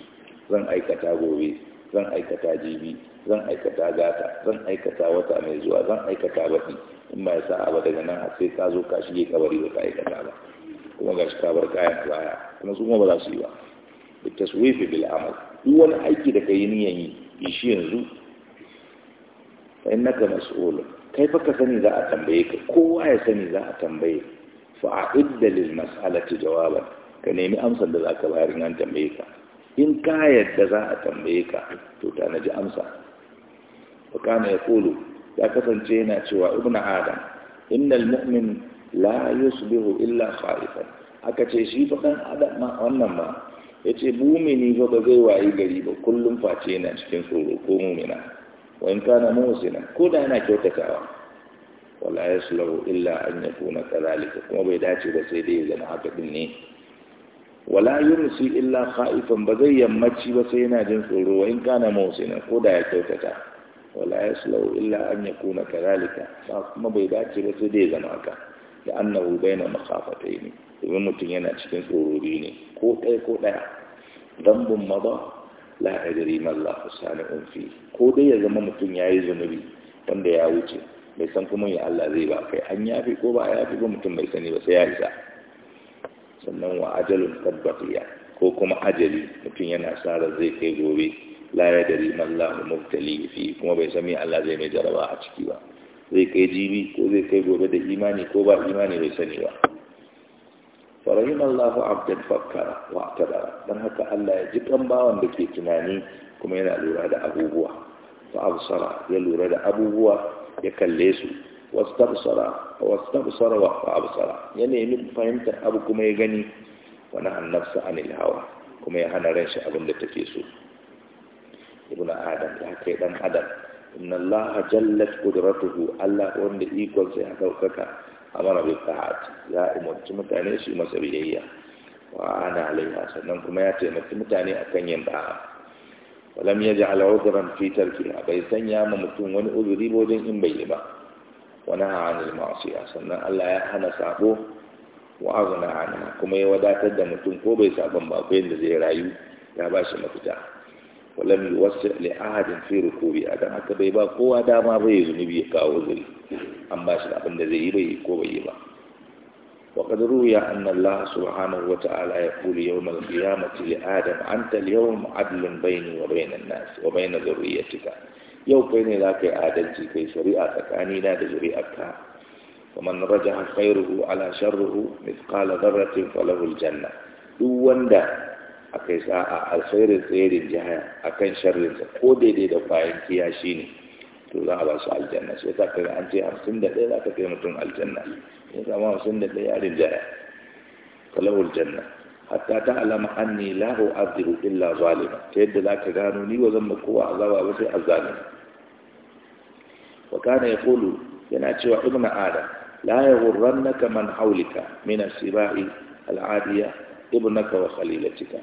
zan aikata gobe zan aikata jibi zan aikata gata zan aikata wata mai zuwa zan aikata baki in ba ya sa'a ba daga nan sai ka zo ka shige kabari ba ka aikata ba kuma ga shi ka bar kayan baya kuma su kuma ba za su yi ba da taswifi bil amal duk wani aiki da ka yi niyan yi yi shi yanzu in naka mas'ulun kai fa ka sani za a tambaye ka kowa ya sani za a tambaye fa a'idda lil mas'alati jawaban ka nemi amsar da za ka bayar nan tambaye ka in ka yadda za a tambaye ka to ta na ji amsa fakana ya kulu ya kasance yana cewa ibn adam innal mu'min la yusbihu illa khaifan aka ce shi fa kan adam ma wannan ma yace mumini fa ba zai wayi gari ba kullum face yana cikin tsoro ko mumina wa in kana musina ko da yana kyautatawa wala yaslahu illa an yakuna kadhalika kuma bai dace ba sai dai ya zama haka din ne wala yumsi illa khaifan ba zai yammaci ba sai yana jin tsoro wa in kana musina ko da ya kyautata wala yaslau illa an yakuna kadhalika ba kuma bai dace ba sai dai zama ka. da annahu baina makhafataini domin mutum yana cikin tsoro ne ko ɗaya ko ɗaya dambun maza la adri ma Allah sani'un fi ko dai ya zama mutum yayi zunubi wanda ya wuce bai san kuma ya Allah zai ba kai an yafi ko ba yafi ba mutum bai sani ba sai ya isa sannan wa ajalin tabbatiya ko kuma ajali mutum yana sara zai kai gobe laye da riman lahu mubtali fi kuma bai sami Allah zai mai jaraba a ciki ba zai kai jibi ko zai kai gobe da imani ko ba imani bai sani ba farahim Allah abdan fakkara wa tadara dan haka Allah ya ji kan bawan da ke tunani kuma yana lura da abubuwa fa absara ya lura da abubuwa ya kalle su wastabsara wa absara ya nemi fahimtar abu kuma ya gani wani annabsa anil hawa kuma ya hana ran shi abin da take so ibn adam ya kai dan adam inna allaha jallat qudratuhu allah wanda iko sai ya daukaka amara bi ta'at ya umarci mutane su masa biyayya wa ana alaiha sannan kuma ya taimaki mutane akan yin da'a walam yaj'al udran fi tarkiha bai sanya ma mutum wani uzuri wajen in bai yi ba wani ha wani ma wasu sannan allah ya hana sabo wa abu na hana kuma ya wadatar da mutum ko bai sabon ba ko yadda zai rayu ya ba shi mafita wala mi wasu ne a hajjin ko bi a dan haka bai ba kowa dama bai yi zunubi ya kawo zuri an ba shi abin zai yi bai yi ko bai yi ba wa kadaru ya annan su hana wata ala ya kuri yau na zuri ya mace da adam an tal bai ne wa bai na zuri ya cika yau kai ne za ka yi adalci kai shari'a tsakani na da ka. kamar na raja khairuhu ala shan sharruhu mithqala dharratin falahu janna? duk wanda a akai sa'a alkhairin tsairin jihaya akan sharrin sa ko daidai da kwayan kiya shine to za a ba su aljanna sai ta kai an ce hamsin da ɗaya za ka kai mutum aljanna hamsin da ɗaya yarin jihaya falahu janna. hatta ta alama anni la u'adhibu illa zalima ta yadda zaka gano ni wazan ma kowa azaba ba sai azalim wa kana yaqulu yana cewa ibnu adam la yaghurrannaka man hawlika min as-sibai al ibnaka wa khalilatika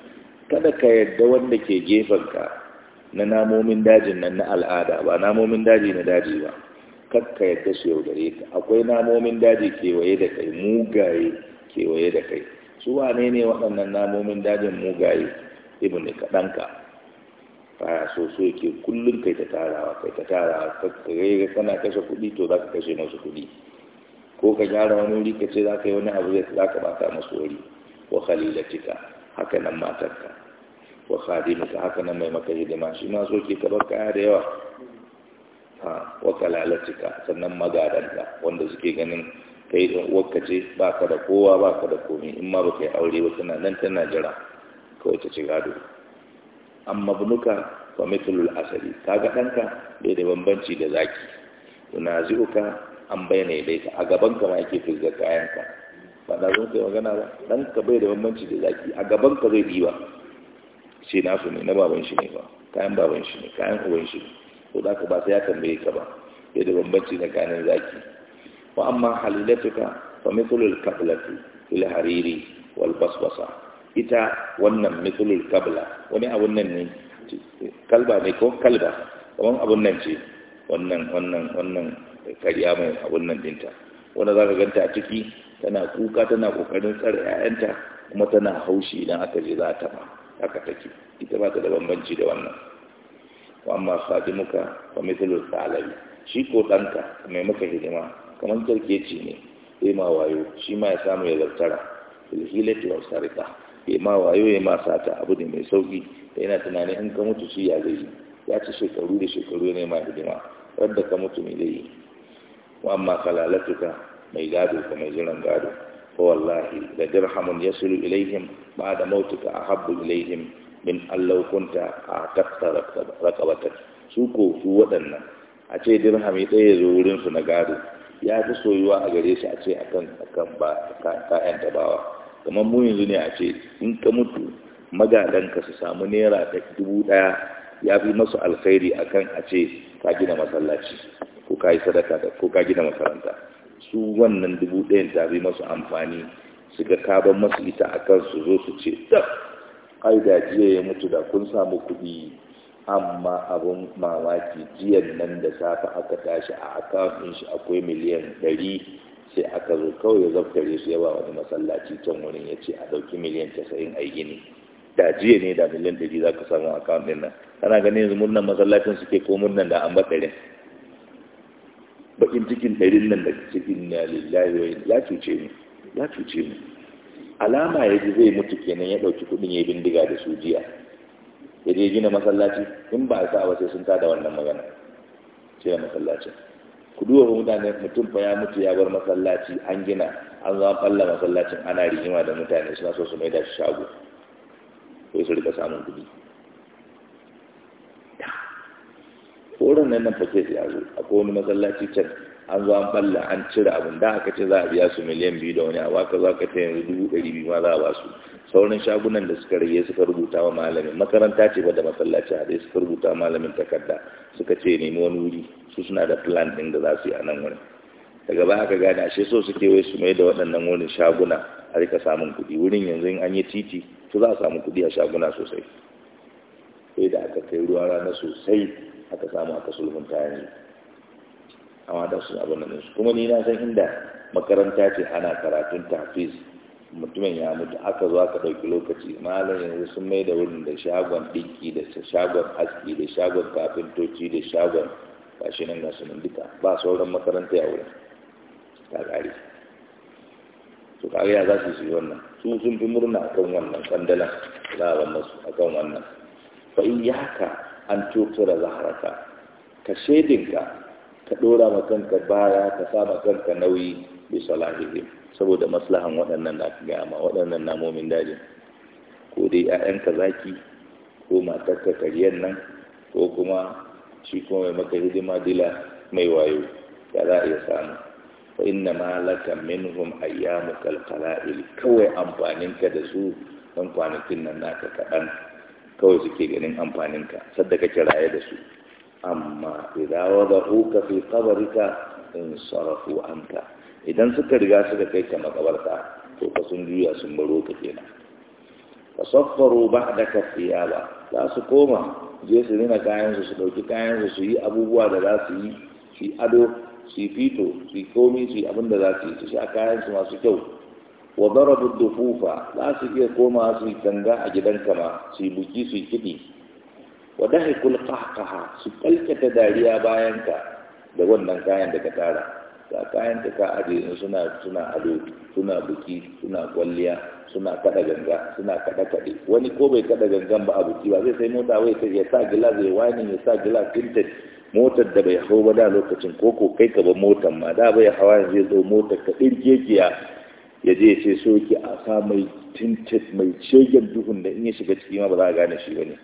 kada ka yadda wanda ke gefanka na namomin dajin nan na al'ada ba namomin daji na daji ba kakka yadda su yaudare ka akwai namomin daji kewaye da kai mugaye kewaye da kai su wane ne waɗannan namomin dajin mugaye ibn kaɗanka baya so so yake kullum kai ta tarawa kai ta tarawa kai kana kashe kuɗi to za ka kashe masu kuɗi ko ka gyara wani wuri ka ce za ka yi wani abu zai za ka bata masu wuri wa khalilatika haka nan matarka wa ka haka nan mai maka hidima shi ma so ke ka kaya da yawa ha wa kalalatika sannan magadanka wanda suke ganin kai ɗan wakace ba ka da kowa ba ka da komi in ma ba ka yi aure ba tana nan tana jira kawai ta ci gado amma bunuka fa mithlul asali ga ɗanka bai da bambanci da zaki zuka an bayyana ya ka a gaban ka ma yake kayan ka ba da zo kai magana ba ɗanka bai da bambanci da zaki a gaban ka zai diba na su ne na baban shi ne ba kayan baban shi ne kayan uban shi ne ko da ka ba sai ya tambaye ka ba bai da bambanci da kayan zaki wa amma halilatuka fa mithlul kablati fil hariri wal basbasa ita wannan mithlul kabla wani abun nan ne kalba ne ko kalba kuma abun nan ce wannan wannan wannan kariya mai abun nan dinta wanda zaka ganta a ciki tana kuka tana kokarin tsare 'ya'yanta kuma tana haushi idan aka je za ta ba haka take ita ba ta da bambanci da wannan wa amma khadimuka fa mithlul salabi shi ko danka mai maka hidima kamar kyarkeci ne ya ma wayo shi ma ya samu ya zartara filhilati wa sarika ya ma wayo ya ma sata abu ne mai sauki da yana tunanin in ka mutu shi ya zai ya ci shekaru da shekaru ne ma hidima wadda ka mutu mai zai yi wa amma kalalatuka mai gado ka mai jiran gado fa wallahi da dirhamun ya sulu ilaihim ba da mautuka habbu ilaihim min allau kunta a kasta rakabatar su ko su waɗannan a ce dirhami ɗaya zo wurinsu na gado ya fi soyuwa a gare shi a ce akan kan kayan tabawa kamar mu yanzu ne a ce in ka mutu magadanka su samu naira da dubu daya ya fi masu alkhairi kan a ce ka gina masallaci ko ka yi sadaka da ko ka gina makaranta su wannan dubu ɗayan ta fi masu amfani su ga kaban masu ita a kan su zo su ce ta. ai da jiya ya mutu da kun samu kuɗi amma abun mamaki jiyan nan da safe aka tashi a akawun shi akwai miliyan ɗari sai aka zo kawai ya zaftare su yaba wani masallaci can wurin ya ce a ɗauki miliyan casa'in a gini da jiya ne da miliyan ɗari za ka samu akawun ɗin nan kana ganin yanzu murnan masallacin suke ko murnan da an batsarin bakin cikin ɗarin nan da cikin na lillahi ya cuce mu ya cuce mu alama ya ji zai mutu kenan ya ɗauki kuɗin ya bindiga da su jiya ya je gina masallaci in ba a sa ba sai sun tada wannan magana ce da masallacin ku duba mutane mutum fa ya mutu ya bar masallaci an gina an zama an masallacin ana rigima da mutane suna so su mai da shago ko su rika samun kuɗi koren nan fa fake ya zo a wani masallaci can an zo an balla an cire abin da aka ce za a biya su miliyan biyu da wani a waka za ka ta yanzu dubu ɗari biyu ma za a ba su sauran shagunan da suka rage suka rubuta wa malamin makaranta ce ba da masallaci dai suka rubuta malamin takarda suka ce nemi wani wuri su suna da plan ɗin da za su yi a nan wurin daga ba aka gane ashe so suke wai su mai da waɗannan wurin shaguna a rika samun kuɗi wurin yanzu in an yi titi to za a samu kuɗi a shaguna sosai sai da aka kai ruwa rana sosai aka samu aka sulhunta yanzu amma da su abin nan kuma ni na san inda makaranta ce ana karatun tafiz mutumin ya mutu aka zo aka ɗauki lokaci malam yanzu sun mai da wurin da shagon ɗinki da shagon aski da shagon kafintoci da shagon gashi nan gashi sunan duka ba sauran makaranta a wurin ta ƙari su kariya za su yi wannan su sun fi murna akan wannan sandala za a masu akan wannan fa in yi haka an tutura zaharaka ka shaidinka ka ɗora ma kanka baya ka sa ma kanka nauyi bisa lahihim saboda maslahan waɗannan da aka gama waɗannan namomin dajin ko dai 'ya'yanka zaki ko matarka karyar nan ko kuma shi kuma mai maka hidima dila mai wayo da za a iya samu fa inna ma laka minhum ayyamu kalqala'il kawai amfaninka da su dan kwanakin nan naka kaɗan kawai suke ganin amfaninka sadda kake raye da su amma idza wada'uka fi qabrika in sarafu anka idan suka riga suka kai ka makabarta to ka sun juya sun baro ka kenan fa saffaru ba'daka siyaba za su koma je su rina kayan su su dauki kayan su su yi abubuwa da za su yi su ado su fito su komi su abin da za su yi su sha kayan su masu kyau wa darabu dufufa za su iya koma su yi tanga a gidan ma su yi buki su yi kiɗi wa dahikul qahqaha su kalkata dariya bayan ka da wannan kayan da ka tara ga kayan ka a suna suna ado suna buki suna kwalliya suna kada ganga suna kada kade wani ko bai kada gangan ba a buki ba zai sai mota wai sai ya sa gilas ya wani ya sa gilas tinted motar da bai hau ba da lokacin ko kai ka ba motar ma da bai hawa zai zo motar ka dirgegiya ya je sai soke a sa mai tinted mai shegen duhun da in ya shiga ciki ma ba za a gane shi ba ne.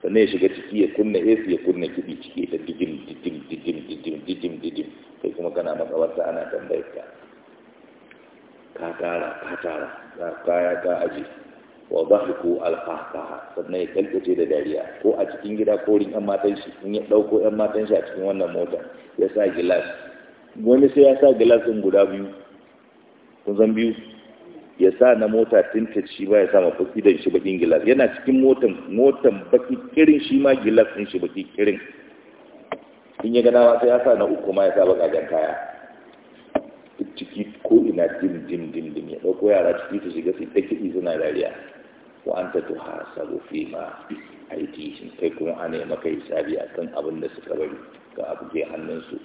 sannan ya shiga ciki ya kunna AC ya kunna kiɗi ciki ta dijim dijim dijim dijim dijim dijim kai kuma kana matsawarsa ana tambayar ka ka tara ka tara ka kaya ka aji wa dhahiku alqahqaha sannan ya kalkace da dariya ko a cikin gida ko rin yan matan shi in ya dauko yan matan shi a cikin wannan mota ya sa gilas wani sai ya sa gilas guda biyu kun san biyu ya sa na mota tinta shi ba ya sa ma idan shi bakin gilas yana cikin motan motan baki kirin shi ma gilas din shi baki kirin in ya gana sai ya sa na uku ma ya sa jan kaya ciki ko ina dim dim dim dim ya dauko yara ciki su shiga su ta kiɗi suna dariya ko an ta tuha sabo fi ma aiki kai kuma ana yi maka hisabi kan abin da suka bari ga abu ke hannunsu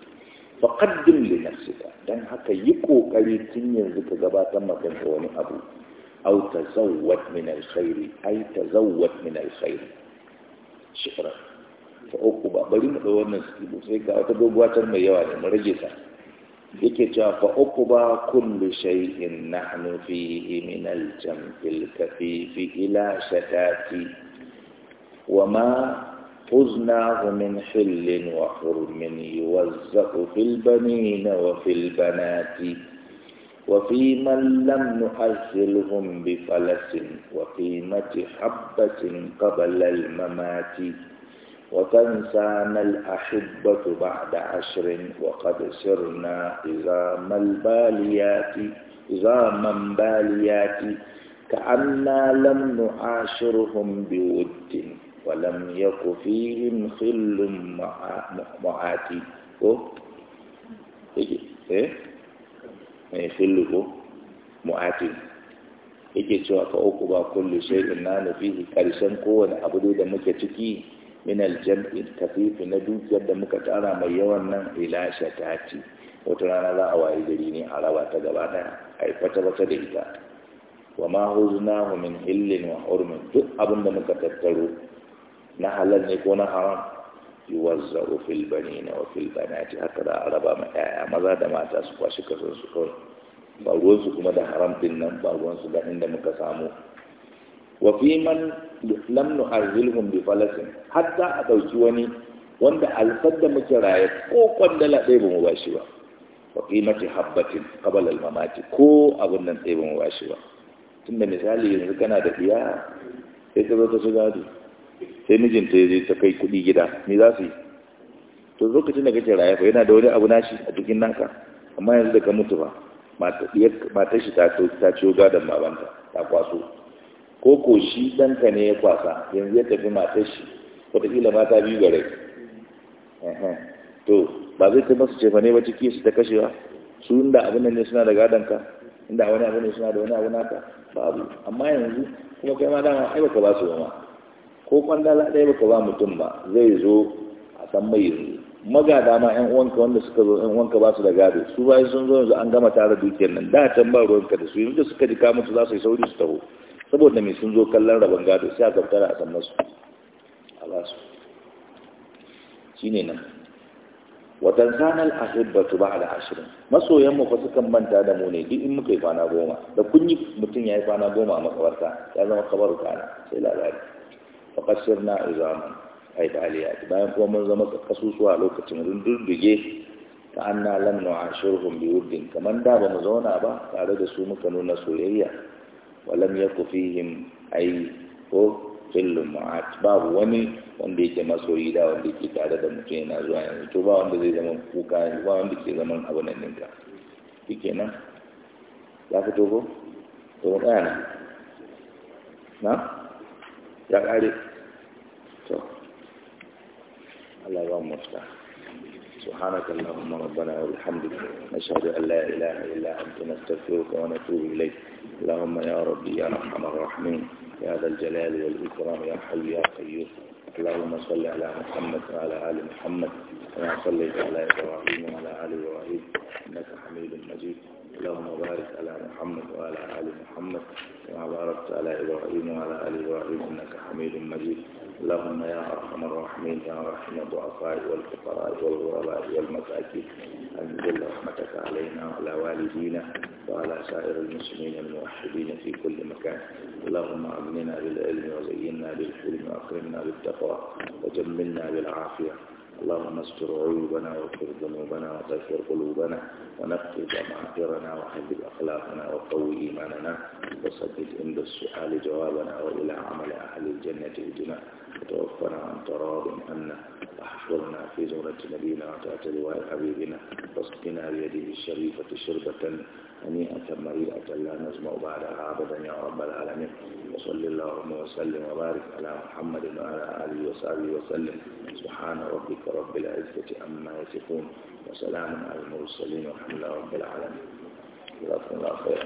faqaddim li nafsika dan haka yi kokari tun yanzu ka gabatar maka da wani abu aw tazawwad min alkhairi ay tazawwad min alkhairi shukran fa uku ba bari mu da wannan sibu sai ga wata doguwatar mai yawa ne mu rage ta yake cewa fa uku ba kullu shay'in nahnu fihi min aljam'il kafifi ila shatati wa ma حزنا ومن حل وحرم يوزق في البنين وفي البنات وفي من لم نؤجلهم بفلس وقيمة حبة قبل الممات وتنسانا الأحبة بعد عشر وقد سرنا ما الباليات إزاما باليات كأنا لم نعاشرهم بود ولم يك فيهم ko معاتي eh khillu ko mu'atin yake cewa ka uku ba kullu shay'in na nufihi karshen kowane abu da muke ciki min aljam'i kafifi na dukiyar da muka tara mai yawan nan ila shatati wata rana za a waye gari ne a raba ta gaba daya ai fata fata da ita wa ma huznahu min hillin wa hurmin duk abinda muka tattaro نحل لن يكون حرام يوزع في البنين وفي البنات هكذا عربا ما يعني ماذا دم أتى سوا شكر شكر بعوض سكما ده حرام تنا بعوض سكما هند مكسامو وفي من لم نحرزهم بفلس حتى أتوجوني وند الفد مكرايا كو قند لا تيب مباشوا وقيمة حبة قبل الممات كو أبنا تيب مباشوا ثم مثالي ينزل كنا دقيا إذا بتسجادوا sai mijinta ya je ta kai kuɗi gida me za su yi to lokacin da kake raya fa yana da wani abu nashi a cikin nanka amma yanzu da ka mutu ba matar shi ta ciyo gadon babanta ta kwaso ko ko shi ɗanka ne ya kwasa yanzu ya tafi matar shi wataƙila mata biyu ga rai to ba zai kai masu cefa ne ba ciki su ta kashewa su inda abin nan ne suna da gadon ka inda wani abin ne suna da wani abu naka babu amma yanzu kuma kai ma dama ai baka ba su ba ma ko kwandala ɗaya baka ba mutum ba zai zo a san mai yanzu maga dama yan uwanka wanda suka zo yan uwanka ba su da gado su bayan sun zo yanzu an gama tare dukiyar nan da can ba ruwanka da su yanzu da suka ji mutu za su yi sauri su taho saboda mai sun zo kallon rabon gado sai a gaftara a san masu a ba su shi ne nan watan sanar hibbatu ba da ashirin masoyanmu fa kan manta da mu ne duk in muka yi kwana goma da kun mutum ya yi kwana goma a makabarta ya zama kamar kwana sai labari faƙasir na izaman haida aliyat bayan kuma mun zama kasusuwa a lokacin rundurduge ta an na lam na ashirhum bi kamar da ba mu zauna ba tare da su muka nuna soyayya walam ya fihim ai ko fillin ma'at babu wani wanda yake masoyi da wanda yake tare da mutum yana zuwa yanzu to ba wanda zai zama kuka yanzu ba wanda ke zaman abu nan ninka shike nan za ka togo to mu tsaya na يا علي اللهم افتح سبحانك اللهم ربنا لله نشهد أن لا إله إلا أنت نستغفرك ونتوب إليك اللهم يا ربي يا أرحم الراحمين يا ذا الجلال والإكرام يا حي يا قيوم اللهم صل على محمد وعلى آل محمد كما صليت على إبراهيم وعلى آل إبراهيم إنك حميد مجيد اللهم بارك على محمد وعلى آل محمد كما باركت على إبراهيم وعلى آل إبراهيم إنك حميد مجيد اللهم يا أرحم الراحمين يا رحم الضعفاء والفقراء والغرباء والمساكين أنزل رحمتك علينا وعلى والدينا وعلى سائر المسلمين الموحدين في كل مكان اللهم أمننا بالعلم وزينا بالحلم وأكرمنا بالتقوى وجملنا بالعافية اللهم استر عيوبنا واغفر ذنوبنا وطهر قلوبنا ونقض معاذيرنا وحبب أخلاقنا وقوي إيماننا وسدد عند السؤال جوابنا وإلى عمل أهل الجنة اجنا وتوفنا عن تراض عنا واحفظنا في زمرة نبينا وتأتى لواء حبيبنا واسقنا بيده الشريفة شربة هنيئة يعني مريئة لا نسمع بعدها أبدا يا رب العالمين وصل اللهم وسلم وبارك على محمد وعلى آله وصحبه وسلم سبحان ربك
رب العزة عما يصفون وسلام على المرسلين والحمد لله رب العالمين جزاكم الله خيرا